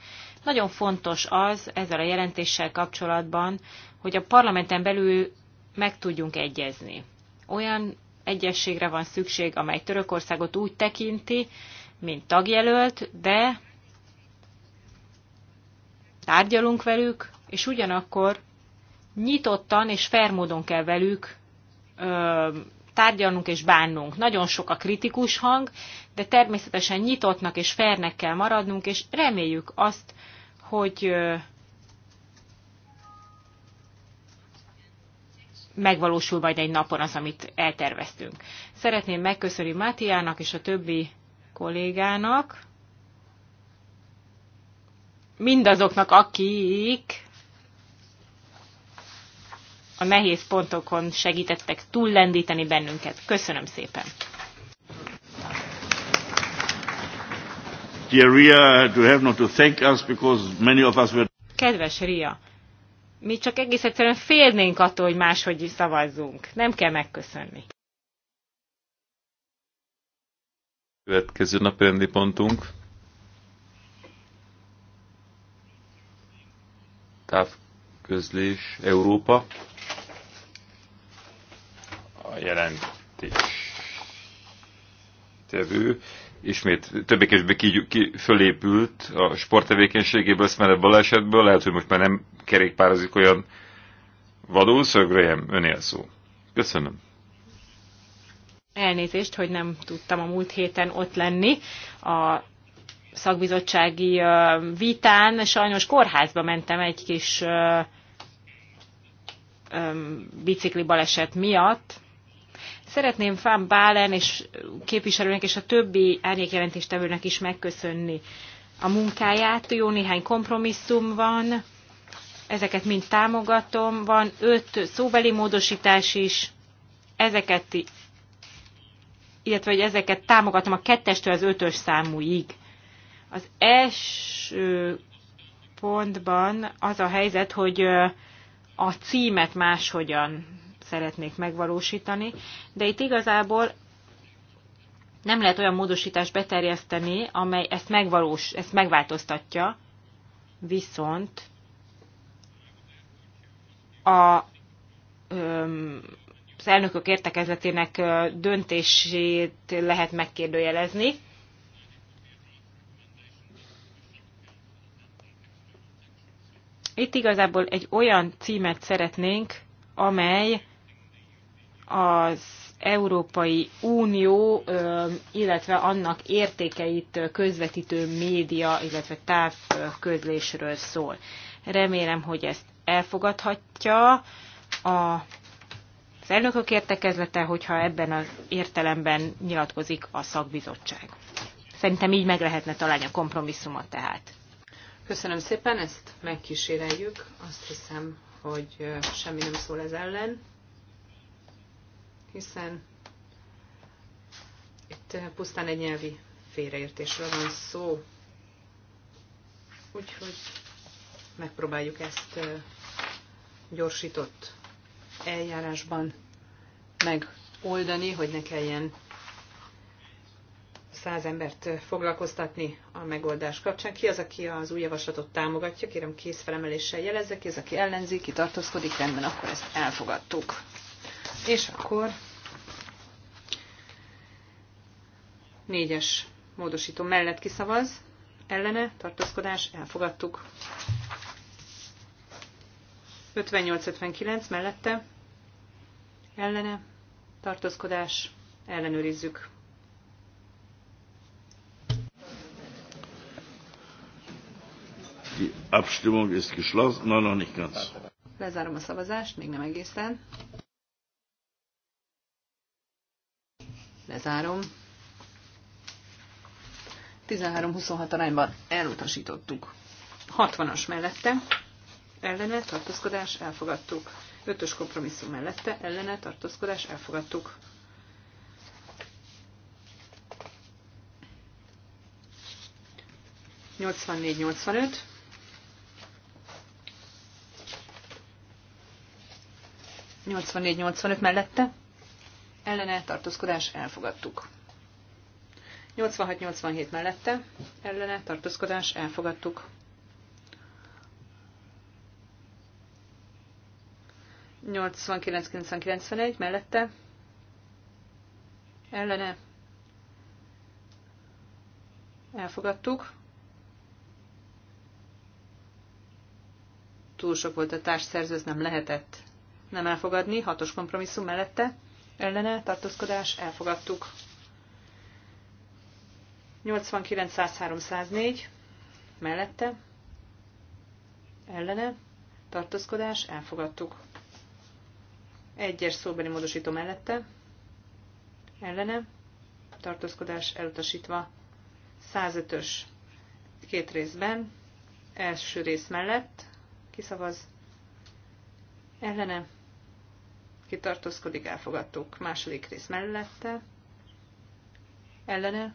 Nagyon fontos az ezzel a jelentéssel kapcsolatban, hogy a parlamenten belül meg tudjunk egyezni. Olyan egyességre van szükség, amely Törökországot úgy tekinti, mint tagjelölt, de tárgyalunk velük, és ugyanakkor nyitottan és fermódon kell velük ö, tárgyalnunk és bánnunk. Nagyon sok a kritikus hang, de természetesen nyitottnak és fernek kell maradnunk, és reméljük azt, hogy megvalósul majd egy napon az, amit elterveztünk. Szeretném megköszönni Mátiának és a többi kollégának, mindazoknak, akik a nehéz pontokon segítettek túllendíteni bennünket. Köszönöm szépen! Kedves Ria, mi csak egész egyszerűen félnénk attól, hogy máshogy szavazzunk. Nem kell megköszönni. Következő napi rendi pontunk. Távközlés Európa a jelentés tevő ismét többé-kevésbé ki, ki, fölépült a sporttevékenységéből, ezt balesetből, lehet, hogy most már nem kerékpározik olyan vadul, szögrejem, önél szó. Köszönöm. Elnézést, hogy nem tudtam a múlt héten ott lenni a szakbizottsági vitán. Sajnos kórházba mentem egy kis bicikli baleset miatt, Szeretném Fán Bálen és képviselőnek és a többi árnyékjelentéstevőnek is megköszönni a munkáját. Jó néhány kompromisszum van, ezeket mind támogatom. Van öt szóbeli módosítás is, ezeket, illetve hogy ezeket támogatom a kettestől az ötös számúig. Az első pontban az a helyzet, hogy a címet máshogyan szeretnék megvalósítani, de itt igazából nem lehet olyan módosítást beterjeszteni, amely ezt, megvalós, ezt megváltoztatja, viszont a, az elnökök értekezletének döntését lehet megkérdőjelezni. Itt igazából egy olyan címet szeretnénk, amely az Európai Unió, illetve annak értékeit közvetítő média, illetve távközlésről szól. Remélem, hogy ezt elfogadhatja a az elnökök értekezlete, hogyha ebben az értelemben nyilatkozik a szakbizottság. Szerintem így meg lehetne találni a kompromisszumot tehát. Köszönöm szépen, ezt megkíséreljük. Azt hiszem, hogy semmi nem szól ez ellen hiszen itt eh, pusztán egy nyelvi félreértésről van szó. Úgyhogy megpróbáljuk ezt eh, gyorsított eljárásban megoldani, hogy ne kelljen száz embert eh, foglalkoztatni a megoldás kapcsán. Ki az, aki az új javaslatot támogatja? Kérem készfelemeléssel jelezze, ki az, aki ellenzi, ki tartózkodik, rendben, akkor ezt elfogadtuk. És akkor négyes módosító mellett kiszavaz, ellene, tartózkodás, elfogadtuk. 58-59 mellette, ellene, tartózkodás, ellenőrizzük. Die Abstimmung ist geschlossen. Nein, noch nicht ganz. Lezárom a szavazást, még nem egészen. Lezárom. 13-26 arányban elutasítottuk. 60-as mellette ellene tartózkodás elfogadtuk. 5-ös kompromisszum mellette ellene tartózkodás elfogadtuk. Nyolcvannégy, nyolcvanöt. Nyolcvannégy, nyolcvanöt mellette ellene tartózkodás elfogadtuk. 86-87 mellette ellene tartózkodás elfogadtuk. 89-90-91 mellette ellene elfogadtuk. Túl sok volt a társszerző, ez nem lehetett nem elfogadni, hatos kompromisszum mellette ellene tartózkodás elfogadtuk. 89.103.104 mellette ellene tartózkodás elfogadtuk. Egyes szóbeli módosító mellette ellene tartózkodás elutasítva. 105-ös két részben első rész mellett kiszavaz ellene kitartózkodik, elfogadtuk. Második rész mellette, ellene,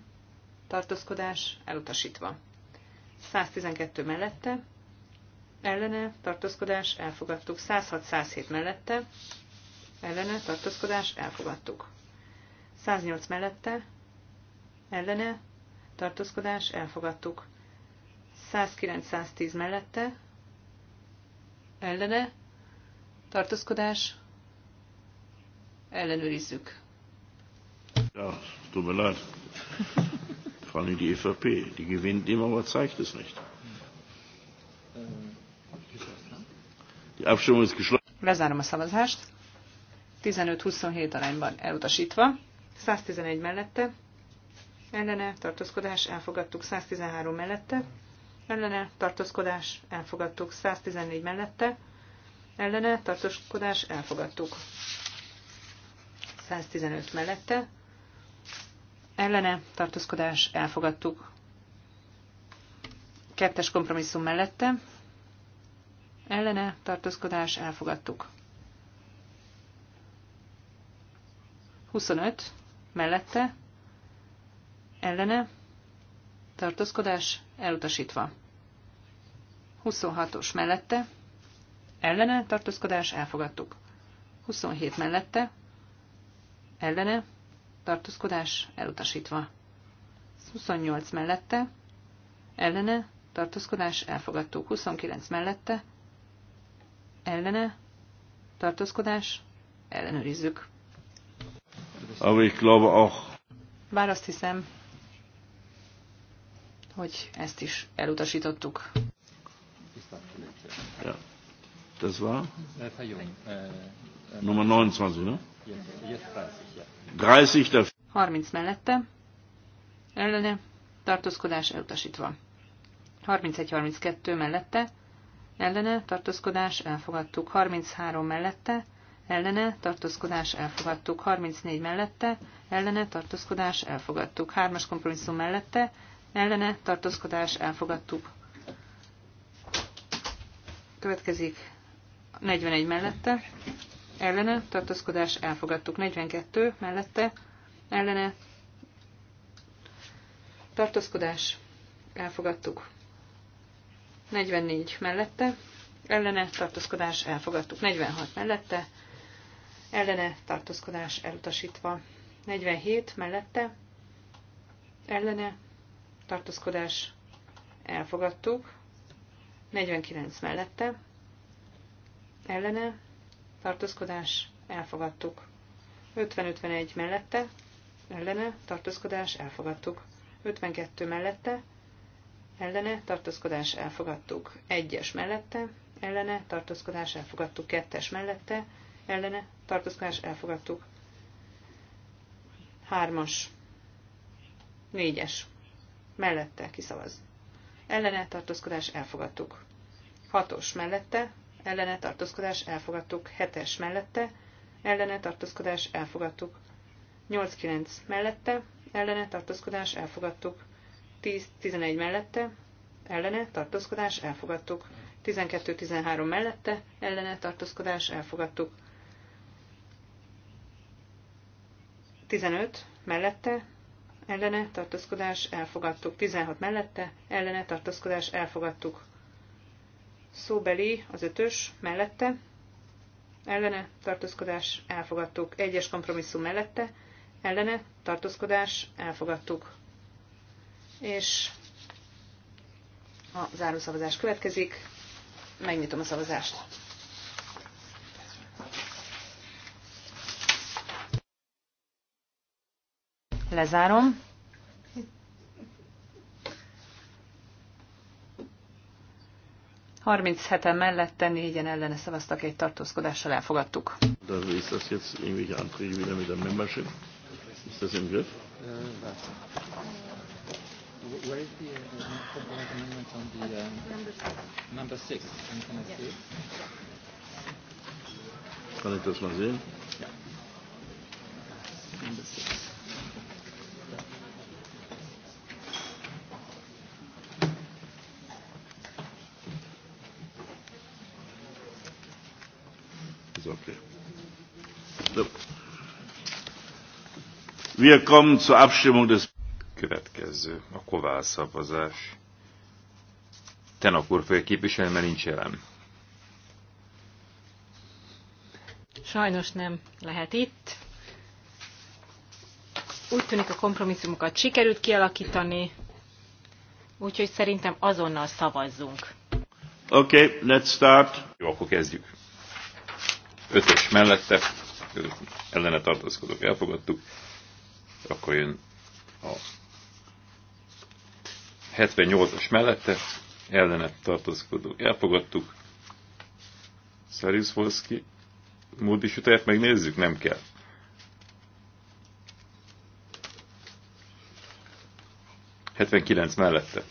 tartózkodás, elutasítva. 112 mellette, ellene, tartózkodás, elfogadtuk. 106-107 mellette, ellene, tartózkodás, elfogadtuk. 108 mellette, ellene, tartózkodás, elfogadtuk. 109-110 mellette, ellene, tartózkodás, ellenőrizzük. Ja, tut mir leid. Vor allem die EVP, die gewinnt immer, aber zeigt es nicht. Die Abstimmung ist geschlossen. Lezárom a szavazást. 15-27 arányban elutasítva. 111 mellette. Ellene tartózkodás elfogadtuk 113 mellette. Ellene tartózkodás elfogadtuk 114 mellette. Ellene tartózkodás elfogadtuk. 115 mellette, ellene tartózkodás elfogadtuk. Kettes kompromisszum mellette, ellene tartózkodás elfogadtuk. 25 mellette, ellene tartózkodás elutasítva. 26-os mellette, ellene tartózkodás elfogadtuk. 27 mellette, ellene, tartózkodás elutasítva. 28 mellette, ellene, tartózkodás elfogadtuk. 29 mellette, ellene, tartózkodás, ellenőrizzük. Bár azt hiszem, hogy ezt is elutasítottuk. Ja. Das war? Äh, äh, äh, Nummer 29, ne? 30 mellette, ellene, tartózkodás elutasítva. 31-32 mellette, ellene, tartózkodás elfogadtuk. 33 mellette, ellene, tartózkodás elfogadtuk. 34 mellette, ellene, tartózkodás elfogadtuk. 3-as kompromisszum mellette, ellene, tartózkodás elfogadtuk. Következik 41 mellette, ellene, tartózkodás elfogadtuk. 42 mellette, ellene, tartózkodás elfogadtuk. 44 mellette, ellene, tartózkodás elfogadtuk. 46 mellette, ellene, tartózkodás elutasítva. 47 mellette, ellene, tartózkodás elfogadtuk. 49 mellette, ellene, tartózkodás, elfogadtuk. 50-51 mellette, ellene, tartózkodás, elfogadtuk. 52 mellette, ellene, tartózkodás, elfogadtuk. 1-es mellette, ellene, tartózkodás, elfogadtuk. 2-es mellette, ellene, tartózkodás, elfogadtuk. 3-as, 4-es, mellette, kiszavaz. Ellene, tartózkodás, elfogadtuk. 6-os mellette, ellene tartózkodás elfogadtuk. 7-es mellette ellene tartózkodás elfogadtuk. 8-9 mellette ellene tartózkodás elfogadtuk. 10-11 mellette ellene tartózkodás elfogadtuk. 12-13 mellette ellene tartózkodás elfogadtuk. 15 mellette ellene tartózkodás elfogadtuk. 16 mellette ellene tartózkodás elfogadtuk szóbeli, az ötös, mellette, ellene, tartózkodás, elfogadtuk. Egyes kompromisszum mellette, ellene, tartózkodás, elfogadtuk. És a zárószavazás következik. Megnyitom a szavazást. Lezárom. 37-en mellette, négyen ellene szavaztak, egy tartózkodással elfogadtuk. Membership? Where is the amendment on the number six? Kann ich das mal sehen? Ja. Number six. Wir kommen zur Abstimmung des... Következő, a Kovács szavazás. Ten fogja képviselni, mert nincs jelen. Sajnos nem lehet itt. Úgy tűnik a kompromisszumokat sikerült kialakítani, úgyhogy szerintem azonnal szavazzunk. Oké, okay, let's start. Jó, akkor kezdjük. Ötös mellette, ellene tartózkodok, elfogadtuk. Akkor jön a 78-as mellette, ellenet tartózkodók elfogadtuk. Szeriuszfolszki módisítáját megnézzük, nem kell. Hetvenkilenc mellette,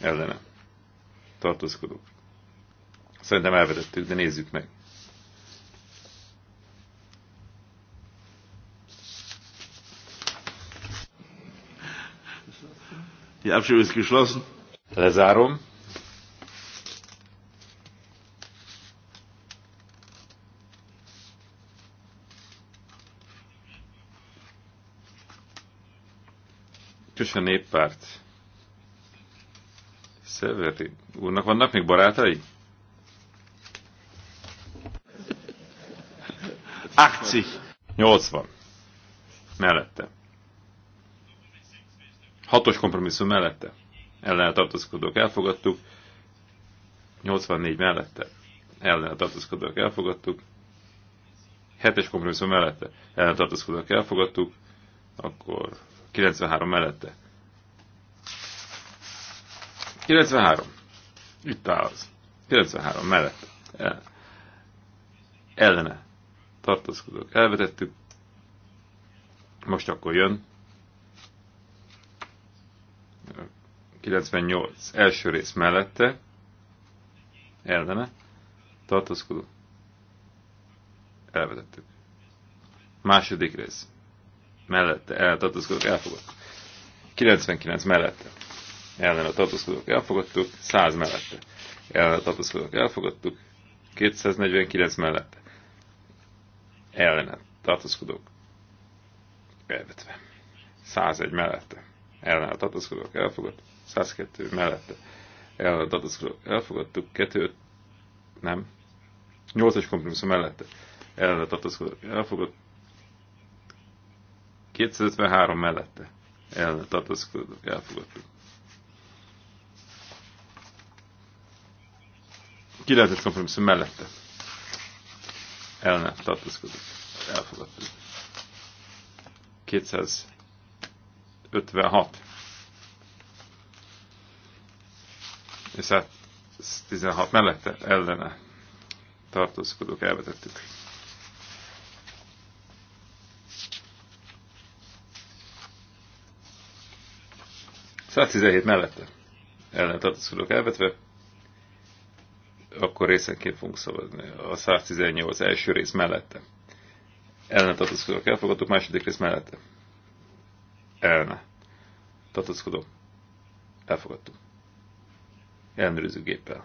ellene tartózkodók. Szerintem elvedettük, de nézzük meg. Die Abstimmung ist geschlossen. Lezárom. Kös a néppárt. Szeveri úrnak vannak még barátai? 80. 80. Mellette. Hatos kompromisszum mellette. Ellene tartózkodók elfogadtuk. 84 mellette. Ellene tartózkodók elfogadtuk. Hetes kompromisszum mellette. Ellene tartózkodók elfogadtuk. Akkor 93 mellette. 93. Itt áll az. 93 mellette. Ellene tartózkodók elvetettük. Most akkor jön 98 első rész mellette, ellene, tartózkodó, elvezettük. Második rész, mellette, eltartózkodók, elfogadtuk. 99 mellette, ellene tartózkodók, elfogadtuk. 100 mellette, ellene tartózkodók, elfogadtuk. 249 mellette, ellene tartózkodók, elvetve. 101 mellette, ellene tartózkodók elfogadt, 102 mellette ellene tartózkodók elfogadtuk, 2 nem, 8-as kompromisszum mellette ellene tartózkodók elfogadt, 253 mellette a tartózkodók elfogadtuk. 9-es kompromisszum mellette ellene tartózkodók elfogadtuk. 200 56. És hát 16 mellette ellene tartózkodók elvetettük. Szóval 17 mellette ellen tartózkodók elvetve, akkor részenként fogunk szavazni a 118 első rész mellette. Ellen tartózkodók elfogadtuk, második rész mellette elne. tartózkodó elfogadtuk. Ellenőrző géppel.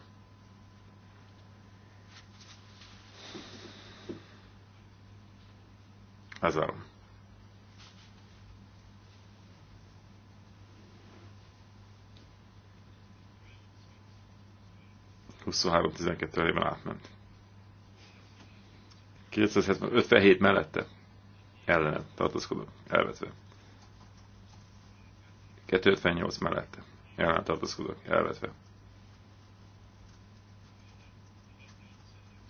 Lezárom. Huszonhárom elében átment. 257 mellette ellene tartozkodom, elvetve. 258 mellett ellen tartózkodók elvetve.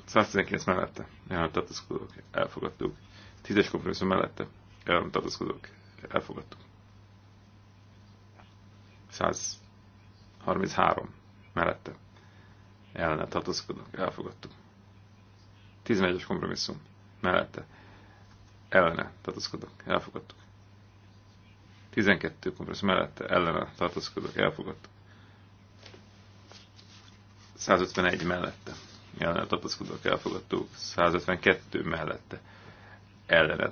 119 mellette ellen tartózkodók elfogadtuk. 10-es kompromisszum mellette ellen tartózkodók elfogadtuk. 133 mellette ellen tartózkodók elfogadtuk. 11-es kompromisszum mellette ellene tartózkodók elfogadtuk. 12 kompresszor mellette ellene tartózkodók elfogadtuk. 151 mellette ellene tartózkodók elfogadtuk. 152 mellette ellene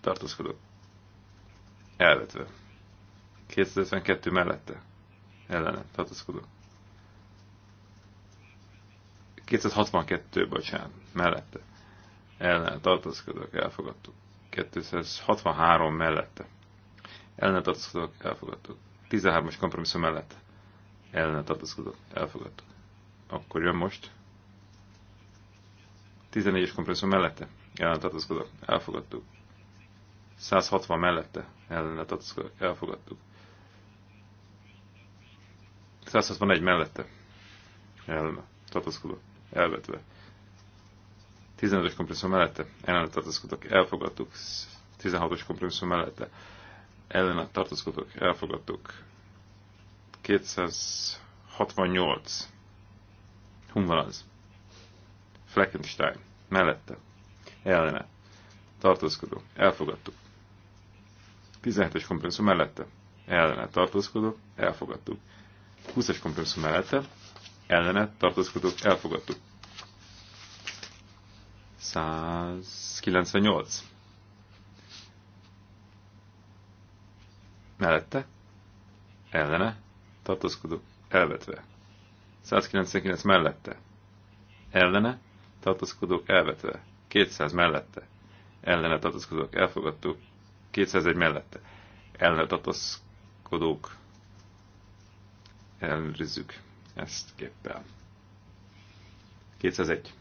tartózkodók elvetve. 252 mellette ellene tartózkodók. 262, bocsánat, mellette ellene tartózkodók elfogadtuk. 263 mellette ellene tartózkodók elfogadtuk. 13-as kompromisszum mellett ellene tartózkodók elfogadtuk. Akkor jön most. 14-es kompromisszum mellette ellene tartózkodók elfogadtuk. 160 mellette ellene tartózkodók elfogadtuk. 161 mellette ellene tartózkodók elvetve. 15-ös kompromisszum mellette ellene tartózkodók elfogadtuk. 16-os kompromisszum mellette ellenet tartózkodók elfogadtuk. 268. Hun van az? Fleckenstein. Mellette. Ellene. Tartózkodó. Elfogadtuk. 17-es kompromisszum mellette. Ellene. Tartózkodó. Elfogadtuk. 20-es kompromisszum mellette. Ellene. Tartózkodó. Elfogadtuk. 198 mellette, ellene, tartózkodó, elvetve. 199 mellette, ellene, tartózkodók elvetve. 200 mellette, ellene tartózkodók elfogadtuk. 201 mellette, ellene tartózkodók ellenőrizzük ezt képpel. 201.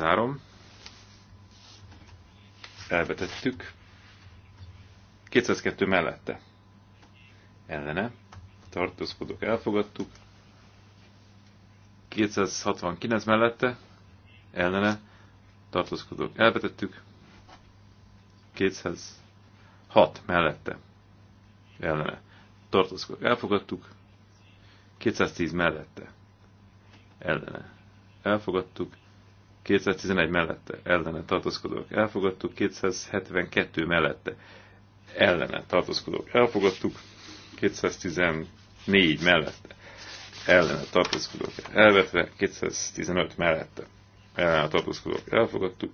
Lezárom. Elvetettük. 202 mellette. Ellene. Tartózkodok, elfogadtuk. 269 mellette. Ellene. Tartózkodok, elvetettük. 206 mellette. Ellene. Tartózkodok, elfogadtuk. 210 mellette. Ellene. Elfogadtuk. 211 mellette ellene tartózkodók elfogadtuk, 272 mellette ellene tartózkodók elfogadtuk, 214 mellette ellene tartózkodók elvetve, 215 mellette ellene tartózkodók elfogadtuk,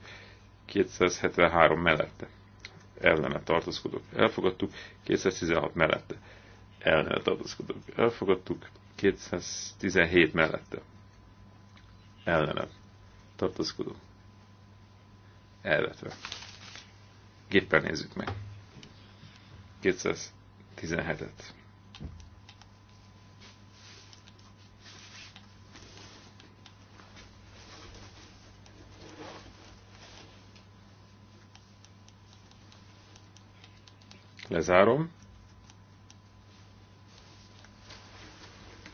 273 mellette ellene tartózkodók elfogadtuk, 216 mellette ellene tartózkodók elfogadtuk, 217 mellette ellene tartózkodó elvetve. Géppel nézzük meg. 217-et. Lezárom.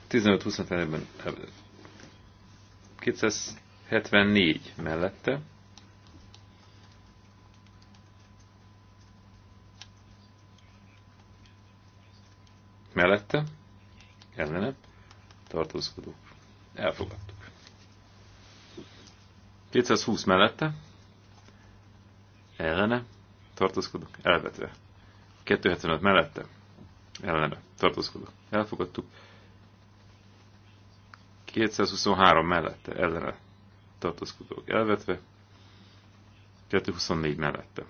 15-20 ebben 74 mellette. Mellette, ellene, Tartózkodó. Elfogadtuk. 220 mellette, ellene, tartózkodók, elvetve. 275 mellette, ellene, tartózkodók, elfogadtuk. 223 mellette, ellene, tartózkodók elvetve, 224 mellette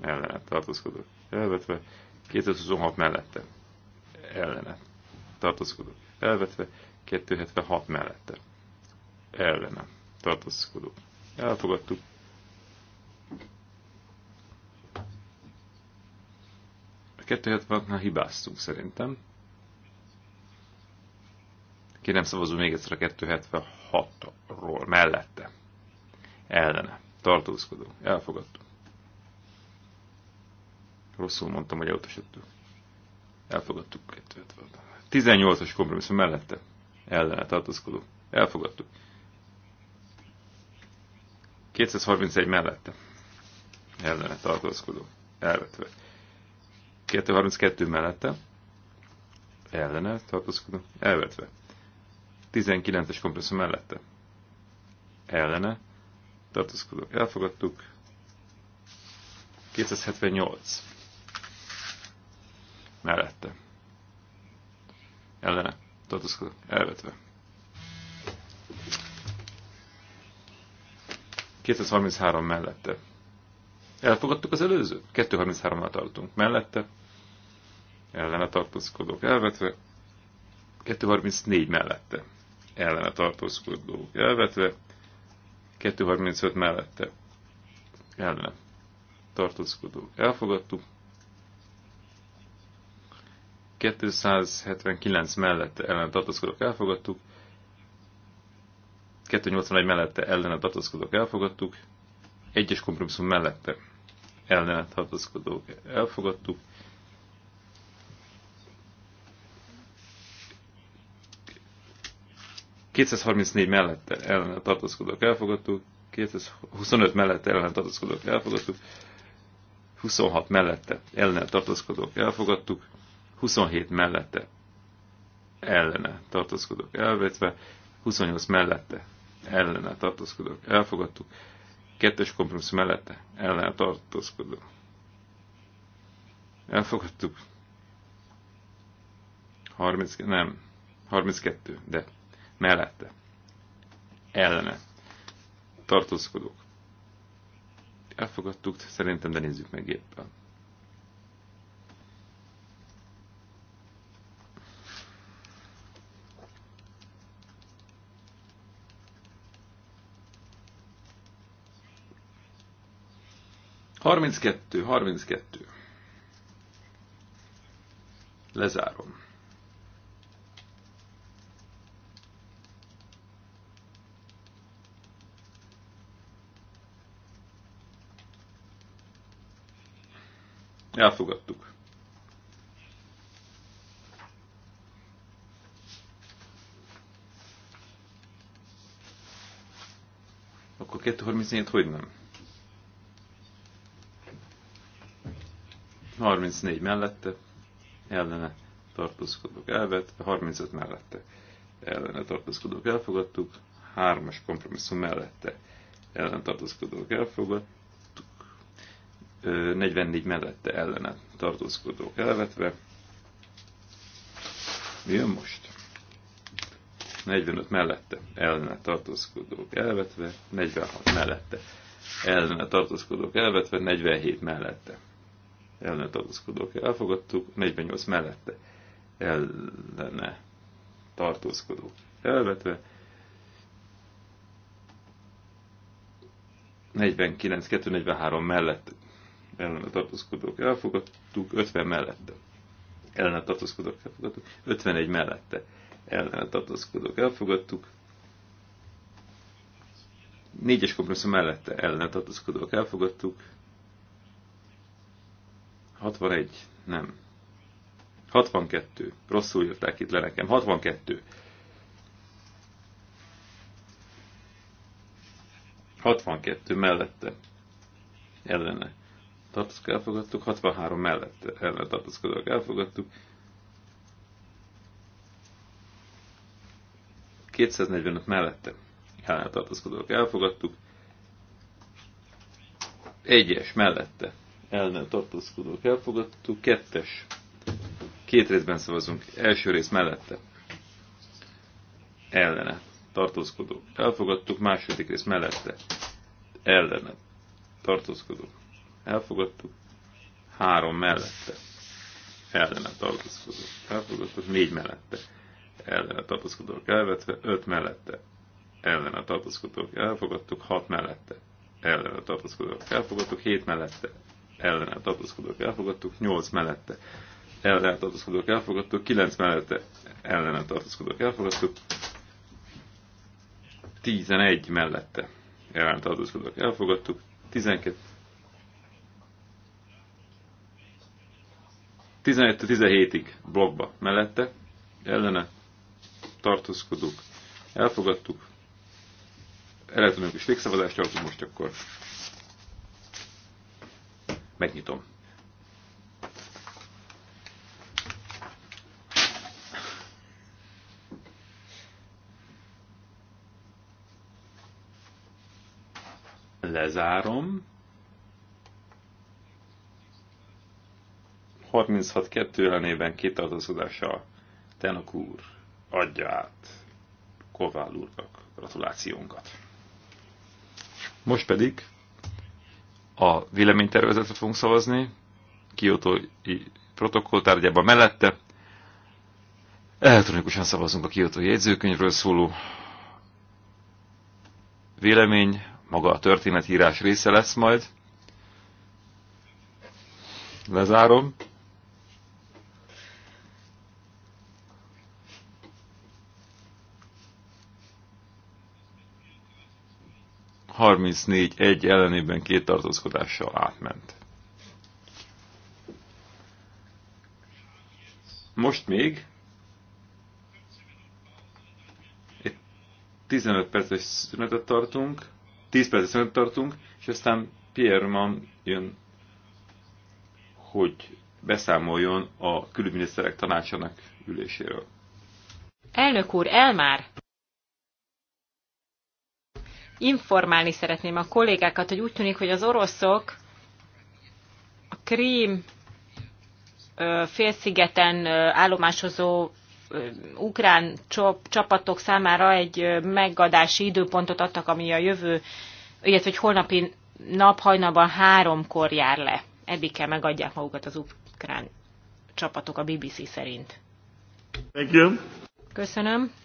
ellene tartózkodók elvetve, 226 mellette ellene tartózkodók elvetve, 276 mellette ellene tartózkodók elfogadtuk, A 276-nál hibáztunk szerintem. Kérem szavazunk még egyszer a hatról ról mellette. Ellene. Tartózkodó. Elfogadtuk. Rosszul mondtam, hogy elutasítottuk. Elfogadtuk. 18-as kompromisszum mellette. Ellene. Tartózkodó. Elfogadtuk. 231 mellette. Ellene. Tartózkodó. Elvetve. 232 mellette. Ellene. Tartózkodó. Elvetve. 19-es kompresszor mellette. Ellene. Tartózkodók elfogadtuk. 278. Mellette. Ellene. Tartózkodók elvetve. 233 mellette. Elfogadtuk az előző. 233-nál tartunk. Mellette. Ellene tartózkodók elvetve. 234 mellette ellene tartózkodó elvetve, 235 mellette ellene tartózkodó elfogadtuk, 279 mellette ellen tartózkodók elfogadtuk, 281 mellette ellen tartózkodók elfogadtuk, egyes kompromisszum mellette ellen tartózkodók elfogadtuk, 234 mellett ellen tartózkodók elfogadtuk, 225 mellett ellen tartózkodók elfogadtuk, 26 mellette ellen tartózkodók elfogadtuk, 27 mellette ellene tartózkodók elvetve, 28 mellette ellene tartózkodók elfogadtuk, kettes kompromisszum mellette ellene tartózkodók elfogadtuk, 30, nem, 32, de mellette, ellene, tartózkodók. Elfogadtuk, szerintem, de nézzük meg éppen. Harminckettő, harminckettő. Lezárom. Elfogadtuk. Akkor 237 hogy nem? 34 mellette, ellene tartózkodók elvet. 35 mellette ellene tartózkodók elfogadtuk, 3-as kompromisszum mellette ellen tartózkodók elfogadtuk, 44 mellette ellene tartózkodók elvetve. Mi jön most? 45 mellette ellene tartózkodók elvetve, 46 mellette ellene tartózkodók elvetve, 47 mellette ellene tartózkodók elfogadtuk, 48 mellette ellene tartózkodók elvetve, 49-243 mellett ellene tartózkodók elfogadtuk, 50 mellette ellene tartózkodók elfogadtuk, 51 mellette ellene tartózkodók elfogadtuk, 4-es kompromisszum mellette ellene tartózkodók elfogadtuk, 61, nem, 62, rosszul írták itt le nekem, 62, 62 mellette ellene tartózkodók elfogadtuk, 63 mellett ellen tartozkodók elfogadtuk, 245 mellette ellen tartozkodók elfogadtuk, egyes mellette ellen tartózkodók elfogadtuk, kettes, két részben szavazunk, első rész mellette ellene tartózkodók elfogadtuk, második rész mellette ellene tartózkodók elfogadtuk, három mellette ellene tartózkodó elfogadtuk, négy mellette ellene tartózkodók elvetve, öt mellette ellene tartózkodók elfogadtuk, hat mellette ellene tartózkodók elfogadtuk, hét mellette ellene tartózkodók elfogadtuk, nyolc mellette ellene tartózkodók elfogadtuk, kilenc mellette ellene tartózkodók elfogadtuk, tizenegy mellette ellene tartózkodók elfogadtuk, 12 15 17 ig blogba mellette, ellene tartózkodók, elfogadtuk, elektronikus végszavazást tartunk most akkor. Megnyitom. Lezárom. 36-2 ellenében kitartozkodással Tenok úr adja át Kovál úrnak gratulációnkat. Most pedig a véleménytervezetre fogunk szavazni, kiotói protokoll tárgyában mellette. Elektronikusan szavazunk a kiotói jegyzőkönyvről szóló vélemény, maga a történetírás része lesz majd. Lezárom. 34-1 ellenében két tartózkodással átment. Most még egy 15 perces szünetet tartunk, 10 perces szünetet tartunk, és aztán Pierre Mann jön, hogy beszámoljon a külügyminiszterek tanácsának üléséről. Elnök úr, el már! informálni szeretném a kollégákat, hogy úgy tűnik, hogy az oroszok a Krím félszigeten állomásozó ukrán csapatok számára egy megadási időpontot adtak, ami a jövő, illetve hogy holnapi nap hajnalban háromkor jár le. Eddig kell megadják magukat az ukrán csapatok a BBC szerint. Thank you. Köszönöm.